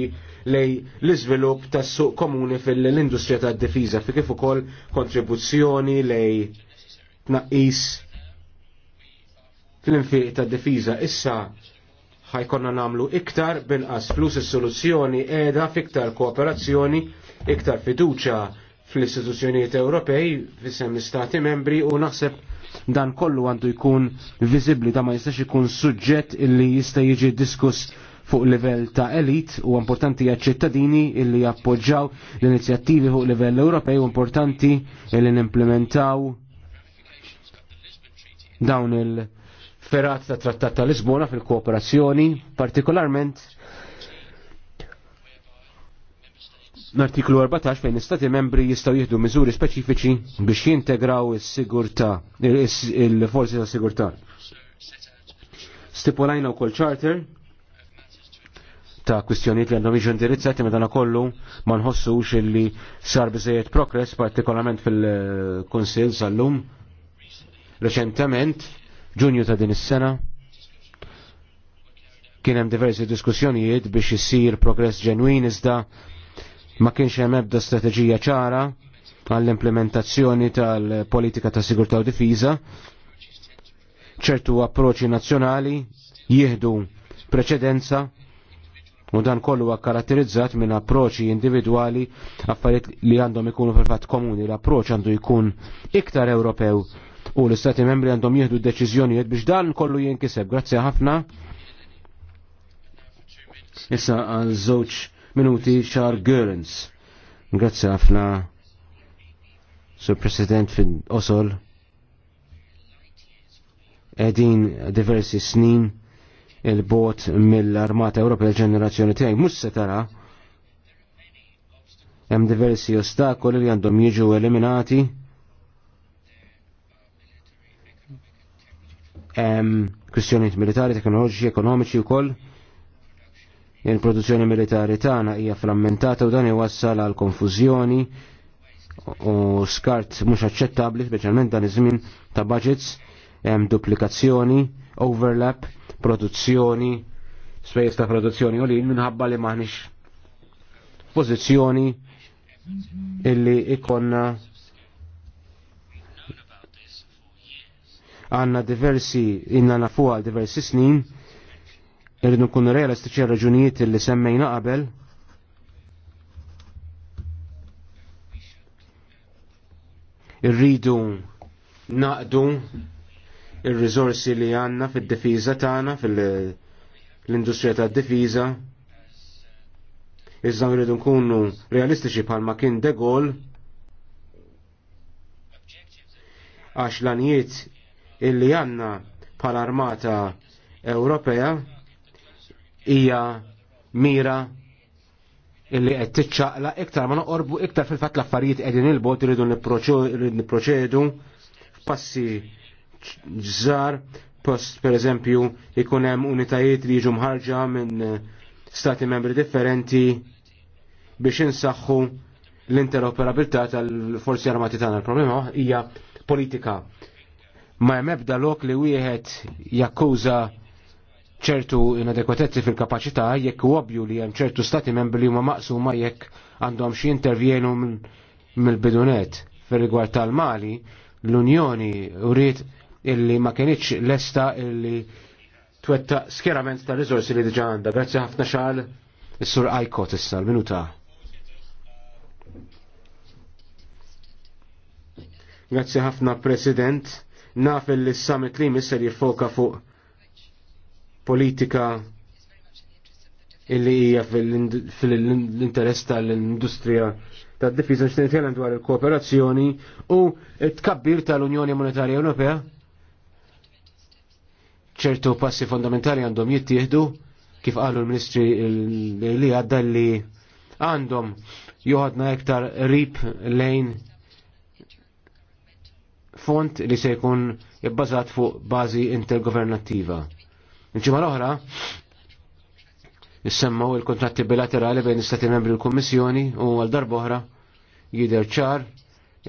lej l-iżvilupp tas-suq komuni fil-industrija tad-difiża fi kif ukoll kontribuzzjoni lej tnaqqis fil-infiq tad-difiża issa ħajkonna namlu iktar binqas flus is-soluzzjoni qiegħda fiktar kooperazzjoni, iktar fiduċa fl-istituzzjonijiet Ewropej, fissem l-Stati membri u naħseb dan kollu għandu jkun viżibli, da ma jistax ikun suġġett illi jista' jiġi diskuss fuq livell ta' elit u importanti għad ċittadini illi jappoġġaw l-inizjattivi fuq livell Ewropej u importanti illi nimplementaw dawn il-ferat ta' trattat ta' Lisbona fil-kooperazzjoni, partikolarment L-artiklu 14 fejn istati membri jistaw jihdu miżuri speċifiċi biex jintegraw is-sigurtà, il-forzi ta' sigurtà. Stipulajna wkoll charter ta' kwistjoniet li għandhom jiġu indirizzati madana kollu ma nħossux li sar biżejjed progress partikolarment fil konsil sal-lum. Reċentament, ġunju ta' din is-sena, kien hemm diversi diskussjonijiet biex issir progress ġenwin iżda ma kienx hemm ebda strateġija ċara għall-implementazzjoni tal-politika ta' sigurtà u difiża. ċertu approċċi nazzjonali jieħdu preċedenza u dan kollu huwa karatterizzat minn approċċi individwali affarijiet li għandhom ikunu fil-fatt komuni. L-approċċ għandu jkun iktar Ewropew u l-Istati membri għandhom jieħdu deċiżjonijiet biex dan kollu jinkiseb. Grazzi ħafna. Issa għal żewġ minuti xar Görens. Grazzi ħafna, Sur President fin Osol. Edin diversi snin il-bot mill-Armata Ewropea ġenerazzjoni tiegħi mhux se tara hemm diversi ostakoli li għandhom jiġu eliminati. Hemm kwistjonijiet militari, teknoloġiċi, ekonomiċi wkoll il-produzzjoni militari tagħna hija frammentata u dan iwassal għal konfużjoni u skart mhux aċċettabbli speċjalment dan iż-żmien ta' budgets hemm duplikazzjoni, overlap, produzzjoni, spejjeż ta' produzzjoni u lin minħabba li maħniex pożizzjoni illi ikonna għanna diversi, inna nafuqa diversi snin, Irridu nkunu realistiċi raġunijiet li semmejna qabel. Irridu naqdu il-rizorsi li għandna fil difiża tagħna fil-industrija tad-difiża. Iżda rridu nkunu realistiċi bħalma kien de Gaulle għax l illi għanna bħal armata Ewropea hija mira illi qed tiċċaqla iktar ma noqorbu iktar fil-fatt l-affarijiet qegħdin il-bot iridu nipproċedu f'passi ġżar post per eżempju ikun hemm unitajiet li jiġu mħarġa minn stati membri differenti biex insaħħu l-interoperabilità tal-forzi armati tagħna. Il-problema hija politika. Ma hemm ebda lok li wieħed jakkuża ċertu inadekwatezzi fil-kapacità jekk għobju li hemm ċertu stati membri li huma maqsuma jekk għandhom xi intervjenu mill-bidunet fir-rigward tal-Mali l-Unjoni uriet illi ma kienitx lesta illi twetta skjerament ta' riżorsi li diġa għandha. Grazzi ħafna xal is-sur Ajkot issa l-minuta. Grazzi ħafna President, naf il-summit li misser jiffoka fuq politika illi hija fil-interess tal-industrija tad-difiża x'tin nitkellem dwar il-kooperazzjoni u t-kabbir tal-Unjoni Monetarja Ewropea. ċertu passi fondamentali għandhom jittieħdu kif qalu l-Ministri li għadda li għandhom joħadna iktar rip lejn font li se jkun jibbażat fuq bażi intergovernattiva il l-oħra issemmaw il-kontratti bilaterali bejn istati membri l-Kummissjoni u għal darba oħra jidher ċar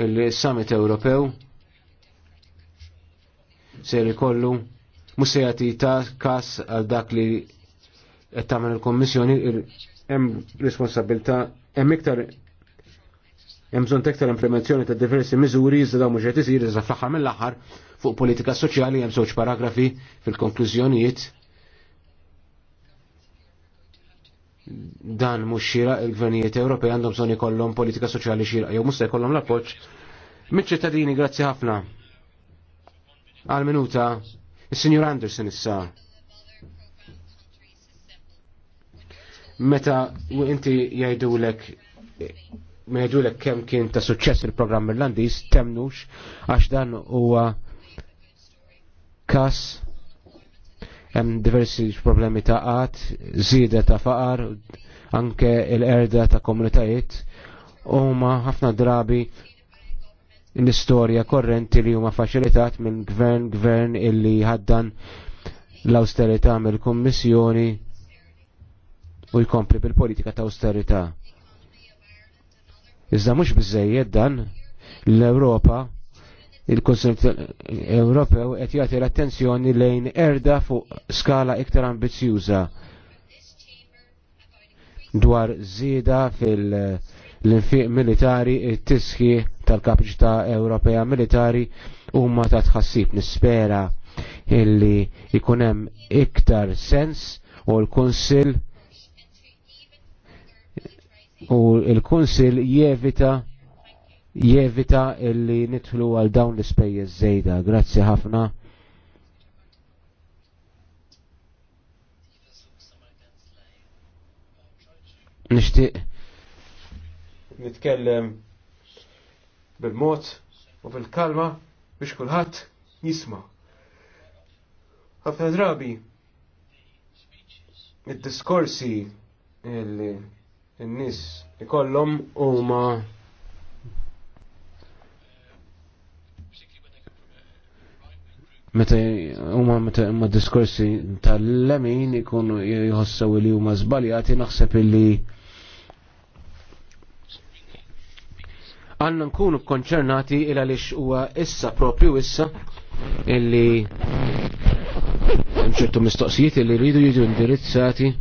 il-Summit Ewropew ser ikollu musejati ta' kas għal dak li qed tagħmel il-Kummissjoni hemm responsabilità hemm iktar Hemm bżonn tektar implementazzjoni ta' diversi miżuri iżda dawn mhux qed isir iżda fl mill-aħħar fuq politika soċjali hemm żewġ paragrafi fil-konklużjonijiet dan mhux xieraq il-gvernijiet Ewropej għandhom bżon ikollhom politika soċjali xira jew mhux se jkollhom l-appoġġ mill-ċittadini grazzi ħafna. Għal minuta il sinjur Anderson issa. Meta u inti jgħidulek l kem kien ta' suċċess il-programm irlandiż temnux għax dan huwa kas hemm diversi problemi ta' qat, zida ta' faqar, anke l-erda ta' komunitajiet huma ħafna drabi l-istorja korrenti li huma faċilitat minn gvern gvern illi ħaddan l-austerità mill-Kummissjoni u jkompli bil-politika ta' austerità. Iżda mhux biżejjed dan l-Ewropa il-konsumt Ewropew qed jagħti l-attenzjoni lejn erda fuq skala iktar ambizzjuża dwar żieda fil- l-infiq militari it-tisħi tal-kapaċità Ewropea militari huma ta' tħassib nispera illi ikun hemm iktar sens u l-Kunsill u il-Kunsil jevita jevita illi nidħlu għal dawn l-ispejjeż żejda. Grazzi ħafna. Nixtieq nitkellem bil-mod u bil-kalma biex kulħadd jisma. Ħafna drabi id-diskorsi illi n-nis ikollhom huma meta huma meta huma diskorsi tal-lemin ikunu jħossaw li huma żbaljati naħseb illi għanna nkunu konċernati il għalix huwa issa propju issa illi ċertu mistoqsijiet illi rridu jiġu indirizzati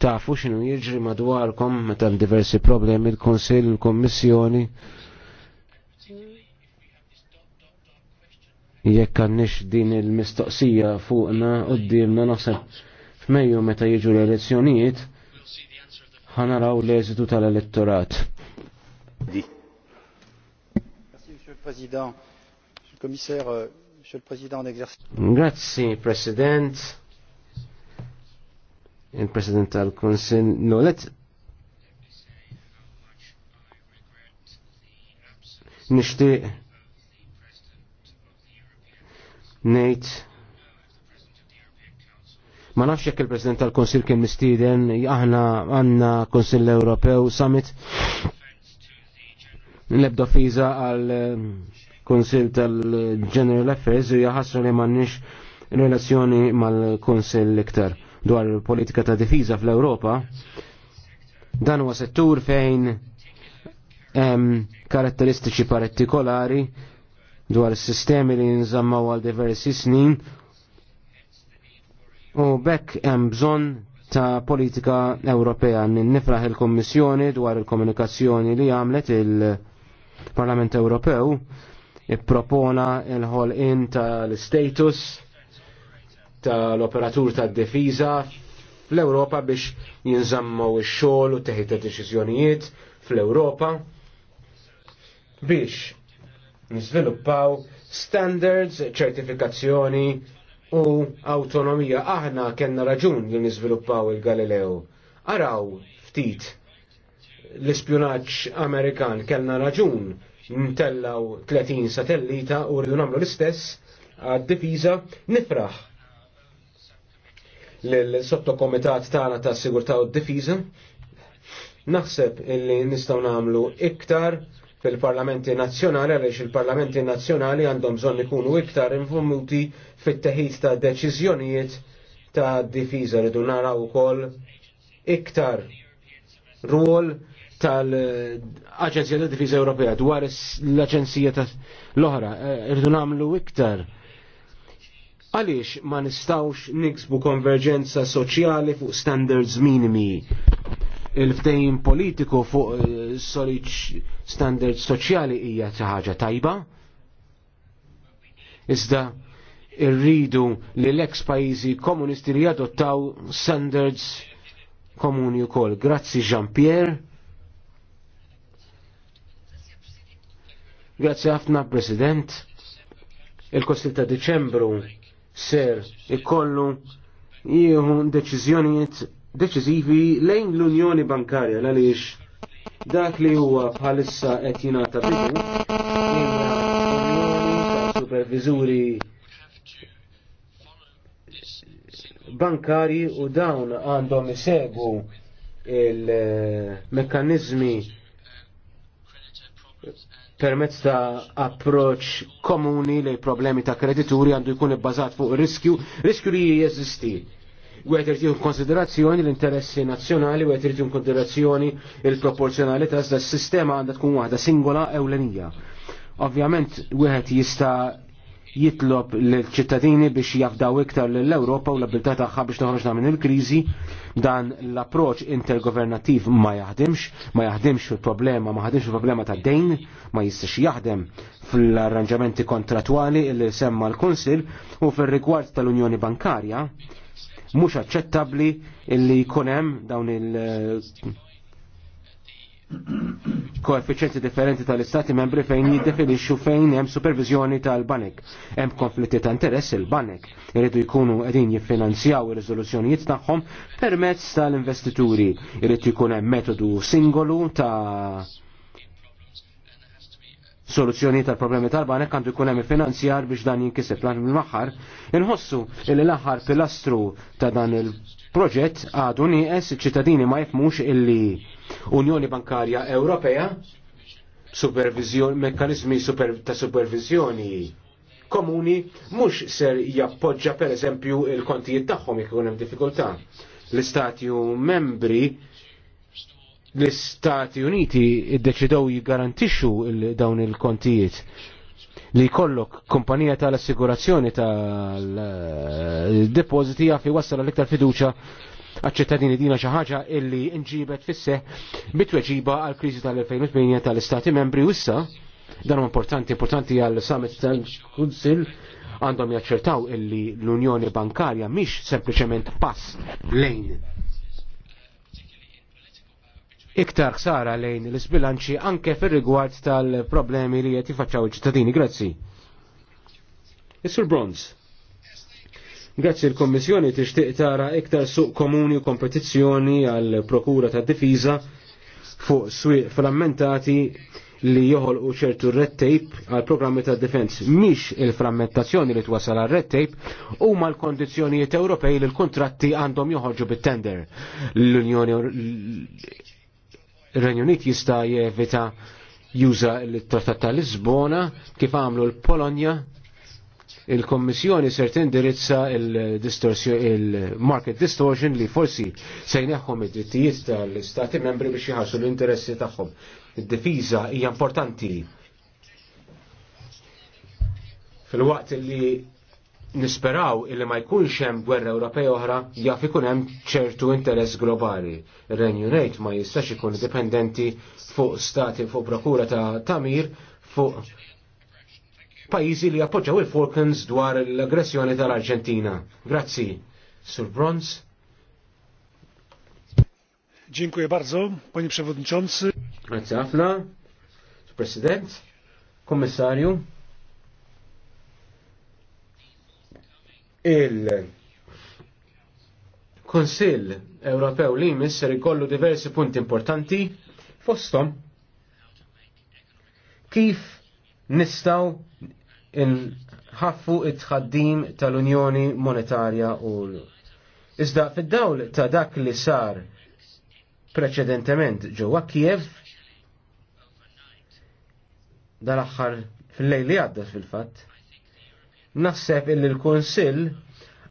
tafu xinu jiġri madwarkom meta diversi problemi il-Konsil, il-Kommissjoni. Jekk għannix din il-mistoqsija fuqna qoddimna naħseb f'Mejju meta jiġu l-elezzjonijiet ħanaraw l-eżitu tal-elettorat. Euh, Grazie, President il-President tal-Konsil nolet nishtiq Nate ma nafx jekk il-President tal-Konsil kien mistiden, aħna għanna Konsil Ewropew Summit Nlebda ebda fiża għal ehm, Konsil tal-General Affairs u jaħasra li m'għandniex relazzjoni mal-Konsil iktar dwar il-politika ta' difiża fl-Ewropa, dan huwa settur fejn hemm karatteristiċi partikolari dwar is-sistemi li nżammaw għal diversi snin u bekk hemm bżonn ta' politika Ewropea nifraħ il-Kommissjoni dwar il-komunikazzjoni li għamlet il-Parlament Ewropew ippropona il-ħolqin tal-status tal-operatur tad-difiża fl-Ewropa biex jinżammaw il xogħol u teħita deċiżjonijiet fl-Ewropa biex niżviluppaw standards, ċertifikazzjoni u autonomija. Aħna kellna raġun li niżviluppaw il-Galileo. Araw ftit l-ispjunaġġ Amerikan kellna raġun ntellaw 30 satellita u rridu nagħmlu l-istess għad-difiża nifraħ l-sottokomitat tagħna ta' sigurtà u d-difiża. Naħseb illi nistgħu nagħmlu iktar fil-parlamenti nazzjonali għaliex il-parlamenti nazzjonali għandhom bżonn ikunu iktar involuti fit-teħid ta' deċiżjonijiet ta' difiża ridu naraw ukoll iktar ruol tal-Aġenzija tad Difiża Ewropea dwar l-Aġenzija ta' l-oħra, eh, rridu nagħmlu iktar Għaliex ma nistawx niksbu konverġenza soċjali fuq standards minimi il-ftejn politiku fuq eh, solid standards soċjali hija xi ħaġa tajba. Iżda irridu li l-eks pajjiżi komunisti li jadottaw standards komuni wkoll. Grazzi Jean-Pierre. Grazzi ħafna President. Il-Kostil ta' Deċembru ser ikollu jieħu deċiżjonijiet deċiżivi lejn l-Unjoni Bankarja għaliex dak li huwa bħalissa qed jingħata bidu l-Unjoni bankari u dawn għandhom isegu il-mekkanizmi permezz ta' approċ komuni lej problemi ta' kredituri għandu jkun ibbażat fuq riskju, riskju li jeżisti. U għet irtiju konsiderazzjoni l-interessi nazjonali, u għet irtiju konsiderazzjoni il-proporzjonalità, s sistema għandha tkun waħda singola ewlenija. Ovvjament, u għet jista' jitlob l-ċittadini biex jafdaw iktar l-Europa u l-abilità tagħha biex toħroġna minn il-kriżi dan l-approċ intergovernattiv ma jaħdimx, ma jaħdimx il problema ma jaħdimx il problema ta' dejn, ma jistax jaħdem fl-arranġamenti kontratwali li semma l konsil u fil-rigward tal-Unjoni Bankarja mhux aċċettabbli li jkun hemm dawn il- koeffiċenti differenti tal-istati membri fejn jiddefinixxu fejn hemm supervizjoni tal-banek. Hemm konflitti ta' interess il-banek irridu jkunu qegħdin jiffinanzjaw ir-riżoluzzjonijiet tagħhom permezz tal-investituri. Irid jkun hemm metodu singolu ta' soluzzjoni tal-problemi tal-banek għandu jkun hemm finanzjar biex dan jinkiseb lan mill-aħħar. Inħossu li l-aħħar pilastru ta' dan il- Proġett għadu nieqes ċittadini ma jifmux illi Unjoni Bankarja Ewropea supervizjon, mekkanizmi super, ta' supervizjoni komuni mhux ser jappoġġa per eżempju il-kontijiet tagħhom jekk ikun hemm diffikultà. L-istati membri l-Istati Uniti iddeċidew jiggarantixxu dawn il-kontijiet li jkollok kumpanija tal-assigurazzjoni tal-depositi jaf wassal l-iktar fiduċa għal-ċittadini dina xaħġa illi nġibet fisse bitweġiba għal-krizi tal-2008 tal-Istati membri wissa issa dan importanti, importanti għal-summit tal-Kunsil għandhom jaċċertaw illi l-Unjoni Bankarja mhix sempliċement pass lejn iktar ħsara lejn l-isbilanċi anke fir-rigward tal-problemi li qed jifaċċaw ċittadini Grazzi. Mr. Bronze. Grazzi l-Kommissjoni tixtieq tara iktar suq komuni u kompetizzjoni għall prokura tad-difiża fuq swieq frammentati li joħolqu ċertu red tape għal programmi ta' defens miex il-frammentazzjoni li twasal għal red tape u mal kondizjonijiet Ewropej li l-kontratti għandhom joħorġu bit-tender. L-Unjoni il renju Unit jista' jevita juża l-Trattat ta' Lisbona kif għamlu l-Polonja il-Kommissjoni ser tindirizza il-market distortion li forsi se jneħħom id-drittijiet tal-Istati membri biex jħarsu l-interessi tagħhom. Id-difiża hija importanti fil-waqt li nisperaw illi ma jkunx hemm gwerra Ewropej oħra jaf ikun hemm ċertu interess globali. Ir-Renju Unit ma jistax ikun dipendenti fuq stati fuq prokura ta' Tamir fuq pajjiżi li appoġġaw il-Falklands dwar l-aggressjoni tal-Arġentina. Grazzi. Sur Bronz. Dziękuję bardzo, panie przewodniczący. Grazie ħafna. President, komisarju. il konsil Ewropew li misser ikollu diversi punti importanti fostom kif nistaw inħaffu it-tħaddim tal-Unjoni Monetarja u Iżda fid-dawl ta' dak li sar preċedentement ġewwa Kiev dal-aħħar fil-lejl li għadda fil-fatt naħseb illi l-Kunsill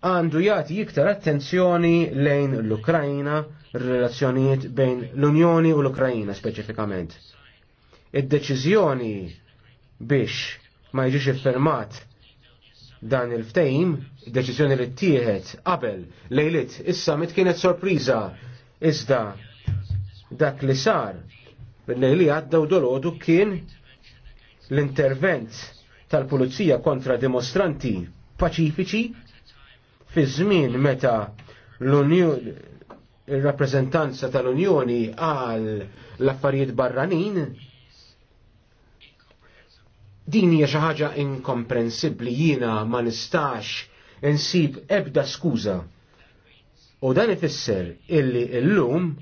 għandu jagħti iktar attenzjoni lejn l-Ukrajna, r-relazzjonijiet bejn l-Unjoni u l-Ukrajna speċifikament. Id-deċiżjoni biex ma jiġix iffermat dan il-ftejm, deċiżjoni li ttieħed qabel lejlit issa mit kienet sorpriża iżda dak li sar bil-lejli għadda u dolodu kien l-intervent tal-pulizija kontra dimostranti paċifiċi fi żmien meta l rappresentanza tal-Unjoni għal l-affarijiet barranin din hija xi ħaġa inkomprensibbli jiena ma nistax insib ebda skuża. U dan ifisser illi llum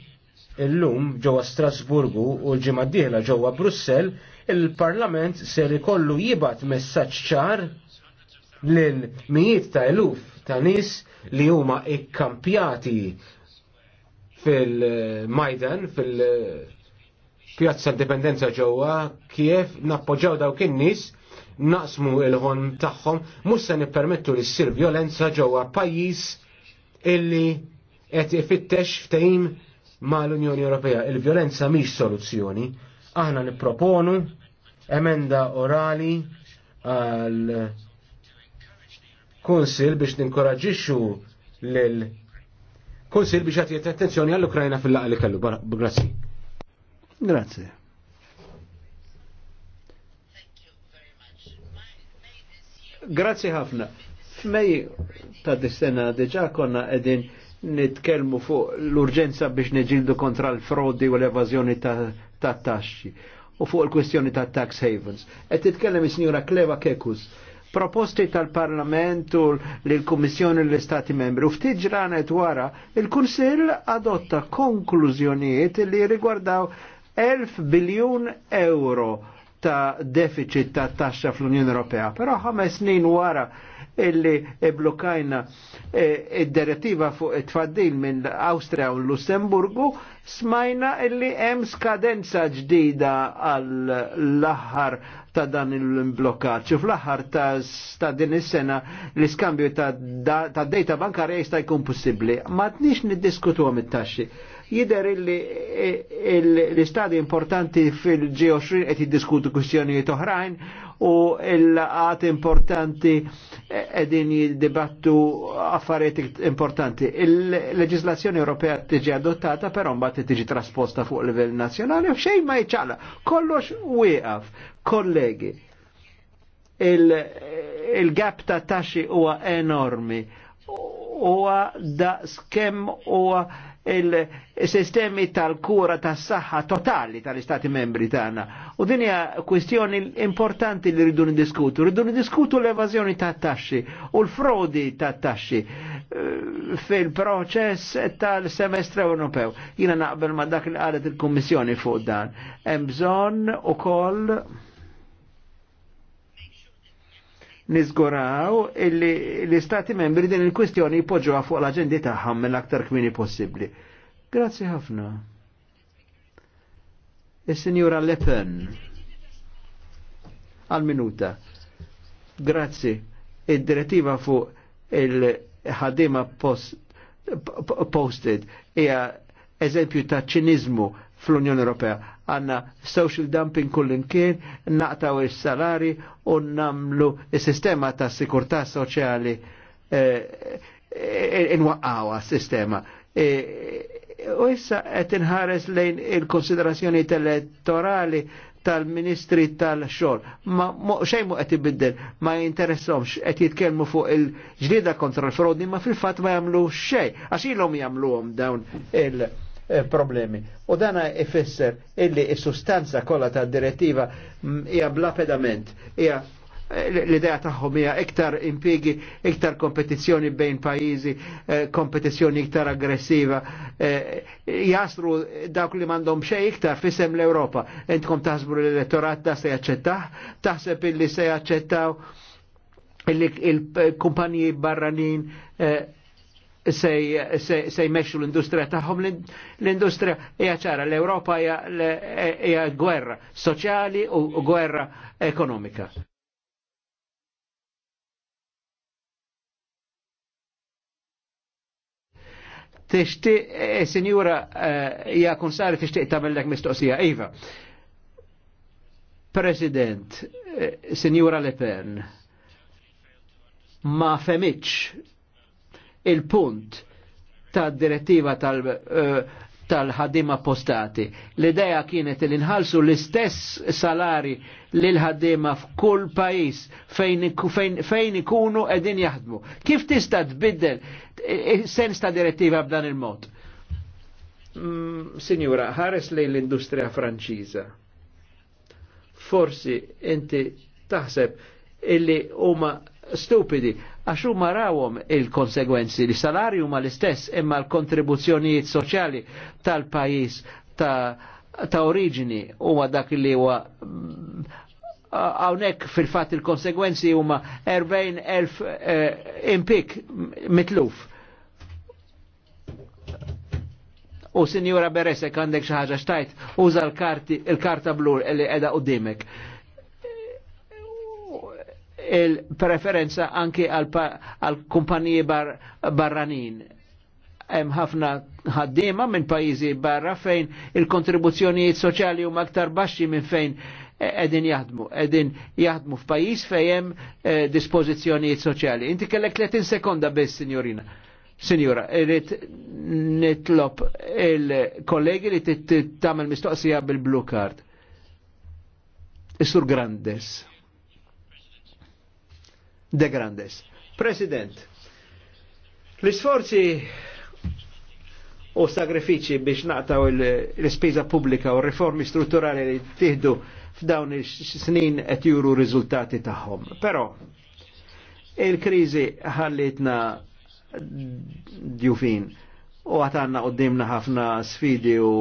Illum ġewwa Strasburgu u l-ġimgħa d-dieħla ġewwa Brussell, il-Parlament ser ikollu jibat messaġġ ċar lil mijiet ta' eluf ta' nies li huma ikkampjati fil-Majdan, fil-Pjazza Indipendenza ġewwa kif nappoġġaw dawk in-nies naqsmu il-ħon tagħhom mhux se nippermettu li ssir violenza ġewwa pajjiż illi qed ifittex ftehim ma' l-Unjoni Ewropea. Il-violenza mhix soluzzjoni. Aħna nipproponu emenda orali għal kunsil biex ninkoraġixxu lil kunsil biex għatiet attenzjoni għall-Ukrajna fil laqgħa li kellu. Grazzi. Grazzi. Grazzi ħafna. F'mej ta' dis-sena diġà konna qegħdin nitkelmu fuq l-urġenza biex neġildu kontra l-frodi u l-evazjoni ta' taxxi u fuq il-kwestjoni ta' tax havens. Et titkellem is-Sinjura Kleva Kekus proposti tal-Parlament u l-Kummissjoni l-Istati membri. U ftit ġranet wara, il-Kunsill adotta konklużjonijiet li rigwardaw 1000 biljun euro ta' deficit ta' taxxa fl-Unjoni Ewropea. Però ħames snin wara illi blokajna e, id-direttiva fuq it-tfaddil minn Awstria u Lussemburgu, smajna illi hemm skadenza ġdida għall-aħħar ta' dan il-blokkat. Ċu fl-aħħar ta' din is-sena l-iskambju ta' data bankarja jista' jkun possibbli. Ma tnix niddiskutu it-taxxi jider e, l-istadi importanti fil-G20 qed jiddiskutu kwistjonijiet oħrajn u l-għat importanti edin jiddibattu affarijiet importanti. Il-leġislazzjoni Ewropea tiġi adottata, però mbagħad tiġi trasposta fuq livell nazjonali u xejn ma jċala. Kollox wieqaf, kollegi. Il-gap ta' taxxi huwa enormi huwa da skem huwa il-sistemi tal-kura tas-saħħa totali tal-Istati membri tagħna. U din hija kwestjoni importanti li rridu niddiskutu. Rridu niddiskutu l-evażjoni tat-taxxi u l-frodi tat-taxxi eh, fil-proċess tal-semestre Ewropew. Jiena naqbel ma dak li qalet il-Kummissjoni fuq dan. Hemm bżonn ukoll nizgoraw illi l-istati membri din il-kwistjoni jpoġġuha fuq l-aġendi tagħhom mill-aktar kmini possibbli. Grazzi ħafna. Is-Sinjura Le Pen. Għal-minuta. Grazzi. Id-direttiva fuq il-ħadima posted hija eżempju ta' ċinizmu fl-Unjoni Ewropea għanna social dumping kien, naqtaw il-salari u namlu il-sistema ta' sikurtà soċjali eh, eh, eh, inwaqqawa s-sistema. U issa qed inħares lejn il-konsiderazzjoni elettorali tal-ministri tal-xol. Ma xejn mu qed ibiddel, ma jinteressomx qed jitkellmu fuq il ġdida kontra l-frodi, ma fil-fatt ma jagħmlu xejn. Għax ilhom jagħmluhom dawn il- Eh, problemi. U dana ifisser illi il sustanza kolla ta' direttiva mm, hija bla pedament, hija eh, l-idea tagħhom hija iktar impigi, iktar kompetizjoni bejn pajizi, eh, kompetizjoni iktar aggressiva. Jasru dawk li mandom xej iktar fisem l europa Entkom taħsbru l-elettorat da se jaċċettaħ, taħseb illi se jaċċettaw il kumpanji barranin se jmexxu l-industrija tagħhom l-industrija hija ċara l-Ewropa hija gwerra soċjali u gwerra ekonomika. Tixti, eh, sinjura, eh, ja kun sari tixtiq tamellek mistoqsija, Iva. President, eh, sinjura Le Pen, ma femiċ il-punt tad direttiva eh, tal-ħadima postati. L-ideja kienet li nħalsu l-istess salari l-ħadima f'kull pajis fejn ikunu edin jaħdmu. Kif tista' tbiddel eh, eh, sens ta' direttiva b'dan il-mod? Mm, signora, ħares lejn l-industrija franċiża. Forsi inti taħseb illi huma stupidi għax huma rawhom il-konsegwenzi li salarju ma l-istess imma l-kontribuzzjonijiet soċjali tal-pajjiż ta, ta' oriġini huwa dak li huwa mm, hawnhekk fil-fatt il-konsegwenzi huma 40,000 eh, impik mitluf. U sinjura Beresek għandek xi ħaġa xtajt, uża l-karta blu li qiegħda qudiemek il-preferenza anki għal kumpaniji bar barranin. Hemm ħafna ħaddiema minn pajjiżi barra fejn il-kontribuzzjonijiet soċjali huma aktar baxxi minn fejn edin jaħdmu, edin jaħdmu f'pajis fejem hemm e, dispozizjonijiet soċjali. Inti kellek 30 sekonda biss, signorina. Signora, irrit nitlop il-kollegi li tit tamel mistoqsija bil-blue card. Isur Grandes. De Grandes. President, l-isforzi u sagrifiċi biex naqtaw l-spiża pubblika u riformi strutturali li tieħdu f'dawn is-snin qed juru riżultati tagħhom. Però il-kriżi ħallitna djufin u għatanna qoddimna ħafna sfidi u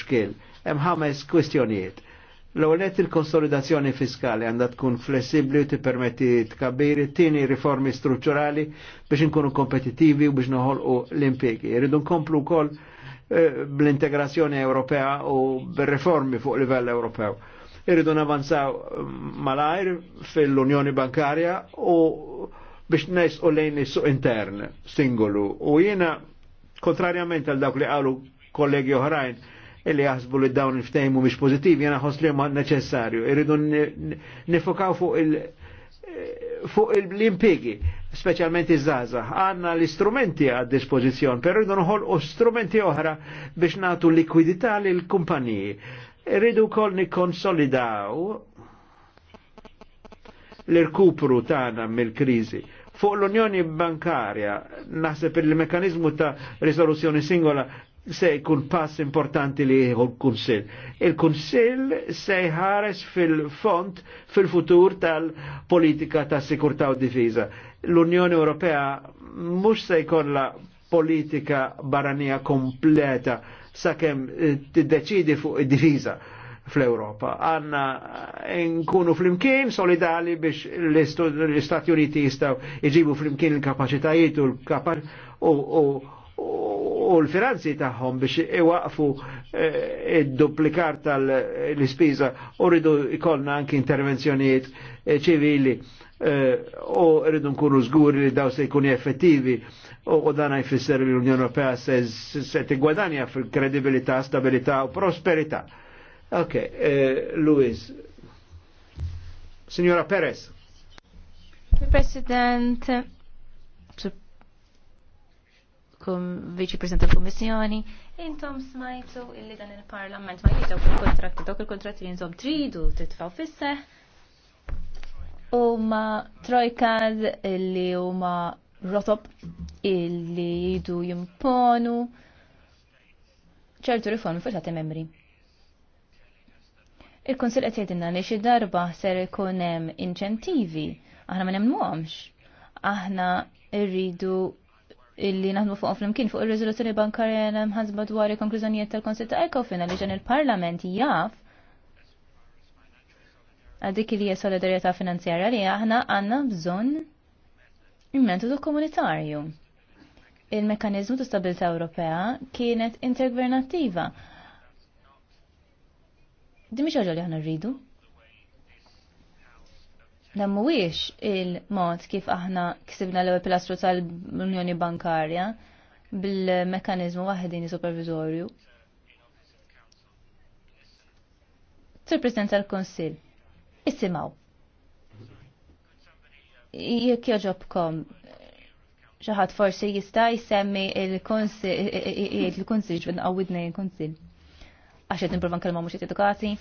xkil. Hemm ħames kwistjonijiet L-għolet il-konsolidazzjoni fiskali għandha tkun flessibli u t-kabiri, t tini riformi strutturali biex nkunu kompetitivi u biex u l-impiegi. Rridu nkomplu kol eh, bl-integrazzjoni Ewropea u bil-reformi fuq livell Ewropew irridu navanzaw mm, malajr fil-Unjoni Bankarja u biex nes u lejn su intern singolu. U jiena kontrarjament għal dawk li għalu kollegi oħrajn, illi jasbu li dawn il-ftejmu mhux pożittivi jena ħoss li ma neċessarju. Irridu nifokaw fuq il- fuq l-impigi, specialment iż-żaza, għanna l-istrumenti għad dispożizzjon, però rridu u strumenti oħra biex natu likwidità l kumpaniji. Rridu kol nikkonsolidaw l-irkupru tagħna mill-kriżi. Fuq l-Unjoni Bankarja, naħseb il-mekanizmu ta' risoluzzjoni singola se jkun pass importanti li jieħu l-Kunsill. Il-Kunsill se jħares fil-font fil-futur tal-politika ta' sikurta u difiża. L-Unjoni Ewropea mhux se la politika baranija kompleta sakemm eh, tiddeċidi fuq id-difiża fl-Europa. Għanna nkunu fl-imkien solidali biex l-Istati Uniti jistaw iġibu fl-imkien il-kapacitajiet u l-kapacitajiet u l-finanzi taħħom biex iwaqfu eh, id-duplikar tal ispiza u rridu ikollna anki intervenzjonijiet eh, ċivili eh, u rridu nkunu zguri li daw se jkuni effettivi u dan jfisser li l-Unjoni Ewropea se gwadanja fil-kredibilità, stabilità u prosperità. Ok, Luis. Signora Perez. President, viċi President tal-Kummissjoni, intom smajtu illi dan il-Parlament ma jitaw il kontratti dok il-kontratti li intom tridu titfaw fisse. U ma trojkaz illi huma rotob illi jidu jimponu ċertu riformi fuq ta' membri. Il-Konsil qed jgħidilna li xi darba ser ikun hemm inċentivi aħna ma nemmnuhomx. Aħna rridu illi naħdmu fuqhom flimkien fuq ir-riżoluzzjoni bankarja hemm ħasba dwar il-konklużjonijiet tal-Konsil ta' Ekofin li ġen il-Parlament jaf għadik li hija solidarjetà finanzjarja li aħna għandna bżonn il-metodu komunitarju. il mekkaniżmu ta' stabilità Ewropea kienet intergvernattiva. Dimmi xaġa li aħna rridu. Dan mhuwiex il-mod kif aħna ksibna l-ewwel pilastru tal-Unjoni Bankarja bil-mekkaniżmu waħdini supervizorju. Sir-President tal-Konsil, issimaw. Jekk joġobkom, xaħat forsi jista' jsemmi il-Konsil, il-Konsil ġbin għawidni il-Konsil. Għaxet niprofa kalma mux edukati.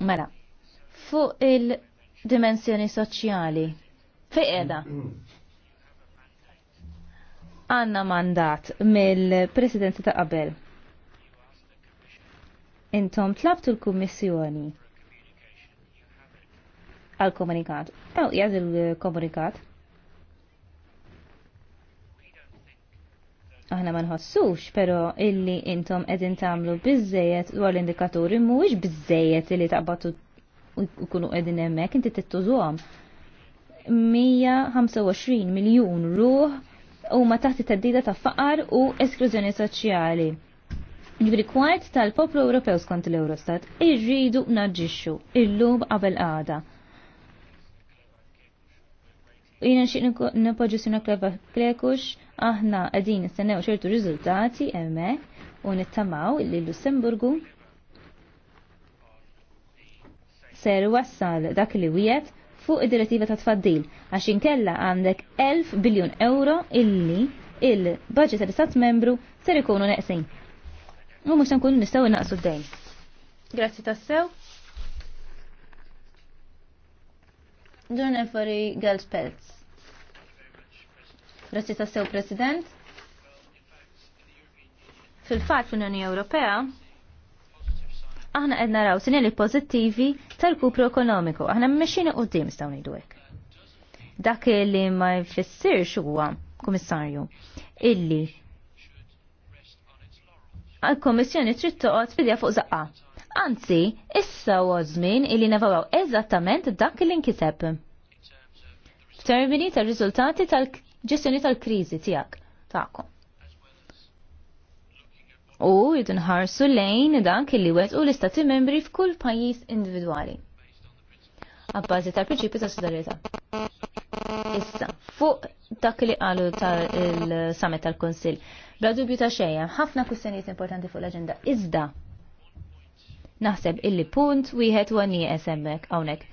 Mela, fuq il-dimensjoni soċjali, fi edha? Għanna mandat mill-presidenza ta' qabel. Intom tlabtu l-kummissjoni għal-komunikat. Ew, jaz il-komunikat. aħna ma nħossux, pero illi intom edin tamlu bizzejet dwar l-indikaturi mhuwiex bizzejet illi taqbatu u kunu edin hemmhekk inti tittużuhom. 125 miljun ruħ u ma taħti taddida ta' faqar u esklużjoni soċjali. Ġifri kwart tal-poplu Ewropew skont l-Eurostat irridu naġġixxu illum qabel għada. Jina xie nipoġu sinu kleva klekux, aħna għadin nistennew ċertu riżultati hemmhekk u nittamaw li Lussemburgu ser wassal dak li wiet fuq id-direttiva ta' tfaddil għax inkella għandek 1000 biljun euro illi il-budget tal-istat membru ser ikunu neqsin. U mux nkunu nistaw naqsu d-dejn. Grazzi tassew. Dun Efori Peltz. Grazie ta' sew President. Fil-fat fl-Unjoni Ewropea, aħna qed naraw sinjali pozittivi tal-kupru ekonomiku. Aħna mmexxin qudiem staw ngħidu Dak li ma jfissirx huwa, Kummissarju, illi għal komissjoni trid toqgħod fidja fuq zaqqa. Anzi, issa huwa żmien illi nevawaw eżattament dak li nkiseb. F'termini tar-riżultati tal-ġestjoni tal-kriżi tiegħek tagħkom. U jridu nħarsu lejn dak illi wetqu l-istati membri f'kull pajjiż individwali. Abbażi tal-prinċipju ta' solidarità. Issa, fuq dak li qalu tal-summit tal-Kunsill, bla dubju ta' xejn, ħafna kwistjonijiet importanti fuq l-aġenda. Iżda, Naħseb illi punt wieħed u għanija esemmek hawnhekk.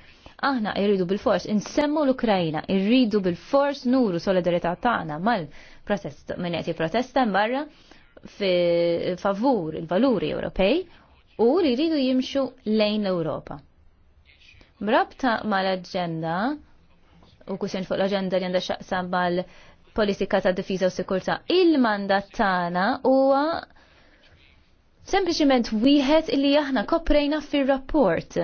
Aħna irridu bil-fors insemmu l ukrajina irridu bil-fors nuru solidarità tagħna mal-protest minn qed protesta barra fi favur il-valuri Ewropej u li jridu jimxu lejn l-Ewropa. Mrabta mal-aġenda u kusin fuq l-aġenda li għandha xaqsa mal-politika ta' difiża u sikurta. Il-mandat tagħna huwa sempliciment wieħed illi aħna koprejna fir-rapport.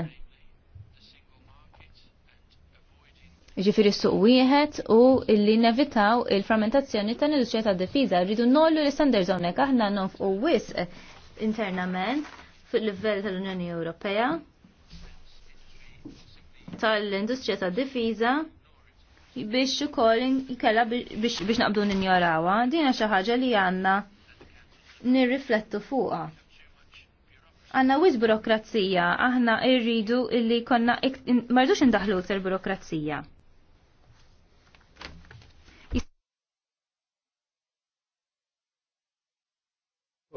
Ġifiri suq wieħed u illi nevitaw il-frammentazzjoni ta' industrija ta' difiża. Rridu nollu l standard hawnhekk aħna u wis internament fil-livell tal-Unjoni Ewropea tal-industrija ta' difiża biex ukoll jkella biex naqbdu ninjorawha. Dina xi ħaġa li għandna nirriflettu fuqha għanna wis burokrazija, aħna irridu illi konna marduċ indaħlu l burokrazija.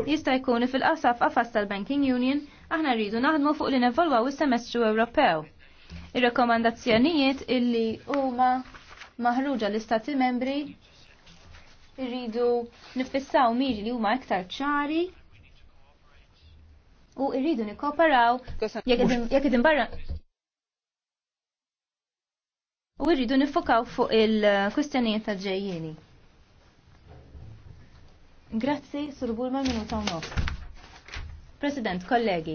Jista' jkun fil-qasaf qafas tal-Banking Union aħna rridu naħdmu fuq li nevalwaw is-semestru Ewropew. Ir-rekomandazzjonijiet illi huma maħruġa l-istati membri rridu nifissaw miri li huma iktar ċari u irridu nikkooperaw jekk idin barra. U irridu nifokaw fuq il-kustjonijiet ta' ġejjieni. Grazzi, Sur Bulma, minuta u President, kollegi,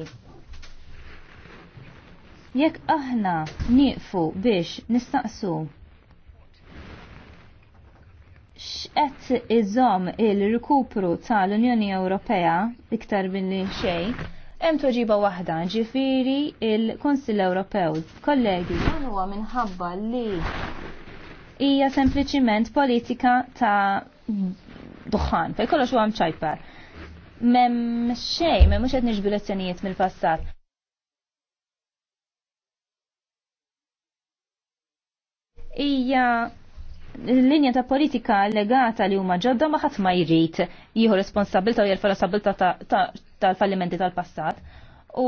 jekk aħna nieqfu biex nistaqsu x'qed iżomm il-rikupru tal-Unjoni Ewropea iktar billi xejn, hemm toġiba waħda, ġifiri il-Konsil Ewropew. Kollegi, dan huwa minħabba li hija sempliċiment politika ta' duħan, fej kollox huwa mċajpar. Mem xej, mem mhux qed niġbu lezzjonijiet mill-passat. Ija l-linja ta' politika legata li huma ġodda ma ħadd ma jrid jieħu responsabilta u jerfa responsabilta ta' tal-fallimenti tal-passat u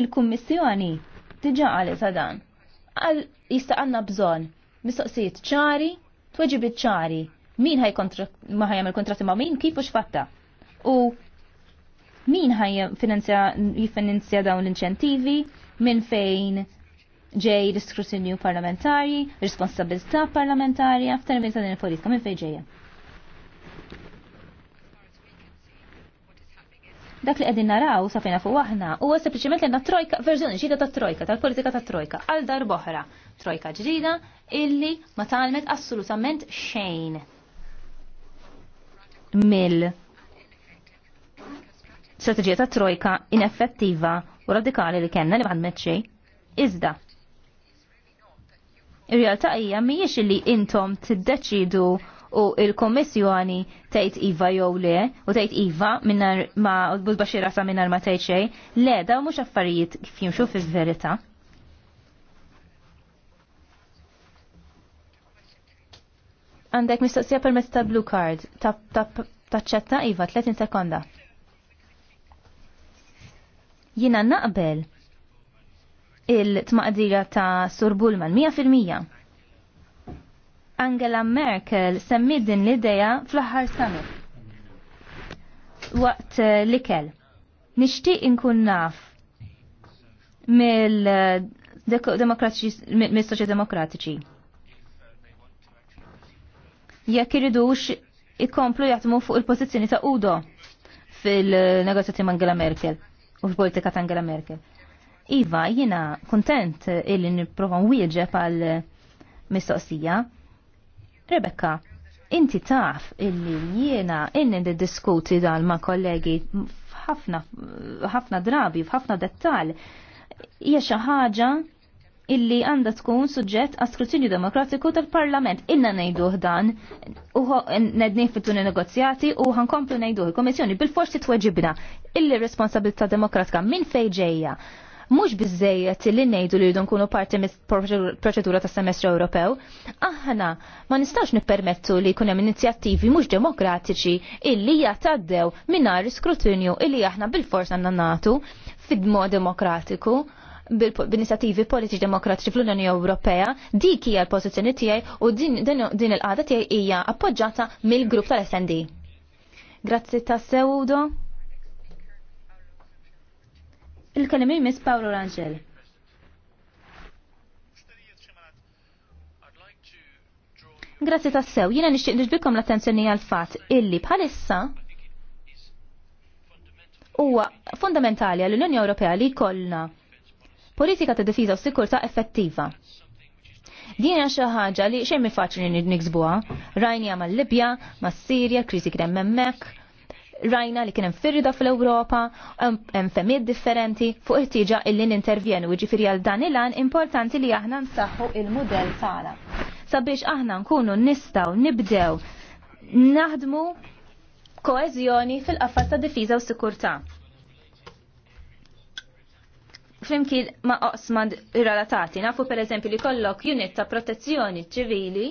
il-Kummissjoni tiġa għal ta' dan. Għal għanna bżon mistoqsijiet ċari, tweġibit ċari, min ħaj ma ħajam il-kontratti ma' min kif u xfatta. U min ħaj jifinanzja dawn l-inċentivi, minn fejn ġej l-iskrutinju parlamentari, responsabilità parlamentari, aftar minn ta' din il-politika, minn fejn ġeja. Dak li qegħdin naraw sa fejna fuq aħna huwa sempliċement li trojka verżjoni ġdida ta' trojka tal-politika ta' trojka għal dar boħra. Trojka ġdida illi ma talmet assolutament xejn mill strategija ta' trojka ineffettiva u radikali li kena li bħadmet xejn. Iżda, Ir-realtà hija mhijiex li intom tiddeċidu u il-Kommissjoni tgħid iva jew le u tgħid iva minnar ma bulbaxxira sa minnar ma tgħid xejn, le daw mhux affarijiet kif jimxu fil-verità. Għandek mistoqsija permezz ta' blue card, taċċetta iva 30 sekonda. Jina naqbel il-tmaqdira ta' Sur Bulman 100%. Angela Merkel semmi din l-ideja fl-aħħar summit waqt eh, li kell. Nixtieq inkun naf mill eh, mill-soċi demokratiċi. Jekk iridux ikomplu jgħatmu fuq il-pożizzjoni ta' Udo fil-negozjati ma' Angela Merkel u fil-politika ta' Angela Merkel. Iva, jina kontent illi niprofa wieġeb għal mistoqsija Rebecca, inti taf illi jiena inni diskuti dal ma kollegi ħafna drabi, f'ħafna dettal. Hija xi ħaġa illi għanda tkun suġġett għas skrutinju demokratiku tal-Parlament. Inna nejduh dan, u nedni fittuni negozjati u ħankomplu nejduh il-Komissjoni bil-forsi tweġibna illi responsabilta demokratika minn fejġeja mhux biżejjed li ngħidu li rridu nkunu parti mis-proċedura tas semestru Ewropew. Aħna ma nistax nippermettu li jkun hemm inizjattivi mhux demokratiċi illi jataddew mingħajr skrutinju illi aħna bil-fors għandna nagħtu fidmo demokratiku demokratiku b'inizjattivi politiċi demokratiċi fl-Unjoni Ewropea, dik hija l-pożizzjoni tiegħi u din, il-qagħda tiegħi hija appoġġjata mill-grupp tal-SND. Grazzi ta' Sewdo. Il-kelimi Miss Paolo Rangel. Grazzi tassew, jina nixtieq nixbikom l-attenzjoni għal-fat illi bħalissa huwa fundamentali għall-Unjoni Ewropea li kollna politika ta' difiża u sikurta effettiva. Din hija xi ħaġa li xejn faċli niksbuha, rajni mal-Libja, mas-Sirja, kriżi kien hemmhekk, rajna li kien hemm firda fl-Ewropa, hemm femijiet differenti fuq it-tieġa illi nintervjenu, jiġifieri għal dan il-għan importanti li aħna nsaħħu il-mudell tagħna. Sabiex aħna nkunu nistgħu nibdew naħdmu koeżjoni fil-qafas ta' difiża u sikurtà. Flimkien ma' oqsmand relatati, nafu per eżempju li kollok unit ta' protezzjoni ċivili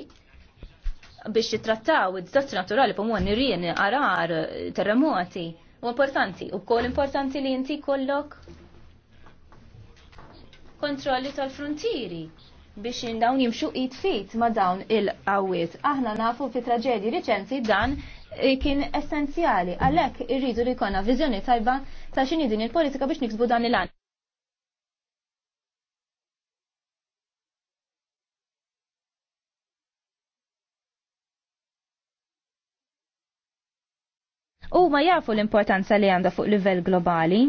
biex jitrattaw id-dizastri naturali pomu għan arar, terremoti. U importanti, u kol importanti li jinti kollok kontrolli tal-frontieri biex dawn jimxu id fit ma dawn il-għawiet. Aħna nafu fi traġedji riċenti dan eh, kien essenzjali għalek irridu li konna vizjoni tajba ta' xini din il-politika biex niksbu dan il-għan. u ma jafu l-importanza li għanda fuq livell globali.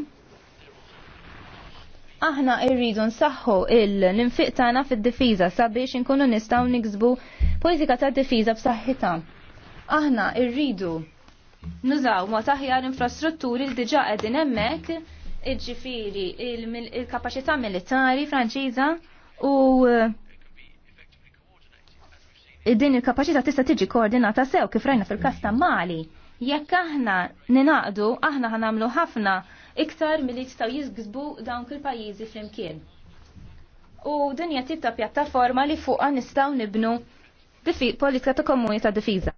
Aħna irridu nsaħħu l-infiq tagħna fid-difiża sabiex inkunu nistgħu niksbu politika tad difiża b'saħħitha. Aħna irridu nużaw ma taħjar infrastrutturi li diġà qegħdin hemmhekk iġifieri il kapaċità militari franċiża u eh, din il kapaċità tista' tiġi koordinata sew kif rajna fil-kas ta' Mali. Jekk aħna ninaqdu, aħna ħanamlu ħafna iktar milli jistgħu jizgżbu dawn il-pajjiżi flimkien. U dinja tip ta' pjattaforma li fuqha nistgħu nibnu politika ta' komuni ta' difiża.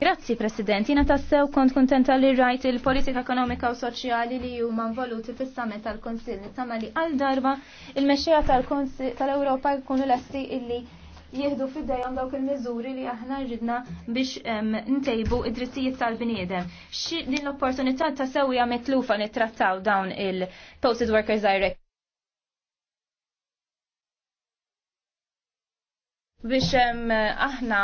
Grazzi, President. Jina tassew kont kontenta li rajt il-politika ekonomika u soċjali li huma involuti fis-summit tal-Konsil. Nittama li għal darba il mesċija tal-Europa jkunu lesti illi jihdu fidejhom dawk il-miżuri li aħna ridna biex ntejbu id-drittijiet tal-bniedem. Din l-opportunità ta' sewja mitlufa nittrattaw dawn il-Posted Workers Direct. biex aħna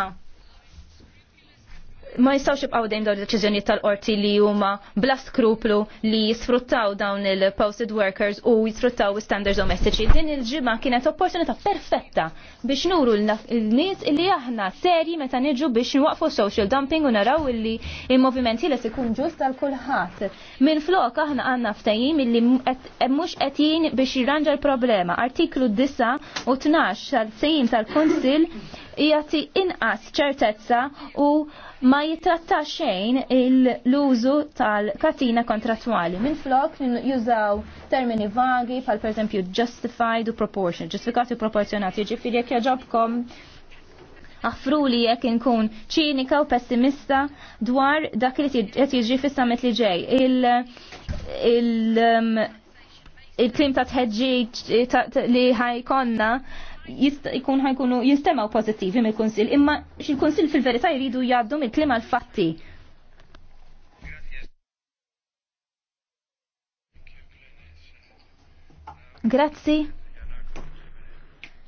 ma jistawx ibqaw dejjem dawn id-deċiżjonijiet tal-qorti li huma bla skruplu li jisfruttaw dawn il-posted workers u jisfruttaw standards domestiċi. Din il-ġimgħa kienet opportunità perfetta biex nuru l-nies li aħna serji meta niġu biex nwaqfu social dumping u naraw illi il-movimenti li ikun ġust għal kulħadd. Minn flok aħna għandna ftehim illi e mhux qed biex jirranġa l-problema. Artiklu 9 u 12 tal-sejjim tal-Kunsill jagħti inqas ċertezza u ma jitratta xejn l-użu tal-katina kontrattwali. Minn flok jużaw termini vagi pal per esempio justified u proportion, ġustifikati u proporzjonati, ġifiri jek jaġobkom għafru li jek nkun ċinika u pessimista dwar dak li qed jġi fissamet li ġej. Um, il-klim ta' tħedġi li ħajkonna jkun ħajkunu jistemaw pozittivi mill konsil imma xil konsil fil-verità jridu jgħaddu mill-klima l-fatti. Grazzi.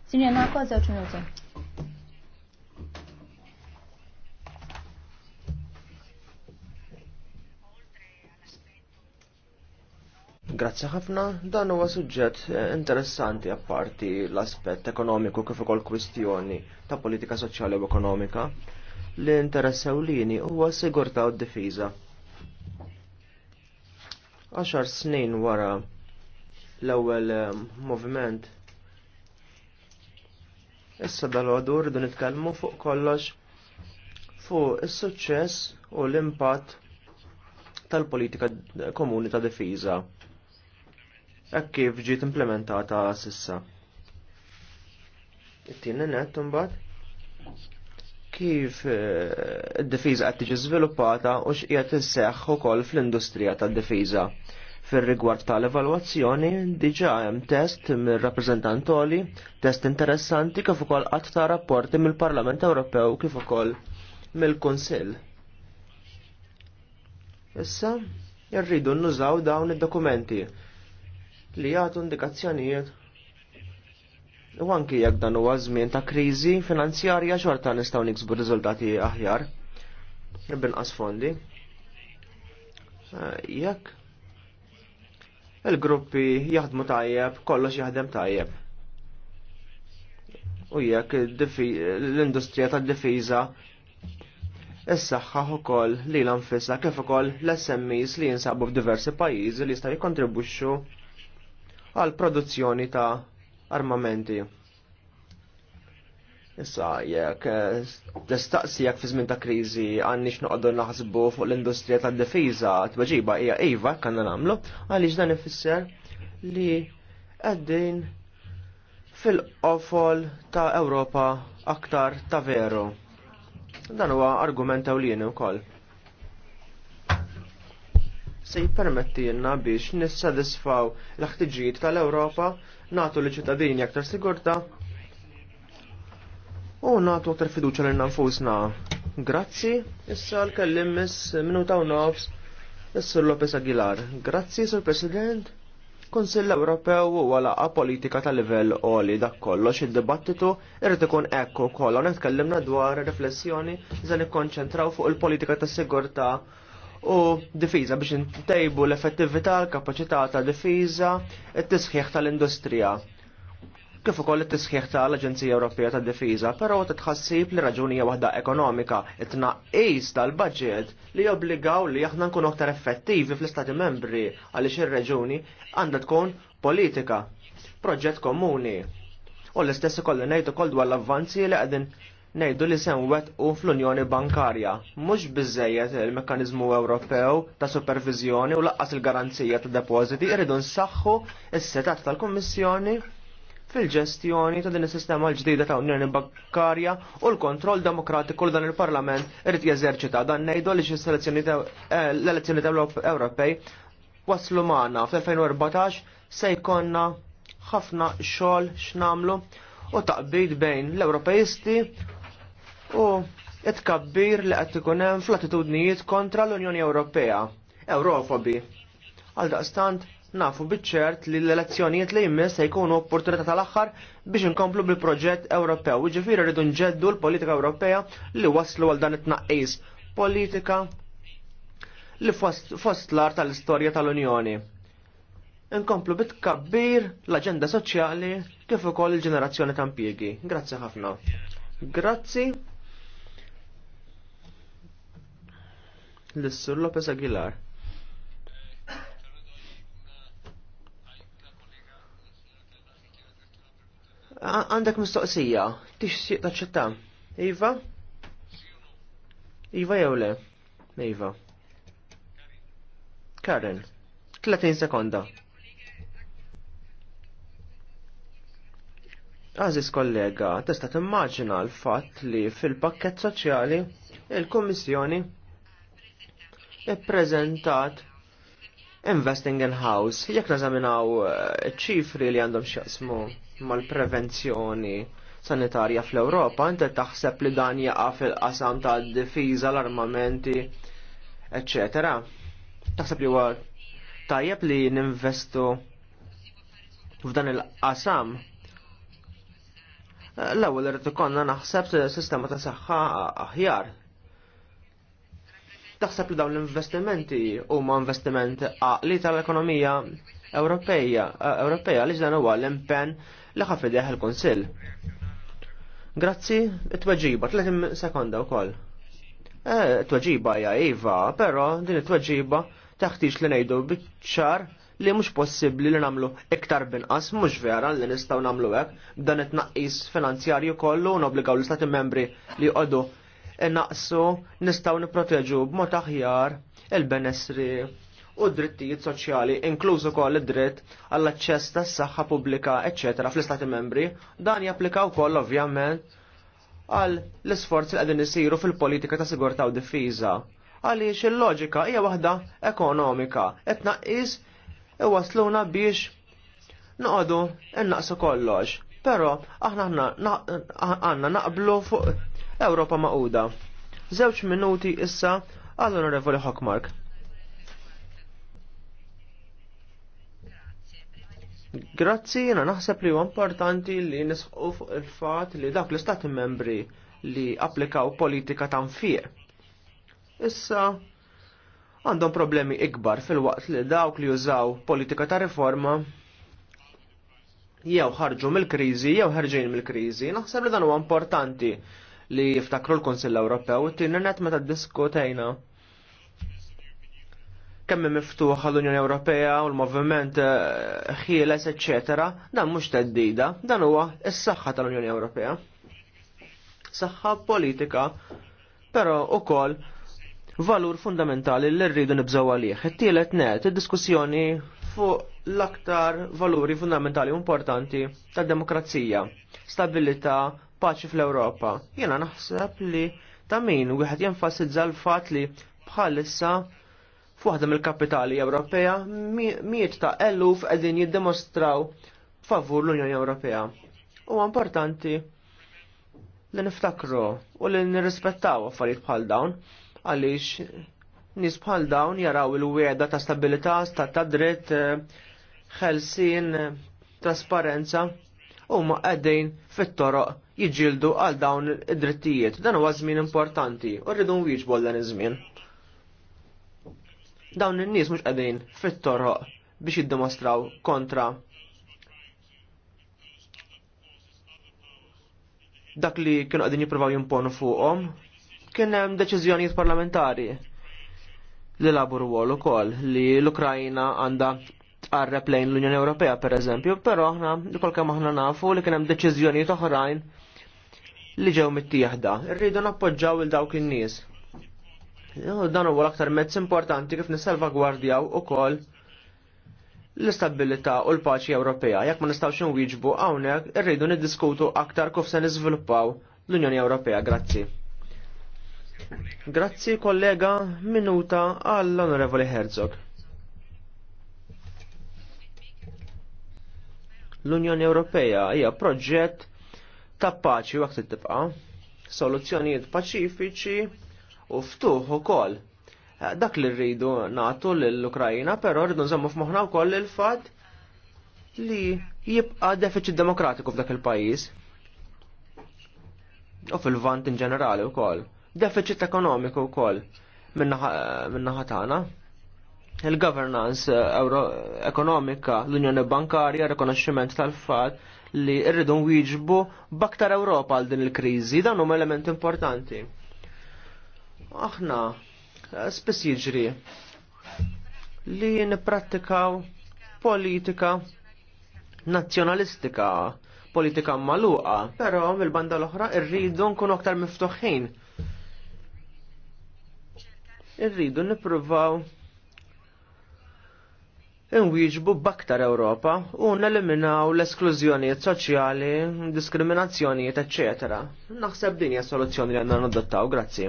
Signor Nacqua, zewċ minuti. Grazzi ħafna, dan huwa suġġett eh, interessanti apparti l-aspett ekonomiku kif ukoll kwistjoni ta' politika soċjali u ekonomika li interess ewlieni huwa sigurtà u d-difiża. Għaxar snin wara l-ewwel eh, moviment issa dal-għadu rridu nitkellmu fuq kollox fuq is-suċċess u l-impatt tal-politika komuni ta' difiża hekk kif ġiet implementata sissa. It-tieni net imbagħad kif eh, id-difiża qed tiġi żviluppata u x'qiegħed isseħħ ukoll fl-industrija tad-difiża. Fir-rigward tal-evalwazzjoni diġà hemm test mir-rappreżentantoli, test interessanti kif ukoll qatt ta' rapporti mill-Parlament Ewropew kif ukoll mill-Kunsill. Issa, irridu nnużaw dawn id-dokumenti li jagħtu indikazzjonijiet u anki jekk dan huwa żmien ta' kriżi finanzjarja xorta nistgħu niksbu riżultati aħjar binqas fondi. Eh, jekk il-gruppi jaħdmu tajjeb, kollox jaħdem tajjeb. U jekk l-industrija tad-difiża Is-saħħaħ ukoll li l kif ukoll l-SMEs li jinsabu f'diversi pajjiżi li jistgħu jikkontribwixxu għal produzzjoni ta' armamenti. Issa, jekk testaqsi jek fi żmien ta' kriżi għandniex noqogħdu naħsbu fuq l-industrija tad-difiża tweġiba hija iva kanna nagħmlu, għaliex dan ifisser li qegħdin fil-qofol ta' Ewropa aktar ta' veru. Dan huwa argument ewlieni wkoll se jippermettilna biex nissadisfaw l-ħtiġijiet tal-Ewropa, nagħtu li ċittadini aktar sigurtà u nagħtu aktar fiduċja lil nfusna. Grazzi, issa l-kellim miss minuta u nofs is-Sur Lopez Aguilar. Grazzi, Sur President. Konsill Ewropew wala politika ta' livell oli dak kollox id-dibattitu irrit ikun ekku kollha netkellimna dwar riflessjoni se nikkonċentraw fuq il-politika ta' sigurtà u difiża biex intejbu l-effettività, l-kapaċità ta' difiża, it-tisħiħ tal-industrija. Kif ukoll it-tisħiħ tal-Aġenzija Ewropea tad difiża, però titħassib li raġunija waħda ekonomika, it-tnaqqis tal-budget li jobbligaw li aħna nkunu aktar effettivi fl-Istati membri għaliex ir-reġuni għandha tkun politika, proġett komuni. U l-istess ikolli ngħid ukoll dwar l-avvanzi li qegħdin ngħidu li senwet u fl-Unjoni Bankarja. Mhux bizzejet il mekanizmu Ewropew ta' supervizjoni u laqqas il-garanzija ta' depoziti irridu nsaħħu il setat tal-Kummissjoni fil-ġestjoni ta' din is-sistema l-ġdida ta' Unjoni Bankarja u l-kontroll demokratiku l dan il-Parlament irid jeżerċita dan ngħidu li eh, l-elezzjoni Ewropej waslu magħna fl-2014 se jkollna ħafna xogħol x'namlu u taqbid bejn l-Ewropejisti u it-kabbir li qed ikun hemm fl-attitudnijiet kontra l-Unjoni Ewropea, ewrofobi. Għal daqstant, nafu biċċert li l-elezzjonijiet li jmiss se jkunu opportunità tal-aħħar biex inkomplu bil-proġett Ewropew, ġifieri rridu nġeddu l-politika Ewropea li waslu għal dan it-tnaqqis politika li fost l-art tal-istorja tal-Unjoni. Inkomplu bitkabbir l-agenda soċjali kif ukoll il-ġenerazzjoni ta' impjiegi. Grazzi ħafna. Grazzi. l-Sur Lopez Aguilar. Għandek mistoqsija, siq taċċetta. Iva? Iva jew le? Iva. Karen, 30 sekonda. Aziz kollega, tista' timmaġina l-fatt li fil-pakket soċjali il kummissjoni ippreżentat Investing in House, jekk nażaminaw eh, ċifri li għandhom xjaqsmu mal-prevenzjoni sanitarja fl-Ewropa, inti taħseb li dan jaqa' fil-qasam ta' difiża l-armamenti, eccetera. Taħseb li huwa tajjeb li ninvestu f'dan il-qasam eh, l-ewwel irid ikollna naħseb sistema ta' saħħa aħjar Taħseb li dawn l-investimenti huma investiment għaqli tal-ekonomija Ewropeja, eh, Ewropeja li ġdan huwa l-impenn li ħafideħ il-Konsill. Grazzi, it-tweġiba, tletim sekonda wkoll. Eh, it-tweġiba hija iva, però din it-tweġiba taħtix li ngħidu biċ-ċar li mhux possibbli li nagħmlu iktar binqas mhux vera li nistgħu nagħmlu hekk b'dan it naqis finanzjarju kollu u nobbligaw l-istati membri li jqogħdu naqsu nistgħu nipproteġu b'mod aħjar il-benessri u d-drittijiet soċjali, inkluż ukoll id-dritt għall aċċess tas-saħħa pubblika, eċċetera, fl-Istati membri, dan japplika wkoll ovvjament għal l-isforzi li qegħdin isiru fil-politika ta' sigurtà u Difiża, Għaliex il-loġika hija waħda ekonomika, qed tnaqqis iwasluna biex noqogħdu innaqsu kollox. Però aħna għandna naqblu fuq Ewropa Maquda. Żewġ minuti issa għall-Onorevoli Hockmark. Grazzi, jena naħseb li huwa importanti li nisħu fuq il-fat li dak l-istati membri li applikaw politika ta' nfieq. Issa, għandhom problemi ikbar fil-waqt li dawk li jużaw politika ta' riforma jew ħarġu mill-kriżi jew ħarġin mill-kriżi. Naħseb li dan huwa importanti li jiftakru l-Konsill Ewropew u t meta diskutejna. Kemm miftuħa l-Unjoni Ewropea u l-Moviment eh, ħieles, eċetera, dan mhux teddida, dan huwa s-saħħa tal-Unjoni Ewropea. Saħħa politika, però ukoll valur fundamentali li rridu nibżgħu għalih. It-tielet net, id-diskussjoni fuq l-aktar valuri fundamentali importanti tad demokrazija, stabilità, paċi fl-Ewropa. Jena naħseb li ta' min wieħed jenfasizza l-fatt li bħalissa f'waħda mill-kapitali Ewropea miet ta' eluf qegħdin jiddemostraw favur l-Unjoni Ewropea. U importanti li niftakru u li nirrispettaw affarijiet bħal dawn għaliex nies bħal dawn jaraw il-wieda ta' stabilità, sta' ta' dritt, eh, ħelsien, trasparenza ma qegħdin fit-toroq jġildu għal dawn id-drittijiet. Dan huwa żmien importanti u rridu nwieġbol dan iż-żmien. Dawn in-nies mhux qegħdin fit-toroq biex jiddimostraw kontra dak li kienu għadin jiprofaw jimponu fuqhom, kien hemm deċiżjonijiet parlamentari li labur wol ukoll li l-Ukrajna għandha tqarreb lejn l-Unjoni Ewropea pereżempju, però aħna kemm aħna nafu li kien hemm deċiżjonijiet oħrajn li ġew mittieħda. Irridu nappoġġaw il dawk in-nies. Dan huwa l-aktar mezz importanti kif nissalvagwardjaw ukoll l-istabilità u l-paċi Ewropea. Jekk ma nistgħux nwieġbu hawnhekk, irridu niddiskutu aktar kif se niżviluppaw l-Unjoni Ewropea. Grazzi. Grazzi kollega, minuta għall-Onorevoli Herzog. L-Unjoni Ewropea hija proġett ta' paċi waqt it-tibqa', soluzzjonijiet paċifiċi u ftuħ ukoll. Dak li rridu nagħtu lill-Ukrajina, però rridu nżammu f'moħħna wkoll il-fatt li jibqa' deficit demokratiku f'dak il-pajjiż. U fil-vant in ġenerali wkoll. Deficit ekonomiku wkoll minnaħa tagħna il-governance eh, ekonomika, l-Unjoni Bankarja, rikonoxximent tal-fat li rridu nwiġbu baktar Ewropa għal din il-kriżi, dan huma element importanti. Aħna eh, spiss jiġri li nipprattikaw politika nazzjonalistika, politika maluqa, però mill-banda l-oħra rridu nkunu aktar miftuħin. Irridu nippruvaw inwieġbu b'aktar Ewropa u neliminaw l-esklużjonijiet soċjali, diskriminazzjonijiet, ecc. Naħseb din hija soluzzjoni li għandna nadottaw, grazzi.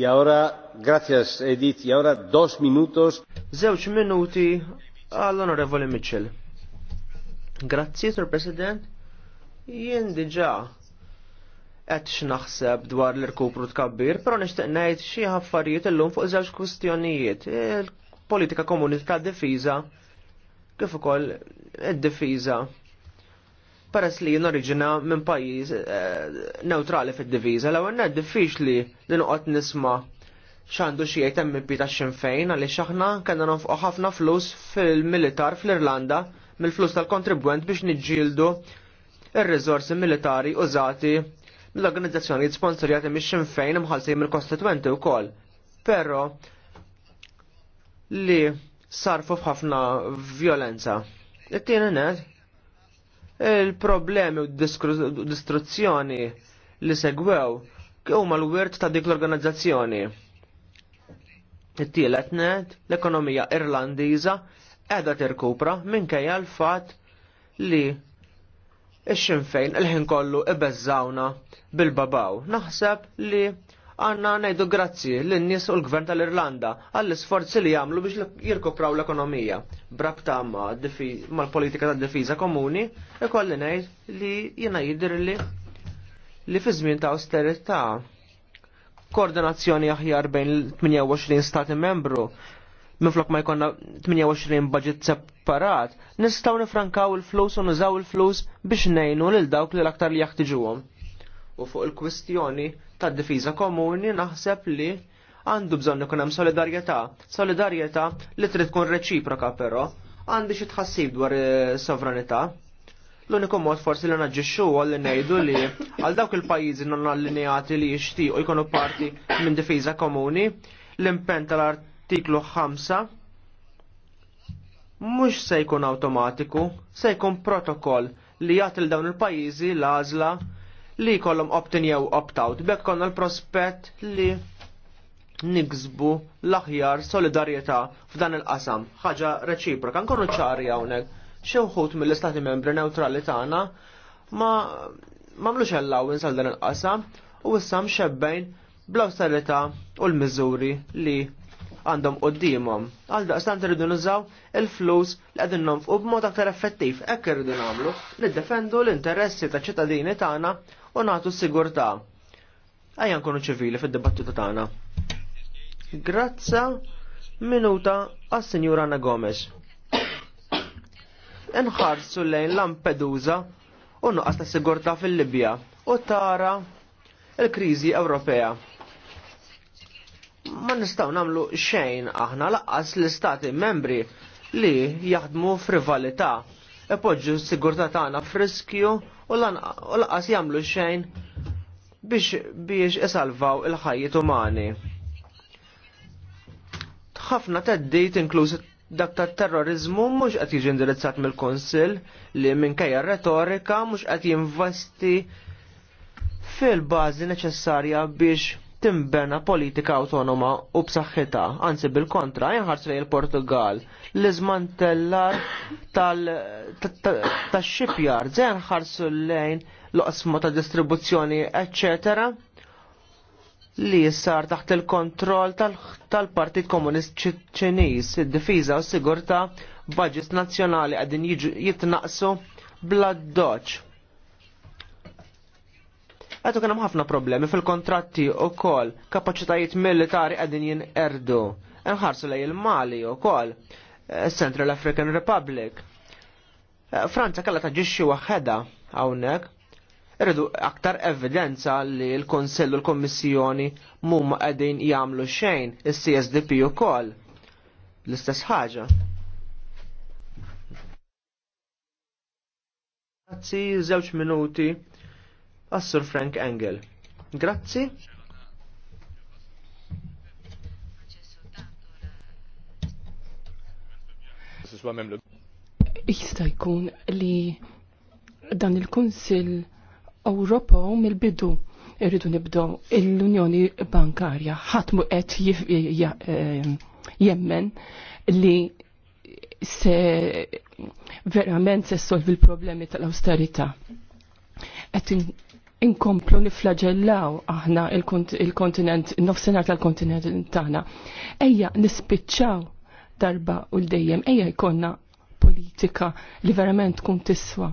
Jawra, grazzjas Edith, jawra dos minutos. Zewċ minuti għall-Onorevoli Mitchell. Grazzi, Sur President. Jien diġa' qed x'naħseb dwar l-irkupru tkabbir, però nixtieq ngħid xi affarijiet illum fuq żewġ kwistjonijiet. Il-politika komuni tad-difiża kif ukoll id-difiża peress li jien minn pajjiż eh, neutrali fid-diviża l ewwel diffiċli li noqgħod nisma' x'għandu xi jgħid MP ta' Sinn Fejn għaliex aħna kellna nonfqu ħafna flus fil-militar fl-Irlanda mill-flus tal-kontribwent biex niġġieldu ir-riżorsi militari użati l organizzazzjoni sponsorjati mix Sinn Fejn imħallsin mill-kostituenti wkoll. Però li sarfu f'ħafna violenza. It-tieni net il-problemi u distruzzjoni li segwew huma l-wirt ta' dik l-organizzazzjoni. It-tielet net l-ekonomija Irlandiża qiegħda tirkupra minkejja l-fatt li Ix-Sinn Fejn il-ħin kollu ibeżżawna bil-babaw. Naħseb li għanna ngħidu grazzi lin-nies u l-Gvern tal-Irlanda għall isforzi li jagħmlu biex jirkupraw l-ekonomija. Brabta ma mal-politika tad difiża komuni, ikolli ngħid li jiena jidher li li fi żmien ta' austerità koordinazzjoni aħjar bejn 28 stati membru minflok ma jkonna 28 budget separat, nistaw nifrankaw il-flus u nużaw il-flus biex nejnu lil dawk li l-aktar li jaħtiġuhom. U fuq il-kwistjoni ta' difiża komuni naħseb li għandu bżonn ikun hemm solidarjetà, solidarjetà li trid tkun reċiproka però, għandi xi tħassib dwar sovranità. L-uniku mod forsi li naġġixxu li ngħidu li għal dawk il-pajjiżi non allineati li jixtiequ jkunu parti minn difiża komuni, l-impenn tal-art l-artiklu 5 mhux se jkun awtomatiku, se jkun protokoll li jagħtil dawn il-pajjiżi l-għażla li jkollhom opt-in jew opt-out. Bekk konna l-prospett li niksbu l-aħjar solidarjetà f'dan il-qasam. Ħaġa reċiproka, nkunu ċari hawnhekk. Xi wħud mill-istati membri neutrali tagħna ma mamlux allowance għal dan il-qasam u issa mxebbejn bl-awsterità u l-miżuri li għandhom qoddimhom. Għal daqstant rridu nużaw il-flus li qegħdin nonfqu b'mod aktar effettiv hekk irridu nagħmlu niddefendu l-interessi ta' ċittadini tagħna u nagħtu s-sigurtà. Ejja nkunu ċivili fid-dibattitu tagħna. Grazza minuta għas-Sinjura Anna Gomes. Inħarsu lejn Lampedusa u nuqqas ta' sigurtà fil-Libja u tara il-kriżi Ewropea ma nistaw namlu xejn aħna laqqas l-istati membri li jaħdmu f'rivalità ipoġġu s-sigurtà tagħna f'riskju u laqqas jagħmlu xejn biex biex isalvaw il-ħajjiet umani. Ħafna teddit inkluż dak tat-terrorizmu mhux qed jiġi indirizzat mill-Kunsill li minkejja retorika mhux qed jinvesti fil-bażi neċessarja biex timbena politika autonoma u b'saħħitha, anzi bil-kontra, jinħarsu lejn il-Portugal, l iżmantellar tal-shipyard, zejn ħarsu lejn l-qasma ta' distribuzzjoni, eccetera, li jissar taħt il-kontroll tal-Partit Komunist Ċiniż, id-difiża u s sigurtà budgets nazzjonali qegħdin jitnaqsu bla doċ Għadu kena ħafna problemi fil-kontratti u kol, kapacitajiet militari għadin jinqerdu. Nħarsu lej il-Mali u kol, eh, Central African Republic. Eh, Franza kalla taġiċi waħħeda għawnek. Irridu aktar evidenza li l-Konsill u l-Kommissjoni mumma għedin jamlu xejn, il-CSDP u kol. L-istess ħaġa. Grazzi, zewċ minuti. Assur Frank Engel. Grazzi. Jista' jkun li dan il-Kunsill Ewropew mill-bidu irridu nibdo l-Unjoni Bankarja ħadd mu qed jemmen li se verament se solvi l-problemi tal-austerità inkomplu niflagellaw aħna il-kontinent, il-nofsenar tal-kontinent tagħna. Ejja nispiċċaw darba u l-dejjem, ejja jkonna politika li verament tkun tiswa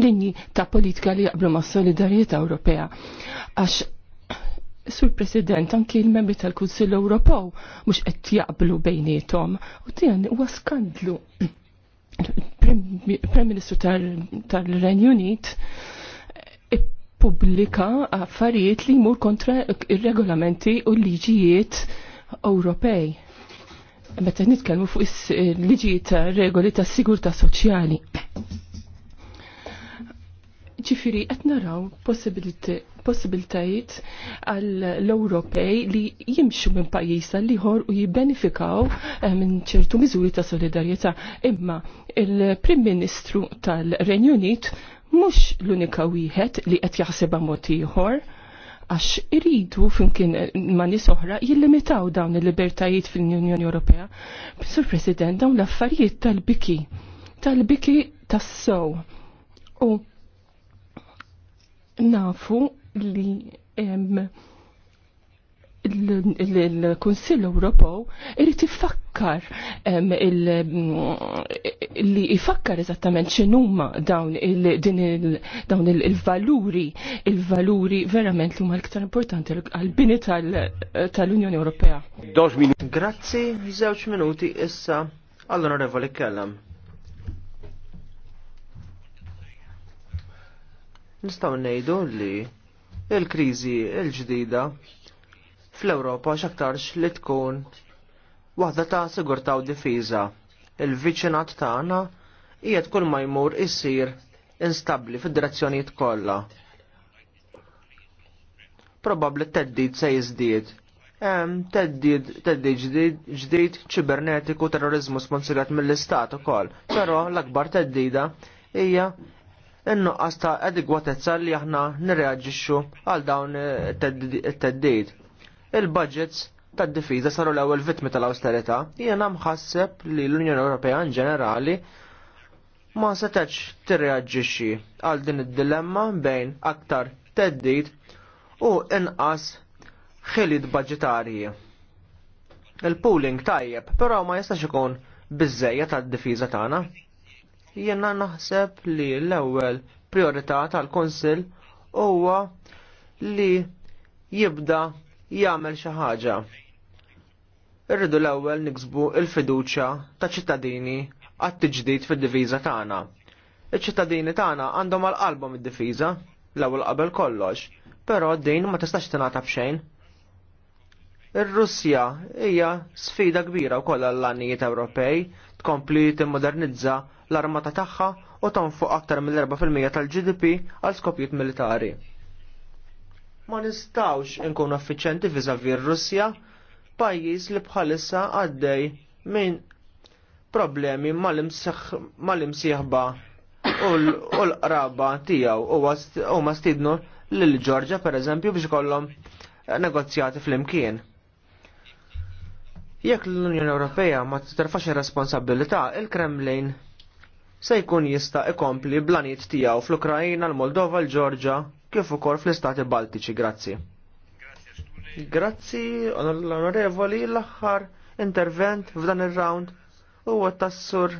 linji ta' politika li jaqblu ma' solidarieta Ewropea. Għax, Sur President, anki il-membri tal-Kunsill Ewropew mhux qed jaqblu bejnietom u tijan huwa skandlu. Prem Ministru tal-Renju Unit pubblika affarijiet li jmur kontra ir-regolamenti u l-liġijiet Ewropej. Meta nitkellmu fuq is-liġijiet eh, ta' regoli ta' sigurtà soċjali. Ġifieri qed naraw possibilitajiet għall ewropej li jimxu minn pajjiż liħor u jibbenefikaw eh, minn ċertu miżuri ta' solidarjetà. Imma il-Prim Ministru tal-Renju Unit mhux l-unika wieħed li qed jaħseb mod ieħor għax iridu flimkien ma' nies oħra jillimitaw dawn il-libertajiet fil-Unjoni Ewropea. Sur President, dawn l-affarijiet tal-biki, tal-biki tas-sow. U nafu li il-Kunsill Ewropew irid ifakkar li ifakkar eżattament x'inhuma dawn dawn il-valuri, il-valuri verament li huma l-iktar importanti għall-bini tal-Unjoni Ewropea. Grazzi, żewġ minuti issa għall-Onorevoli Kellem. Nistgħu ngħidu li il-kriżi l ġdida fl-Ewropa x'aktarx li tkun waħda ta' sigurtà u difiża. Il-viċinat tagħna qiegħed kull ma jmur jissir instabbli fid-direzzjonijiet kollha. Probabbli t-teddid se jiżdied. Hemm teddid teddid ġdid ċibernetiku terrorizmu sponsorat mill-istat ukoll, però l-akbar teddida hija in-nuqqas ta' adegwatezza li aħna nirreaġixxu għal dawn it-teddid il-budgets tad-difiża saru l-ewwel vittmi tal-awsterità, jiena mħasseb li l-Unjoni Ewropea in ġenerali ma setax tirreaġġixxi għal din id-dilemma bejn aktar teddid u inqas ħilid budġetarji. Il-pooling tajjeb, però ma jistax ikun biżejja tad-difiża tagħna. Jiena naħseb li l-ewwel priorità tal-Kunsill huwa li jibda jagħmel xi ħaġa. Irridu l-ewwel niksbu il-fiduċja ta' ċittadini għat-tiġdid fid-diviża tagħna. Iċ-ċittadini tagħna għandhom għal qalbhom id-difiża l-ewwel qabel kollox, però din ma tistax tingħata b'xejn. Ir-Russja hija sfida kbira wkoll għall-għannijiet Ewropej tkompli timmodernizza l-armata tagħha u tonfoq aktar mill-4% tal-GDP għal skopijiet militari ma nistawx nkun effiċenti viżavi r-Russja, pajjiż li bħalissa għaddej minn problemi mal-imsieħba u l-qraba tiegħu u ma stidnu lil Ġorġa pereżempju biex kollom negozjati fl-imkien. Jekk l-Unjoni Ewropea ma terfax ir-responsabilità, il-Kremlin se jkun jista' ikompli blaniet tiegħu fl-Ukrajna, l-Moldova, l-Ġorġa kif ukoll fl-Istati Baltiċi. Grazzi. Grazzi, l-onorevoli, l-aħħar intervent f'dan ir-round huwa tassur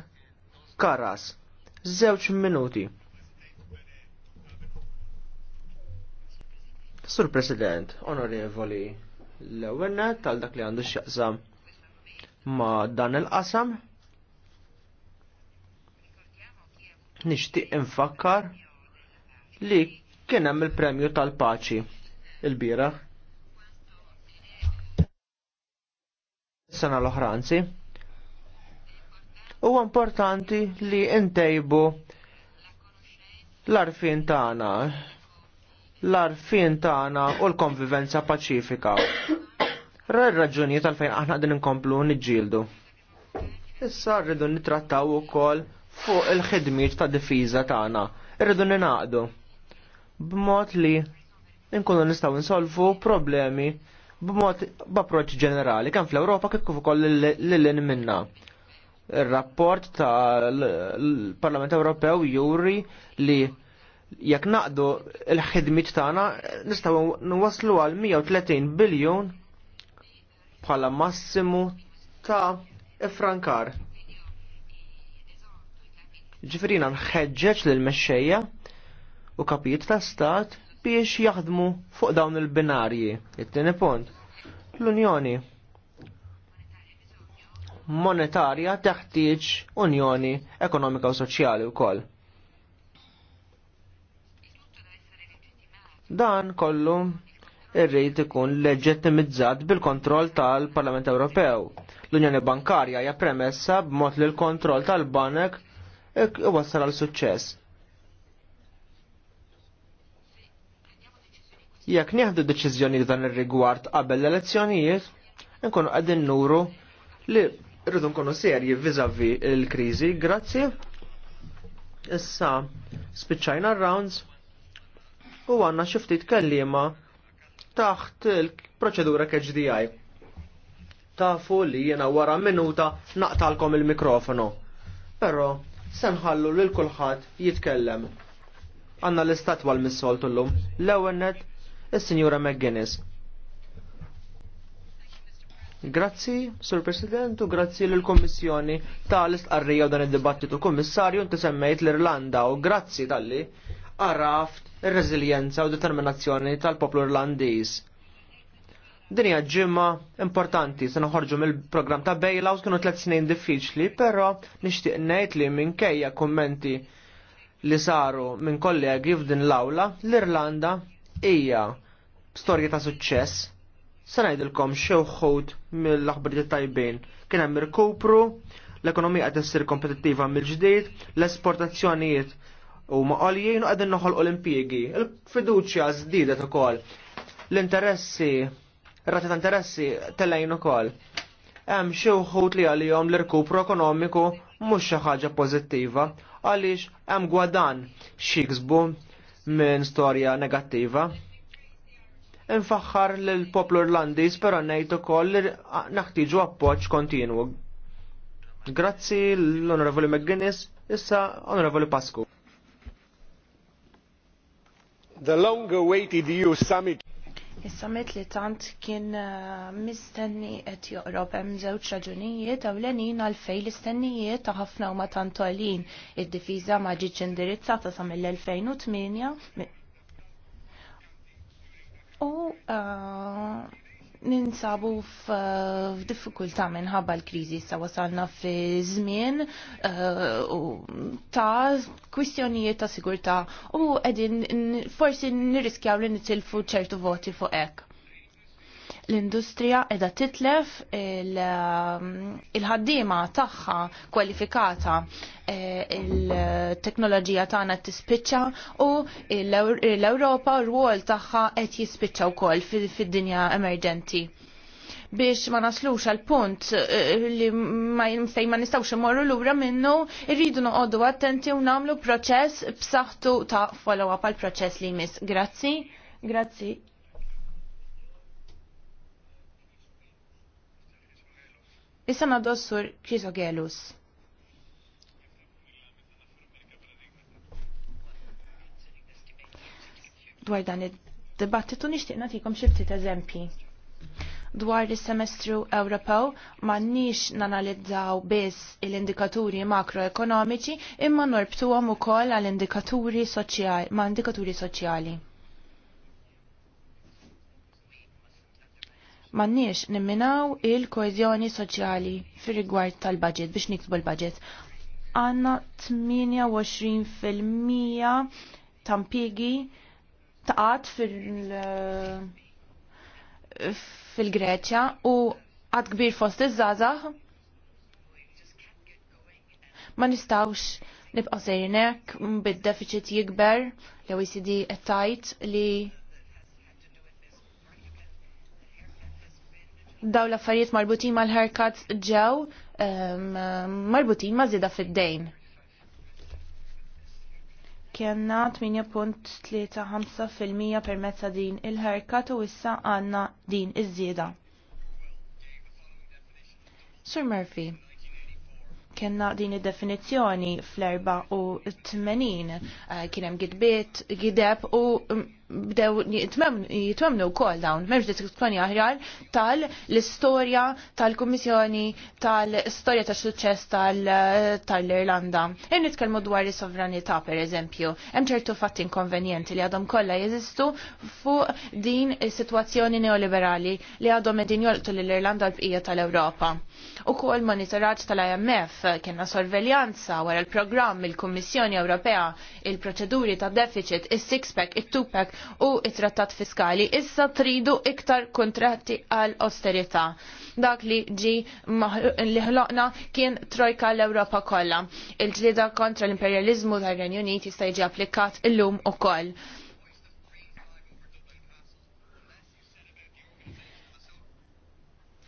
Karas. Żewġ minuti. Sur President, onorevoli, l-ewwel tal dak li għandu x'jaqsam ma' dan il-qasam nixtieq infakkar li kien hemm il-premju tal-paċi il-bira. Sena l-oħra anzi. Huwa importanti li ntejbu l-arfin tagħna l-arfin tagħna u l-konvivenza paċifika. Ra tal-fejn aħna din inkomplu niġġieldu. Issa rridu nittrattaw ukoll fuq il-ħidmiet ta' difiża tagħna. rridu ninaqdu b'mod li nkunu nistgħu nsolvu problemi b'mod b'approċċ ġenerali kemm fl-Ewropa kif kif ukoll lilin minna ir rapport tal-Parlament Ewropew juri li jekk naqdu l ħidmiet tagħna nistgħu nwaslu għal 130 biljun bħala massimu ta' ifrankar. Ġifirina nħeġġeġ lil mexxejja u kapijiet ta' stat biex jaħdmu fuq dawn il-binarji. It-tieni punt. L-Unjoni monetarja teħtieġ Unjoni Ekonomika u Soċjali wkoll. Dan kollu irrid ikun leġittimizzat bil-kontroll tal-Parlament Ewropew. L-Unjoni Bankarja hija premessa b'mod li l-kontroll tal-banek iwassal għal suċċess. Jekk nieħdu deċiżjoni dan ir-rigward qabel l-elezzjonijiet, nkunu qegħdin nuru li rridu nkunu serji viżavi l-kriżi. Grazzi. Issa spiċċajna r-rounds u għanna xiftit kellima taħt il-proċedura KHDI. Tafu li jena wara minuta naqtalkom il-mikrofonu. Pero, senħallu l kulħadd jitkellem. Għanna l-istat għal missoltu l-lum. L-ewennet, il-Sinjura McGuinness. Grazzi, Sur President, u grazzi l-Kommissjoni tal għarrija u dan id-dibattitu kummissarju inti semmejt l-Irlanda u grazzi tal-li għarraft ir-reżiljenza u determinazzjoni tal-poplu Irlandiż. Dinja ġimma importanti se noħorġu mill-programm ta' bailout kienu tliet snin diffiċli, però nixtieq ngħid li minkejja kummenti li saru minn kollegi f'din l-awla, l-Irlanda hija storja ta' suċċess. Se ngħidilkom xi mill-aħbarijiet tajbin. Kien hemm irkupru, l-ekonomija qed issir kompetittiva mill-ġdid, l-esportazzjonijiet huma għoljien u n noħol Olimpijegi. Il-fiduċja ta' ukoll. L-interessi, r-rati ta' interessi tellejn ukoll. Hemm xi wħud li għalihom l-irkupru ekonomiku mhux xi ħaġa pożittiva għaliex hemm gwadan xie jiksbu minn storja negattiva. Infaxħar l-poplu Irlandiż però ngħid ukoll li naħtiġu appoġġ kontinwu. Grazzi l-Onorevoli McGuinness, issa Onorevoli Pasku. The long-awaited EU summit Is-summit li tant kien eh, mistenni qed joqrob hemm żewġ raġunijiet ewlenin għalfejn l-istennijiet ta' ħafna huma tant għalin. Id-difiża ma ġietx indirizzata sa mill-2008 u eh, ninsabu f'diffikultà minħabba l-kriżi sa wasalna fi żmien eh, ta' kwistjonijiet ta' sigurta u qegħdin forsi nirriskjaw li nitilfu ċertu voti fuq hekk l-industrija edha titlef um, il-ħaddima il tagħha kwalifikata eh, il-teknoloġija tagħna tispiċċa u l-Ewropa r-wol tagħha qed jispiċċa wkoll fid-dinja emerġenti biex ma naslux għal punt eh, li ma jimfej ma nistawx l lura minnu irridu noqogħdu attenti u nagħmlu proċess b'saħħtu ta' follow-up għal proċess li jmiss. Grazzi, grazzi Issa naddu s-sur Krisogelus. Dwar dan id-dibattitu nixtieq nagħtikom xi ftit eżempji. Dwar is-semestru Ewropew m'għandniex nanalizzaw biss l-indikaturi makroekonomiċi imma norbtuhom ukoll għal indikaturi soċjali. Mannix nimminaw il-koezjoni soċjali fir rigward tal-budget biex niktbu l-budget. Għanna 28% tampigi taqat fil- fil-Greċja u għad kbir fost iż żaza ma nistawx nibqa' sejrinek bid-deficit jikber l-OECD qed tajt li daw l-affarijiet marbutin mal-haircuts ġew marbutin ma' zida fid-dejn. Kienna 8.35% mezza din il-haircut u issa għanna din iż-żieda. Sir Murphy, kienna din id-definizzjoni fl u eh, kien kienem gidbiet, gideb u bdew jitmemnu wkoll dawn m'hemmx diskussjoni aħjar tal-istorja tal-Kummissjoni tal-istorja tas suċċess tal-Irlanda. Hemm nitkellmu dwar is-sovranità pereżempju. Hemm ċertu fatt inkonvenjenti li għadhom kollha jeżistu fuq din is-sitwazzjoni neoliberali li għadhom qegħdin jolqtu lill-Irlanda l-bqija tal-Ewropa. Ukoll monitoraġġ tal-IMF kienna sorveljanza wara l-programm il-Kummissjoni Ewropea il-proċeduri ta' deficit, is-six pack, it-two pack u it-trattat fiskali. Issa tridu iktar kontratti għal austerita. Dak li ġi li ħloqna kien trojka l europa kollha. Il-ġlida kontra l-imperializmu tal-Renju Unit jista' jiġi applikat illum ukoll.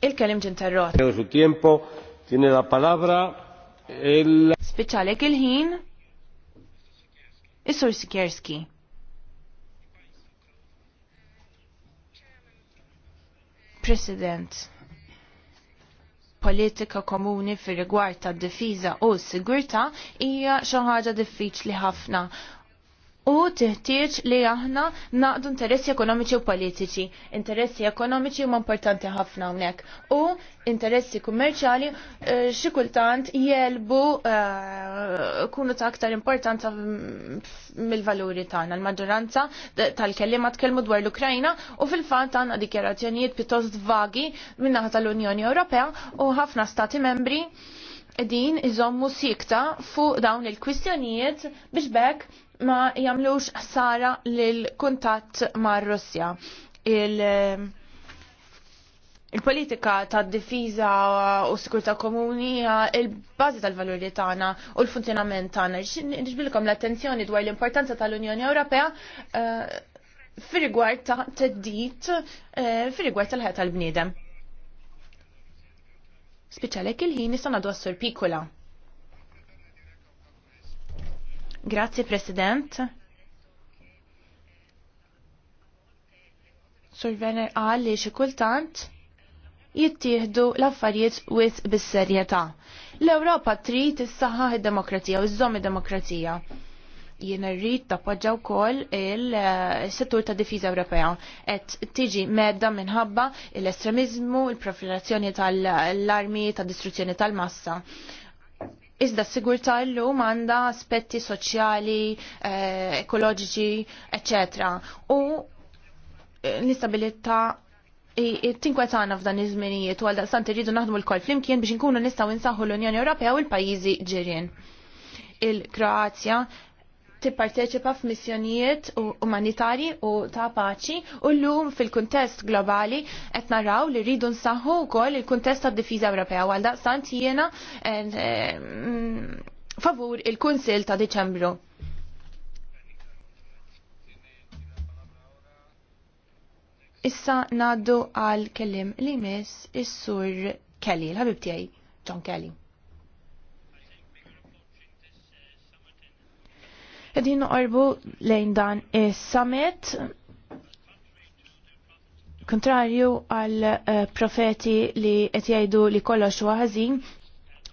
Il-kelim ġinterrot. Su tiempo tiene la palabra il... Speċalek il-ħin. Is-sur Sikerski. President politika komuni fir rigward tad difiża u s sigurtà hija xi ħaġa diffiċli ħafna u teħtieġ li aħna naqdu interessi ekonomiċi u politiċi. Interessi ekonomiċi huma importanti ħafna hawnhekk u interessi kummerċjali eh, xi kultant jelbu eh, kunu ta' aktar importanza mill-valuri tagħna. L-maġġoranza tal-kelliema tkellmu dwar l-Ukrajna u fil-fatt għandna dikjarazzjonijiet pjuttost vagi min-naħa tal-Unjoni Ewropea u ħafna stati membri edin iżommu sikta fuq dawn il-kwistjonijiet biex bekk ma jamlux ħsara lil-kuntatt mar Russja. Il- Il-politika ta' difiża u sikurta komuni il bazi tal-valuri tagħna u l-funzjonament tagħna. Nixbilkom l-attenzjoni dwar l-importanza tal-Unjoni Ewropea uh, fir-rigward ta' teddit uh, fir-rigward tal-ħajja tal-bniedem. Spiċalek il-ħin nistgħu ngħidu għas-Sur Grazie, Grazzi President. Sur Werner xi kultant jittieħdu l-affarijiet wis bis-serjetà. L-Ewropa trid is-saħħa id demokrazija u żżomm żomm id demokrazija jiena rrid tappoġġa wkoll il-settur eh, ta' difiża Ewropea qed tiġi medda minħabba l-estremizmu, il-profilazzjoni tal-armi, tad-distruzzjoni tal-massa. Iżda s-sigurtà llum għandha aspetti soċjali, eh, ekoloġiċi, eċetera. U eh, l-istabilità tinkwetana f'dan iż-żminijiet u għaldaqstant irridu naħdmu l-kol flimkien biex inkunu nistgħu insaħħu l-Unjoni Ewropea u l-pajjiżi ġirien. Il-Kroazja tipparteċipa f'missjonijiet umanitarji u ta' paċi u llum fil-kuntest globali qed naraw li rridu nsaħħu wkoll il-kuntest tad-difiża Ewropea għal daqstant jiena favur il-Kunsil ta' Diċembru. Issa naddu għal kellim li mis is-sur Kelly, l-ħabib tiegħi, John Kelly. Għedin qorbu lejn dan is-summit kontrarju għal eh, profeti li qed jgħidu li kollox huwa ħażin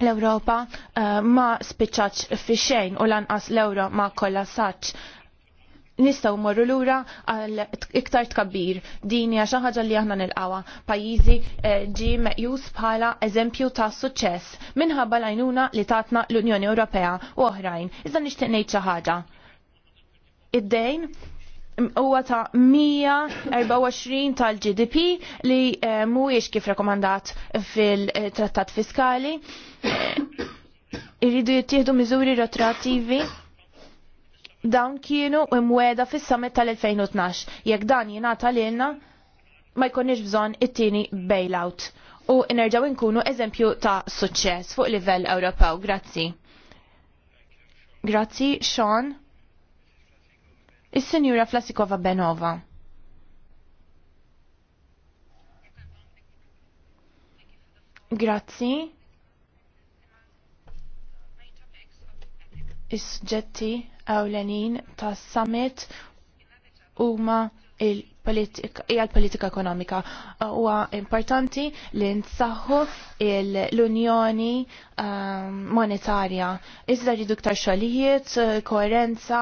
l-Ewropa eh, ma spiċċaċ fi xejn u lanqas l-Ewro ma kollasaċ nistaw morru lura għal iktar tkabbir. Dini għaxa ħaġa li aħna nilqawa. Pajizi eh, ġi meqjus bħala eżempju ta' suċċess minħabba lajnuna li tatna l-Unjoni Ewropea u oħrajn. Iżda nixtieq ngħid xi ħaġa. Id-dejn huwa ta' 124 tal-GDP li eh, mhuwiex kif rekomandat fil-trattat fiskali. Irridu jittieħdu miżuri retroattivi dawn kienu imweda fis summit tal-2012. Jekk dan jingħata lilna ma jkunniex bżonn it-tieni bailout u nerġgħu nkunu eżempju ta' suċċess fuq livell Ewropew. Grazzi. Grazzi, Sean. Is-Sinjura Flasikova Benova. Grazzi. Is-ġetti ewlenin tas summit huma hija l-politika ekonomika. Huwa importanti li nsaħħu l-Unjoni ehm, monetarja. Iżda rridu ktar xogħlijiet, eh, koerenza,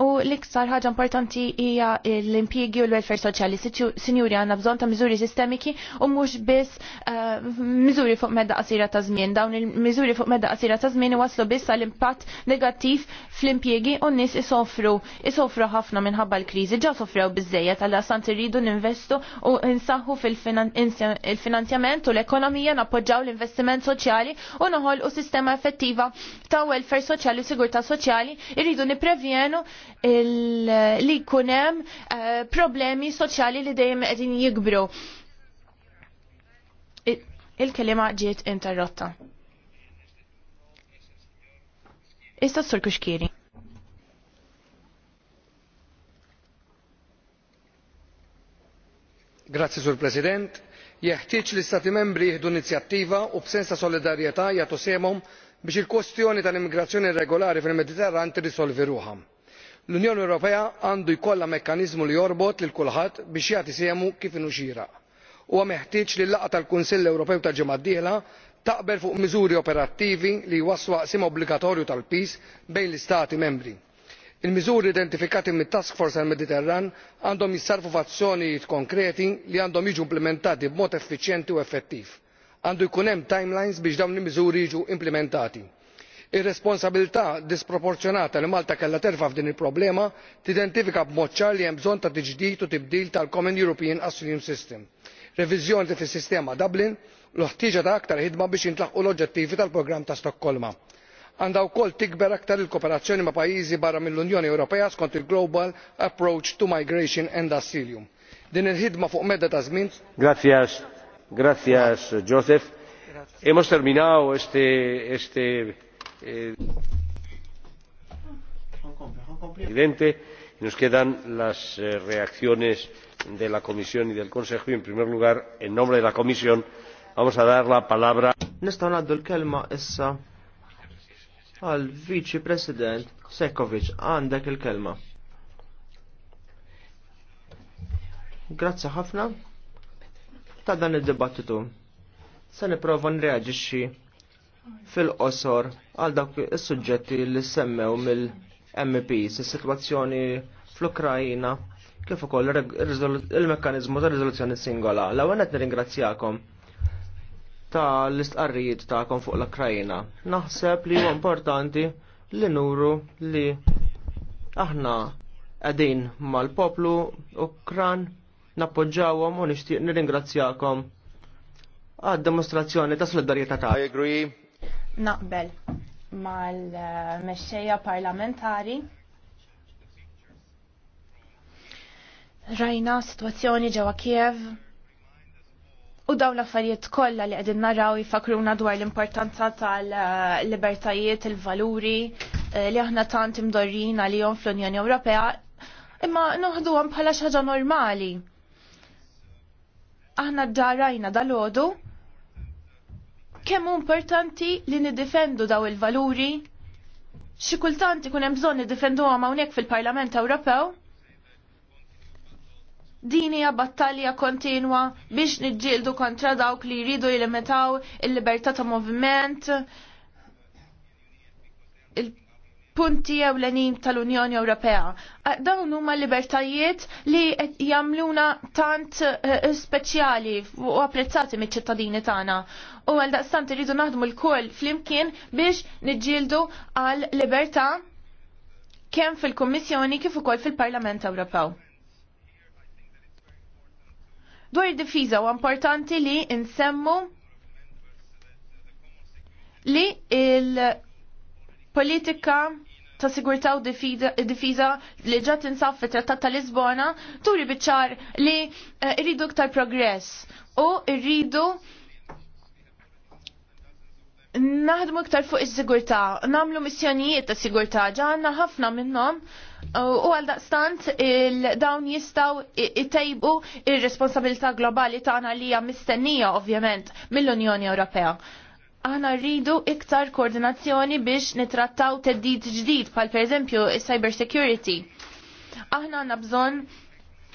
U l-iktar ħaġa importanti hija l impjegi u l-welfare soċjali. Sinjuri għandna bżonn ta' miżuri sistemiki u mhux biss eh, miżuri fuq medda qasira ta' żmien. Dawn il-miżuri fuq medda qasira ta' żmien waslu biss għal impatt negattiv fl impjegi u n-nies isofru isofru ħafna minħabba l-kriżi. Ġa sofrew biżejjed għal sant irridu ninvestu u nsaħħu fil-finanzjament u l-ekonomija nappoġġaw l-investiment soċjali u noħolqu sistema effettiva ta' welfare soċjali u sigurtà soċjali irridu nipprevjenu li kunem eh, problemi soċjali li dejjem qegħdin jikbru. Il-kelima ġiet interrotta. Issa s-sur kuxkiri. Grazie, Sur President. Jeħtieġ li stati membri jieħdu inizjattiva u b'sensa solidarjetà jagħtu semhom biex il-kwestjoni tal-immigrazzjoni irregolari fil-Mediterran tirrisolvi ruha l-unjoni ewropea għandu jkollha mekkaniżmu li jorbot lil kulħadd biex jagħti sehemu kif inhu xieraq. huwa meħtieġ li l-laqgħa tal-kunsill ewropew ta' ġimgħa d-dieħla taqbel fuq miżuri operattivi li jwasslu għaqsim obbligatorju tal-peace bejn l-istati membri. il miżuri identifikati mit task force għall mediterran għandhom jissarfu f'azzjonijiet konkreti li għandhom jiġu implementati b'mod effiċjenti u effettiv. għandu jkun hemm timelines biex dawn il miżuri jiġu implementati ir-responsabbiltà disproporzjonata li malta kellha terfa' f'din il-problema tidentifika b'mod ċar li hemm bżonn ta' tiġdid u tibdil tal common european asylum system reviżjoni fis-sistema dublin u l-ħtieġa ta' aktar ħidma biex jintlaqqu l-oġġettivi tal-programm ta' stokkolma. għandha wkoll tikber aktar il kooperazzjoni ma' pajjiżi barra mill-unjoni ewropea skont il global approach to migration and asylum. din il-ħidma fuq medda ta' żmien Gracias, Joseph. Hemos terminado este Presidente, nos quedan las eh, reacciones de la Comisión y del Consejo. Y en primer lugar, en nombre de la Comisión, vamos a dar la palabra. Nistgħu ngħaddu l-kelma issa għal Viċi President Sekovic. Għandek il-kelma. Grazzi ħafna ta' dan id-dibattitu. Se nipprova nreaġixxi fil-qosor għal dawk is-suġġetti li semmew mill mp is-sitwazzjoni fl-Ukrajina kif ukoll il-mekkaniżmu ta' riżoluzzjoni singola. L-ewwel qed nirringrazzjakom ta' l-istqarrijiet tagħkom fuq l-Ukrajina. Naħseb li huwa importanti li nuru li aħna qegħdin mal-poplu Ukran nappoġġawhom u nixtieq nirringrazzjakom għad demonstrazzjoni ta' solidarjetà I agree naqbel mal-mexxejja parlamentari. Rajna situazzjoni ġewwa Kiev u daw l-affarijiet kollha li qegħdin naraw jifakruna dwar l-importanza tal-libertajiet, il-valuri eh, li aħna tant imdorrin għalihom fl-Unjoni Ewropea imma noħduhom bħala xi ħaġa normali. Aħna ddarajna dal-għodu kemm importanti li nidifendu daw il-valuri? Xi kultant ikun hemm bżonn niddifenduhom hawnhekk fil-Parlament Ewropew? Din hija battalja kontinwa biex niġġieldu kontra dawk li jridu jlimitaw il-libertà ta' moviment, punti jew lenin tal-Unjoni Ewropea. Eh, dawn huma libertajiet li jagħmluna tant eh, speċjali u apprezzati miċ-ċittadini tagħna. U għal daqstant irridu naħdmu l kol flimkien biex niġġieldu għal libertà kemm fil-Kummissjoni kif ukoll fil-Parlament Ewropew. Dwar id-difiża huwa importanti li nsemmu li il- politika ta' sigurtà u li ġat tinsab fit trattat ta' Lisbona turi biċċar li eh, irridu iktar progress u irridu naħdmu iktar fuq iż sigurtà nagħmlu missjonijiet ta' sigurtà, ġanna ħafna minnhom eh, u għal daqstant dawn jistaw itejbu il responsabilità globali tagħna li hija mistennija ovvjament mill-Unjoni Ewropea aħna rridu iktar koordinazzjoni biex nitrattaw teddid ġdid, pal per eżempju cyber security. Aħna għanna bżon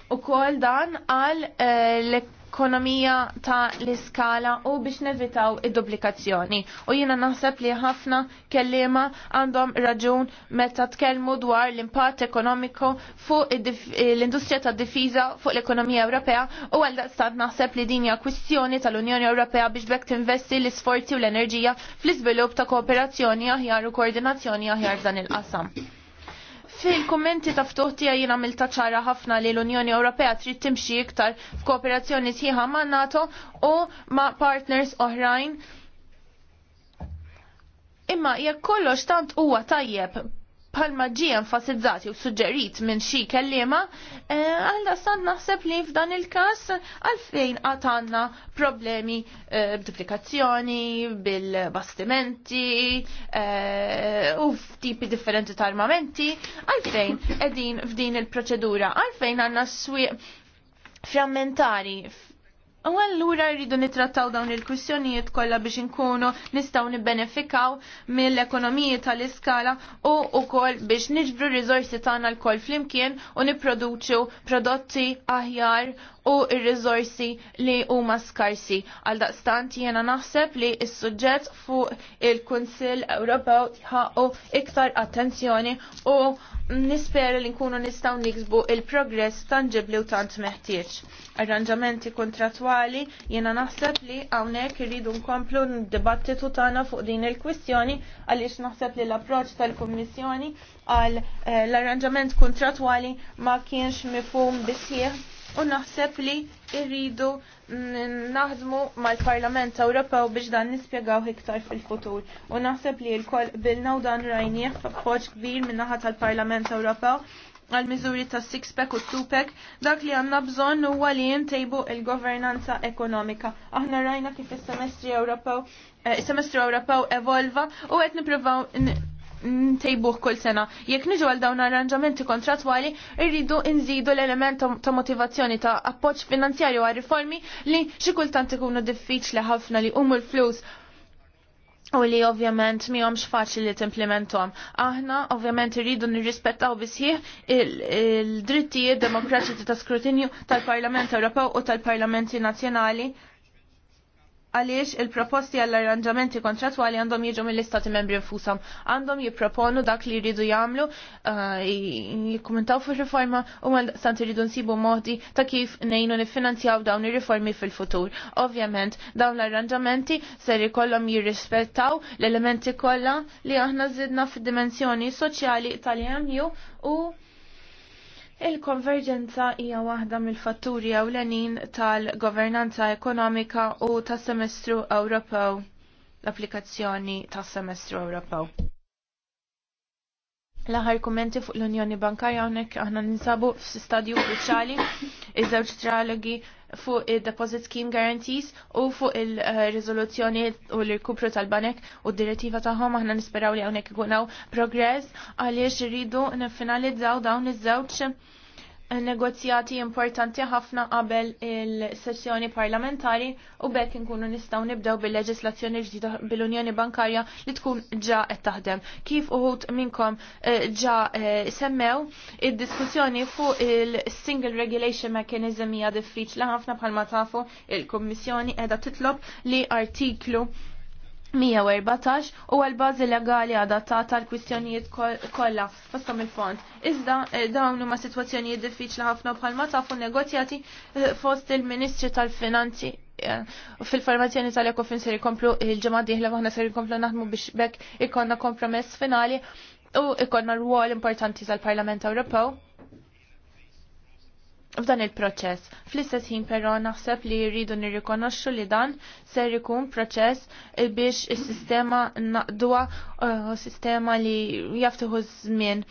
u kol dan għal eh, l ekonomija ta' l-iskala u biex nevitaw id-duplikazzjoni. U jiena naħseb li ħafna kellima għandhom raġun meta tkellmu dwar l-impatt ekonomiku fuq l-industrija ta' difiża fuq l-ekonomija Ewropea u għal daqstant naħseb li dinja kwistjoni tal-Unjoni Ewropea biex bekk tinvesti l-isforzi u l-enerġija fl-iżvilupp ta' kooperazzjoni aħjar u koordinazzjoni aħjar f'dan il-qasam fil-kommenti ta' ftuħtija jien għamilta ċara ħafna li l-Unjoni Ewropea trid timxi iktar f'kooperazzjoni sħiħa ma' NATO u ma' partners oħrajn. Imma jekk kollox tant huwa tajjeb palma ġi enfasizzati u suġġerit minn xi kellima, eh, għalda stand naħseb li f'dan il-kas għalfejn għatanna problemi eh, b'duplikazzjoni, bil-bastimenti eh, u f'tipi differenti ta' armamenti, għalfejn edin f'din il-proċedura, għalfejn għanna s swi frammentari Għan l-ura rridu nitrattaw dawn il-kwistjonijiet kollha biex inkunu nistaw nibbenefikaw mill-ekonomiji tal-iskala u ukoll biex niġbru r-riżorsi tagħna l-koll flimkien u nipproduċu prodotti aħjar u r-riżorsi li huma skarsi. Għal daqstant jiena naħseb li s-suġġett fuq il-Kunsill Ewropew jħaqqu iktar attenzjoni u nispera li nkunu nistaw niksbu il-progress tangibli u tant meħtieġ. Arranġamenti kontratwali lokali jiena naħseb li hawnhekk irridu nkomplu n debattitu tagħna fuq din il-kwistjoni għaliex naħseb li l-approċċ tal-Kummissjoni għal eh, l-arranġament kontratwali ma kienx mifhum bisħieħ u naħseb li irridu naħdmu mal-Parlament Ewropew biex dan nispjegaw iktar fil-futur. U naħseb li l kol bilna u dan rajnieħ f'appoġġ kbir min-naħa tal-Parlament Ewropew għal miżuri ta' six pack u two pack dak li għanna bżonn huwa li jintejbu il-governanza ekonomika. Aħna rajna kif il semestri Ewropew eh, is-semestru Ewropew evolva u qed nippruvaw ntejbuh kull sena. Jekk niġu għal dawn arranġamenti kontratwali, irridu nżidu l-element ta' motivazzjoni ta' appoġġ finanzjarju għal riformi li xi kultant ikunu diffiċli ħafna li umu l flus u li ovvjament għomx faċli li t-implementom. Aħna ovvjament rridu nirrispettaw bisħiħ il-drittijiet demokratiċi ta' skrutinju tal-Parlament Ewropew u tal-Parlamenti Nazzjonali għaliex il-proposti għall-arranġamenti kontratwali għandhom jiġu mill-istati membri nfusam. Għandhom jipproponu dak li jridu jagħmlu, eh, jikkumentaw fuq riforma u mal sant jridu nsibu modi ta' kif nejnu nifinanzjaw dawn ir-riformi fil-futur. Ovvjament, dawn l-arranġamenti ser ikollhom jirrispettaw l-elementi kollha li aħna żidna fid-dimensjoni soċjali tal-EMU u Il-konverġenza hija waħda mill-fatturi ewlenin tal-governanza ekonomika u tas-semestru Ewropew, l-applikazzjoni tas-semestru Ewropew. l aħħar kummenti fuq l-Unjoni Bankarja hawnhekk aħna ninsabu f'stadju kruċjali iż-żewġ trialogi fuq il-Deposit Scheme Guarantees u fuq il rezoluzzjoni u l-kupru tal-banek u d-direttiva taħħom aħna nisperaw li għonek ikunaw progress għaliex rridu niffinalizzaw dawn iż-żewġ negozjati importanti ħafna qabel il-sessjoni parlamentari u bekk nkunu nistgħu nibdew bil-leġislazzjoni ġdida bil-Unjoni Bankarja li tkun ġa qed taħdem. Kif uħud minkom eh, ġa eh, semmew id-diskussjoni fuq il-Single Regulation Mechanism hija diffiċli ħafna bħalma tafu il-Kummissjoni qiegħda titlob li artiklu 114 u għal-bazi legali adattata għal kwistjonijiet kollha fostom il-fond. Iżda eh, dawn huma sitwazzjonijiet diffiċli ħafna bħalma tafu negozjati eh, fost il-Ministri tal-Finanzi eh, fil-formazzjoni tal-ekofin ser ikomplu il-ġemgħa dieħla aħna ser ikomplu naħdmu biex bekk ikonna kompromess finali u ikonna rwol importanti tal-Parlament Ewropew f'dan il-proċess. Fl-istess ħin però naħseb li jridu nirrikonoxxu li dan ser ikun proċess biex is-sistema naqdwa uh, sistema li jaftuħu żmien.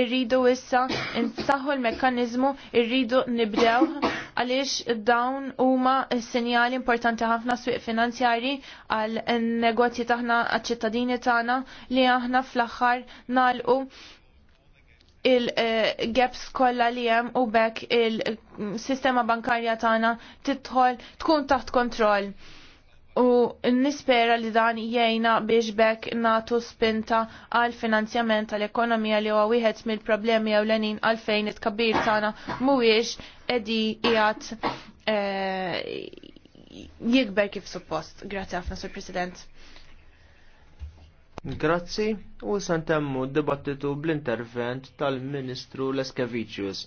Irridu issa nsaħħu l-mekkaniżmu, irridu nibdew għaliex dawn huma sinjali importanti ħafna swieq finanzjari għal negozji taħna għal ċittadini tagħna li aħna fl-aħħar nagħlqu il-gaps kollha li hemm u bekk il-sistema bankarja tagħna tidħol tkun taħt kontroll. U nispera li dan jgħina biex bekk natu spinta għal finanzjament tal ekonomija li huwa wieħed mill-problemi ewlenin għalfejn it kabir tagħna mhuwiex qegħdi jgħat eh, jikber kif suppost. Grazie ħafna, Sur President. Grazzi u santemmu dibattitu bl-intervent tal-Ministru Leskevicius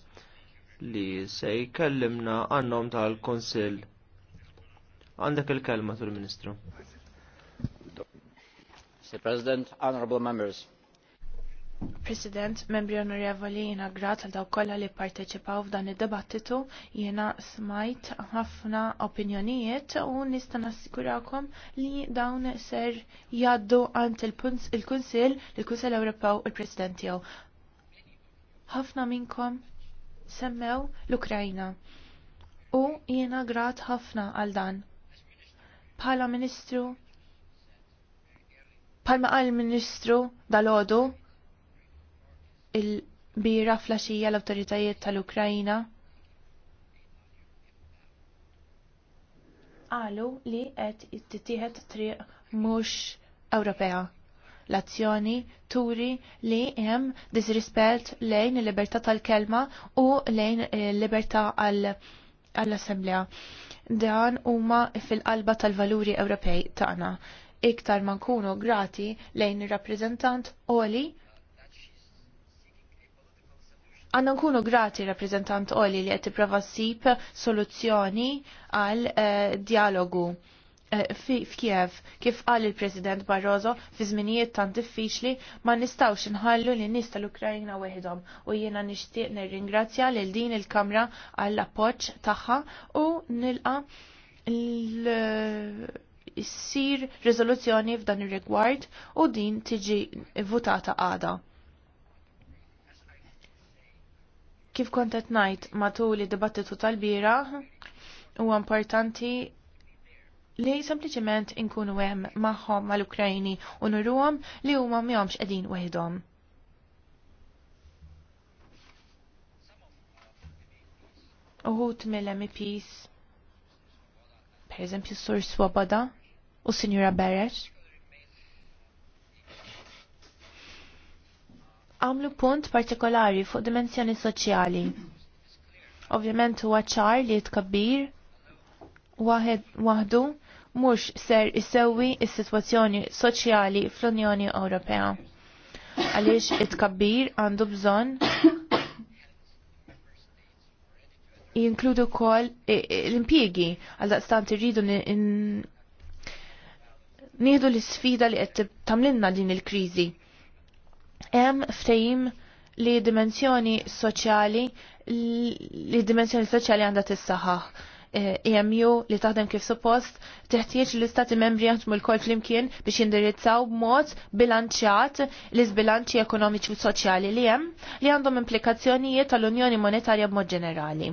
li se jkellimna għannom tal-Konsil. Għandek il-kelma tal-Ministru. Mr. President, honorable members, President, membri onorevoli, jina grat għal daw kolla li parteċipaw f'dan id-debattitu, jina smajt ħafna opinjonijiet u nista' nassikurakom li dawn ser jaddu għand il-Kunsil, il-Kunsil Ewropew u l-President tiegħu. Ħafna minnkom semmew l-Ukrajna u jina grat ħafna għal dan. Bħala Ministru, bħalma għal Ministru dal ħodu il-bira flaxija l-autoritajiet tal-Ukrajina qalu li qed ittitieħed triq mhux Ewropea. L-azzjoni turi li hemm disrispett lejn il-libertà tal-kelma u lejn il-libertà għall-assemblea. Dan huma fil-qalba tal-valuri Ewropej tagħna. Iktar ma nkunu grati lejn ir-rappreżentant Oli Għanna nkunu grati rappresentant Oli li qed tipprova ssib soluzzjoni għal eh, dialogu eh, f'Kiev, kif qal il-President Barroso fi żminijiet tant diffiċli ma nistgħux inħallu li nies tal-Ukrajna weħdhom u jiena nixtieq nirringrazzja lil din il-Kamra għall appoġġ tagħha u nilqa l-sir riżoluzzjoni f'dan ir-rigward u din tiġi votata għada. Kif kontet najt matul id-dibattitu tal-bira u importanti li sempliciment inkunu hemm magħhom mal-Ukrajni u nurruhom li huma mihomx qegħdin waħedhom. Uħut mill-MPs, per eżempju Sur Swoboda u Sinjura Beres. għamlu punt partikolari fuq dimensjoni soċjali. Ovvjament huwa ċar li tkabbir waħdu mhux ser isewwi is-sitwazzjoni soċjali fl-Unjoni Ewropea. Għaliex it għandu bżonn jinkludu kol l impiegi għal daqstant irridu nieħdu l-sfida li qed tamlinna din il-kriżi Hemm ftehim li dimensjoni soċjali li dimensjoni soċjali għandha tissaħħaħ. EMU e li taħdem kif suppost teħtieġ li istati membri jaħdmu l-kol flimkien biex jindirizzaw b'mod bilanċjat l sbilanċi ekonomiċi u soċjali li hemm li għandhom implikazzjonijiet tal-Unjoni Monetarja b'mod ġenerali.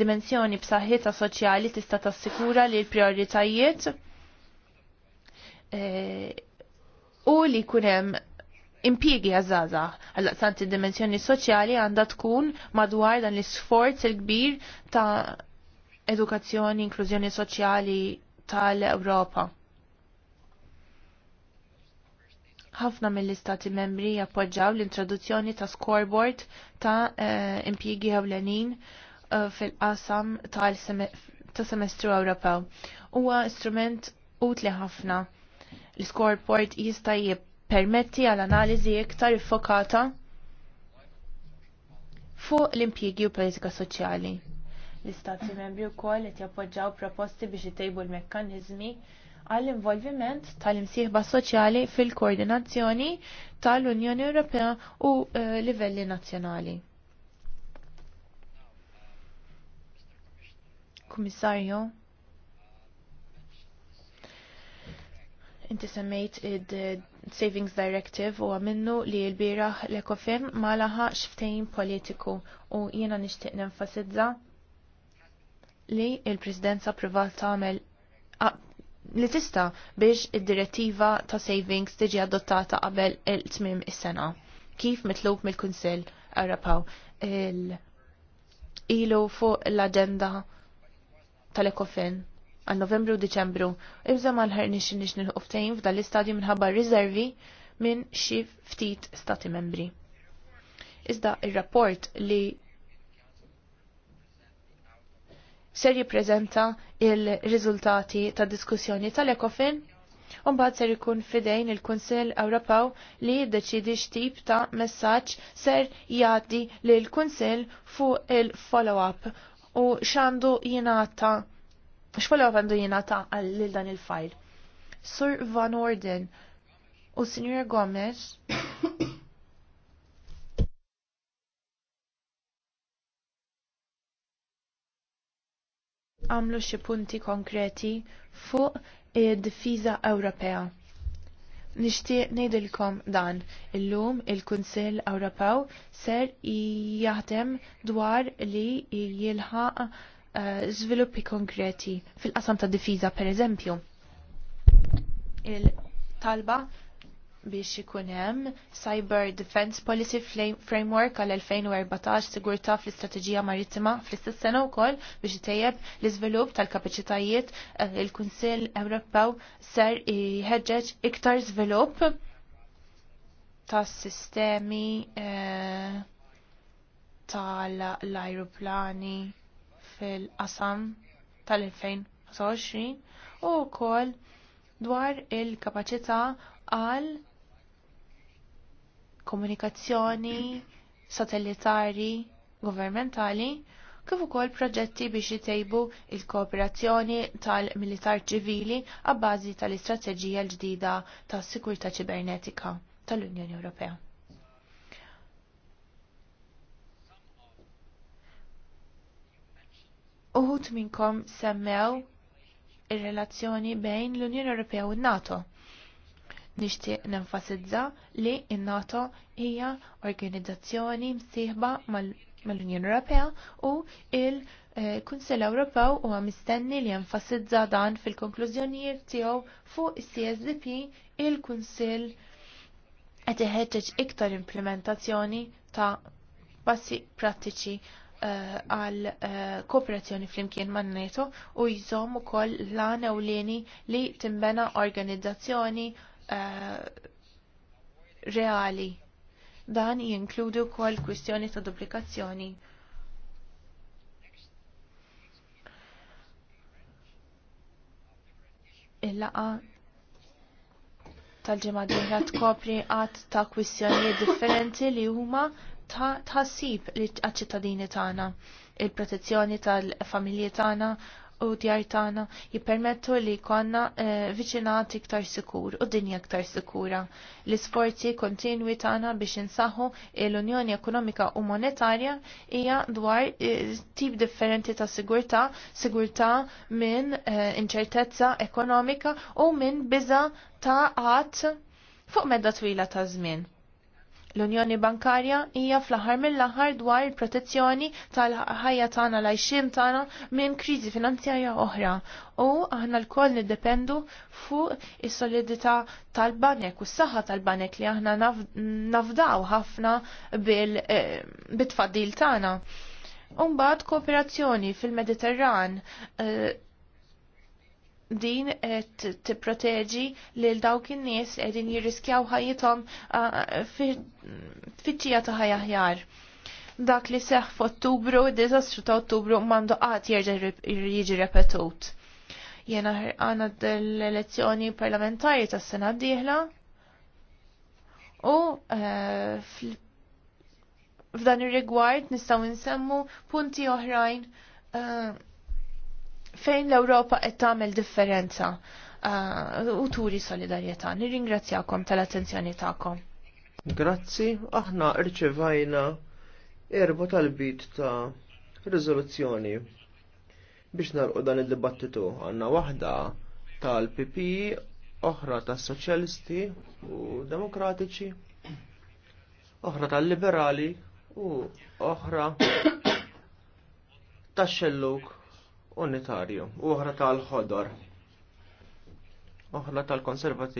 Dimensjoni b'saħħitha soċjali tista' tassikura li l-prioritajiet e, u li kunem impiegi għazzaza. Għalla santi dimensjoni soċjali għandha tkun madwar dan l-isforz il-kbir ta' edukazzjoni, inklużjoni soċjali tal-Ewropa. ħafna mill-istati membri jappoġġaw l-introduzzjoni ta' scoreboard ta' uh, impjiegi ewlenin uh, fil-qasam ta', ta semestru Ewropew. Huwa strument utli ħafna. L-scoreboard jista' jib permetti għal analiżi iktar iffokata fuq l-impjiegi u politika soċjali. L-Istati membri wkoll qed jappoġġaw proposti biex jitejbu l-mekkaniżmi għall-involviment tal-imsieħba soċjali fil-koordinazzjoni tal-Unjoni Ewropea u eh, livelli nazzjonali. Kummissarju, inti semmejt id Savings Directive u għamennu li l-biraħ l-ekofin ma laħa ftehim politiku u jiena nixtieq nenfasizza li il-presidenza privat tagħmel li tista biex id-direttiva ta' savings tiġi adottata qabel il-tmim is-sena. Kif mitlub mill-Kunsill Ewropew il ilu fuq l agenda tal-Ekofin għal Novembru u Deċembru. Ibza ma l-ħernix nix nil-uftajn f'dan l-istadju minħabba riservi minn xi ftit stati membri. Iżda il-rapport li ser jippreżenta il-riżultati ta' diskussjoni tal-Ekofin Umbat ser ikun fidejn il-Kunsill Ewropew li jiddeċidi x'tip ta' messaġġ ser jgħaddi lil kunsill fuq il-follow-up u x'għandu jingħata xfollow għandu ta' għallil dan il-fajl. Sir Van Orden u Signor Gomez għamlu xie punti konkreti fuq id difiza Ewropea. Nixtieq ngħidilkom dan illum il-Kunsill Ewropew ser jaħdem dwar li jilħaq Eh, żviluppi konkreti fil-qasam ta' difiża pereżempju. Il-talba biex ikun hemm Cyber Defense Policy Framework għal 2014 sigurtà fl-istrateġija marittima fl-istess sena wkoll biex itejjeb l-iżvilupp tal-kapaċitajiet eh, il-Kunsill Ewropew ser iħeġġeġ iktar żvilupp tas-sistemi eh, tal-ajruplani fil-qasam tal-2025 u wkoll dwar il-kapaċità għal komunikazzjoni satellitari governmentali kif ukoll proġetti biex jitejbu il-kooperazzjoni tal-militar ċivili għabbażi tal-istrateġija l-ġdida tas sigurtà ċibernetika tal-Unjoni Ewropea. Uħut minnkom semmew ir-relazzjoni bejn l-Unjoni Ewropea u n-NATO. Nixtieq nenfasizza li n-NATO hija organizzazzjoni msieħba mal-Unjoni Ewropea u il kunsill Ewropew huwa mistenni li jenfasizza dan fil-konklużjonijiet tiegħu fuq is-CSDP il-Kunsill qed iħeġġeġ iktar implementazzjoni ta' passi prattiċi Eh, għal eh, kooperazzjoni flimkien man NATO u jżomm ukoll l-għan ewlieni li timbena organizzazzjoni eh, reali. Dan jinkludu wkoll kwistjoni ta' duplikazzjoni. Il-laqa tal-ġemad tkopri għat ta' kwistjonijiet differenti li huma tħassib li għaċ-ċittadini tagħna il-protezzjoni tal-familji tagħna u djar tagħna jippermettu li konna viċinati eh, viċinat iktar sikur u dinja iktar sikura. L-isforzi kontinwi tagħna biex insaħħu l-Unjoni Ekonomika u Monetarja hija dwar eh, tip differenti ta' sigurtà, sigurtà minn eh, inċertezza ekonomika u minn biża ta' qatt fuq medda twila ta' żmien. L-Unjoni Bankarja hija fl-aħħar mill-aħħar dwar il-protezzjoni tal-ħajja tagħna l xim tagħna minn kriżi finanzjarja oħra u aħna lkoll niddependu fuq is-solidità tal-banek u s-saħħa tal-banek li aħna nafdaw ħafna eh, bit tfaddil tagħna. Umbagħad kooperazzjoni fil-Mediterran eh, din qed tipproteġi lil dawk in-nies qegħdin jirriskjaw ħajjithom tfittxija ta' ħajja Dak li seħħ f'Ottubru, diżastru ta' Ottubru m'għandu qatt jerġa' jiġi repetut. Jena għana l-elezzjoni parlamentari tas-sena d-dieħla u e, f'dan ir-rigward nistgħu nsemmu punti oħrajn e, fejn l-Ewropa qed tagħmel differenza uh, u turi solidarjetà. Nirringrazzjakom tal-attenzjoni tagħkom. Grazzi, aħna rċevajna erba tal-bit ta' riżoluzzjoni biex narqu dan il-dibattitu għanna waħda tal-PP, oħra tas-soċjalisti u demokratiċi, oħra tal-liberali u oħra tax-xelluk unitarju, u oħra tal-ħodor, oħra tal-konservativi.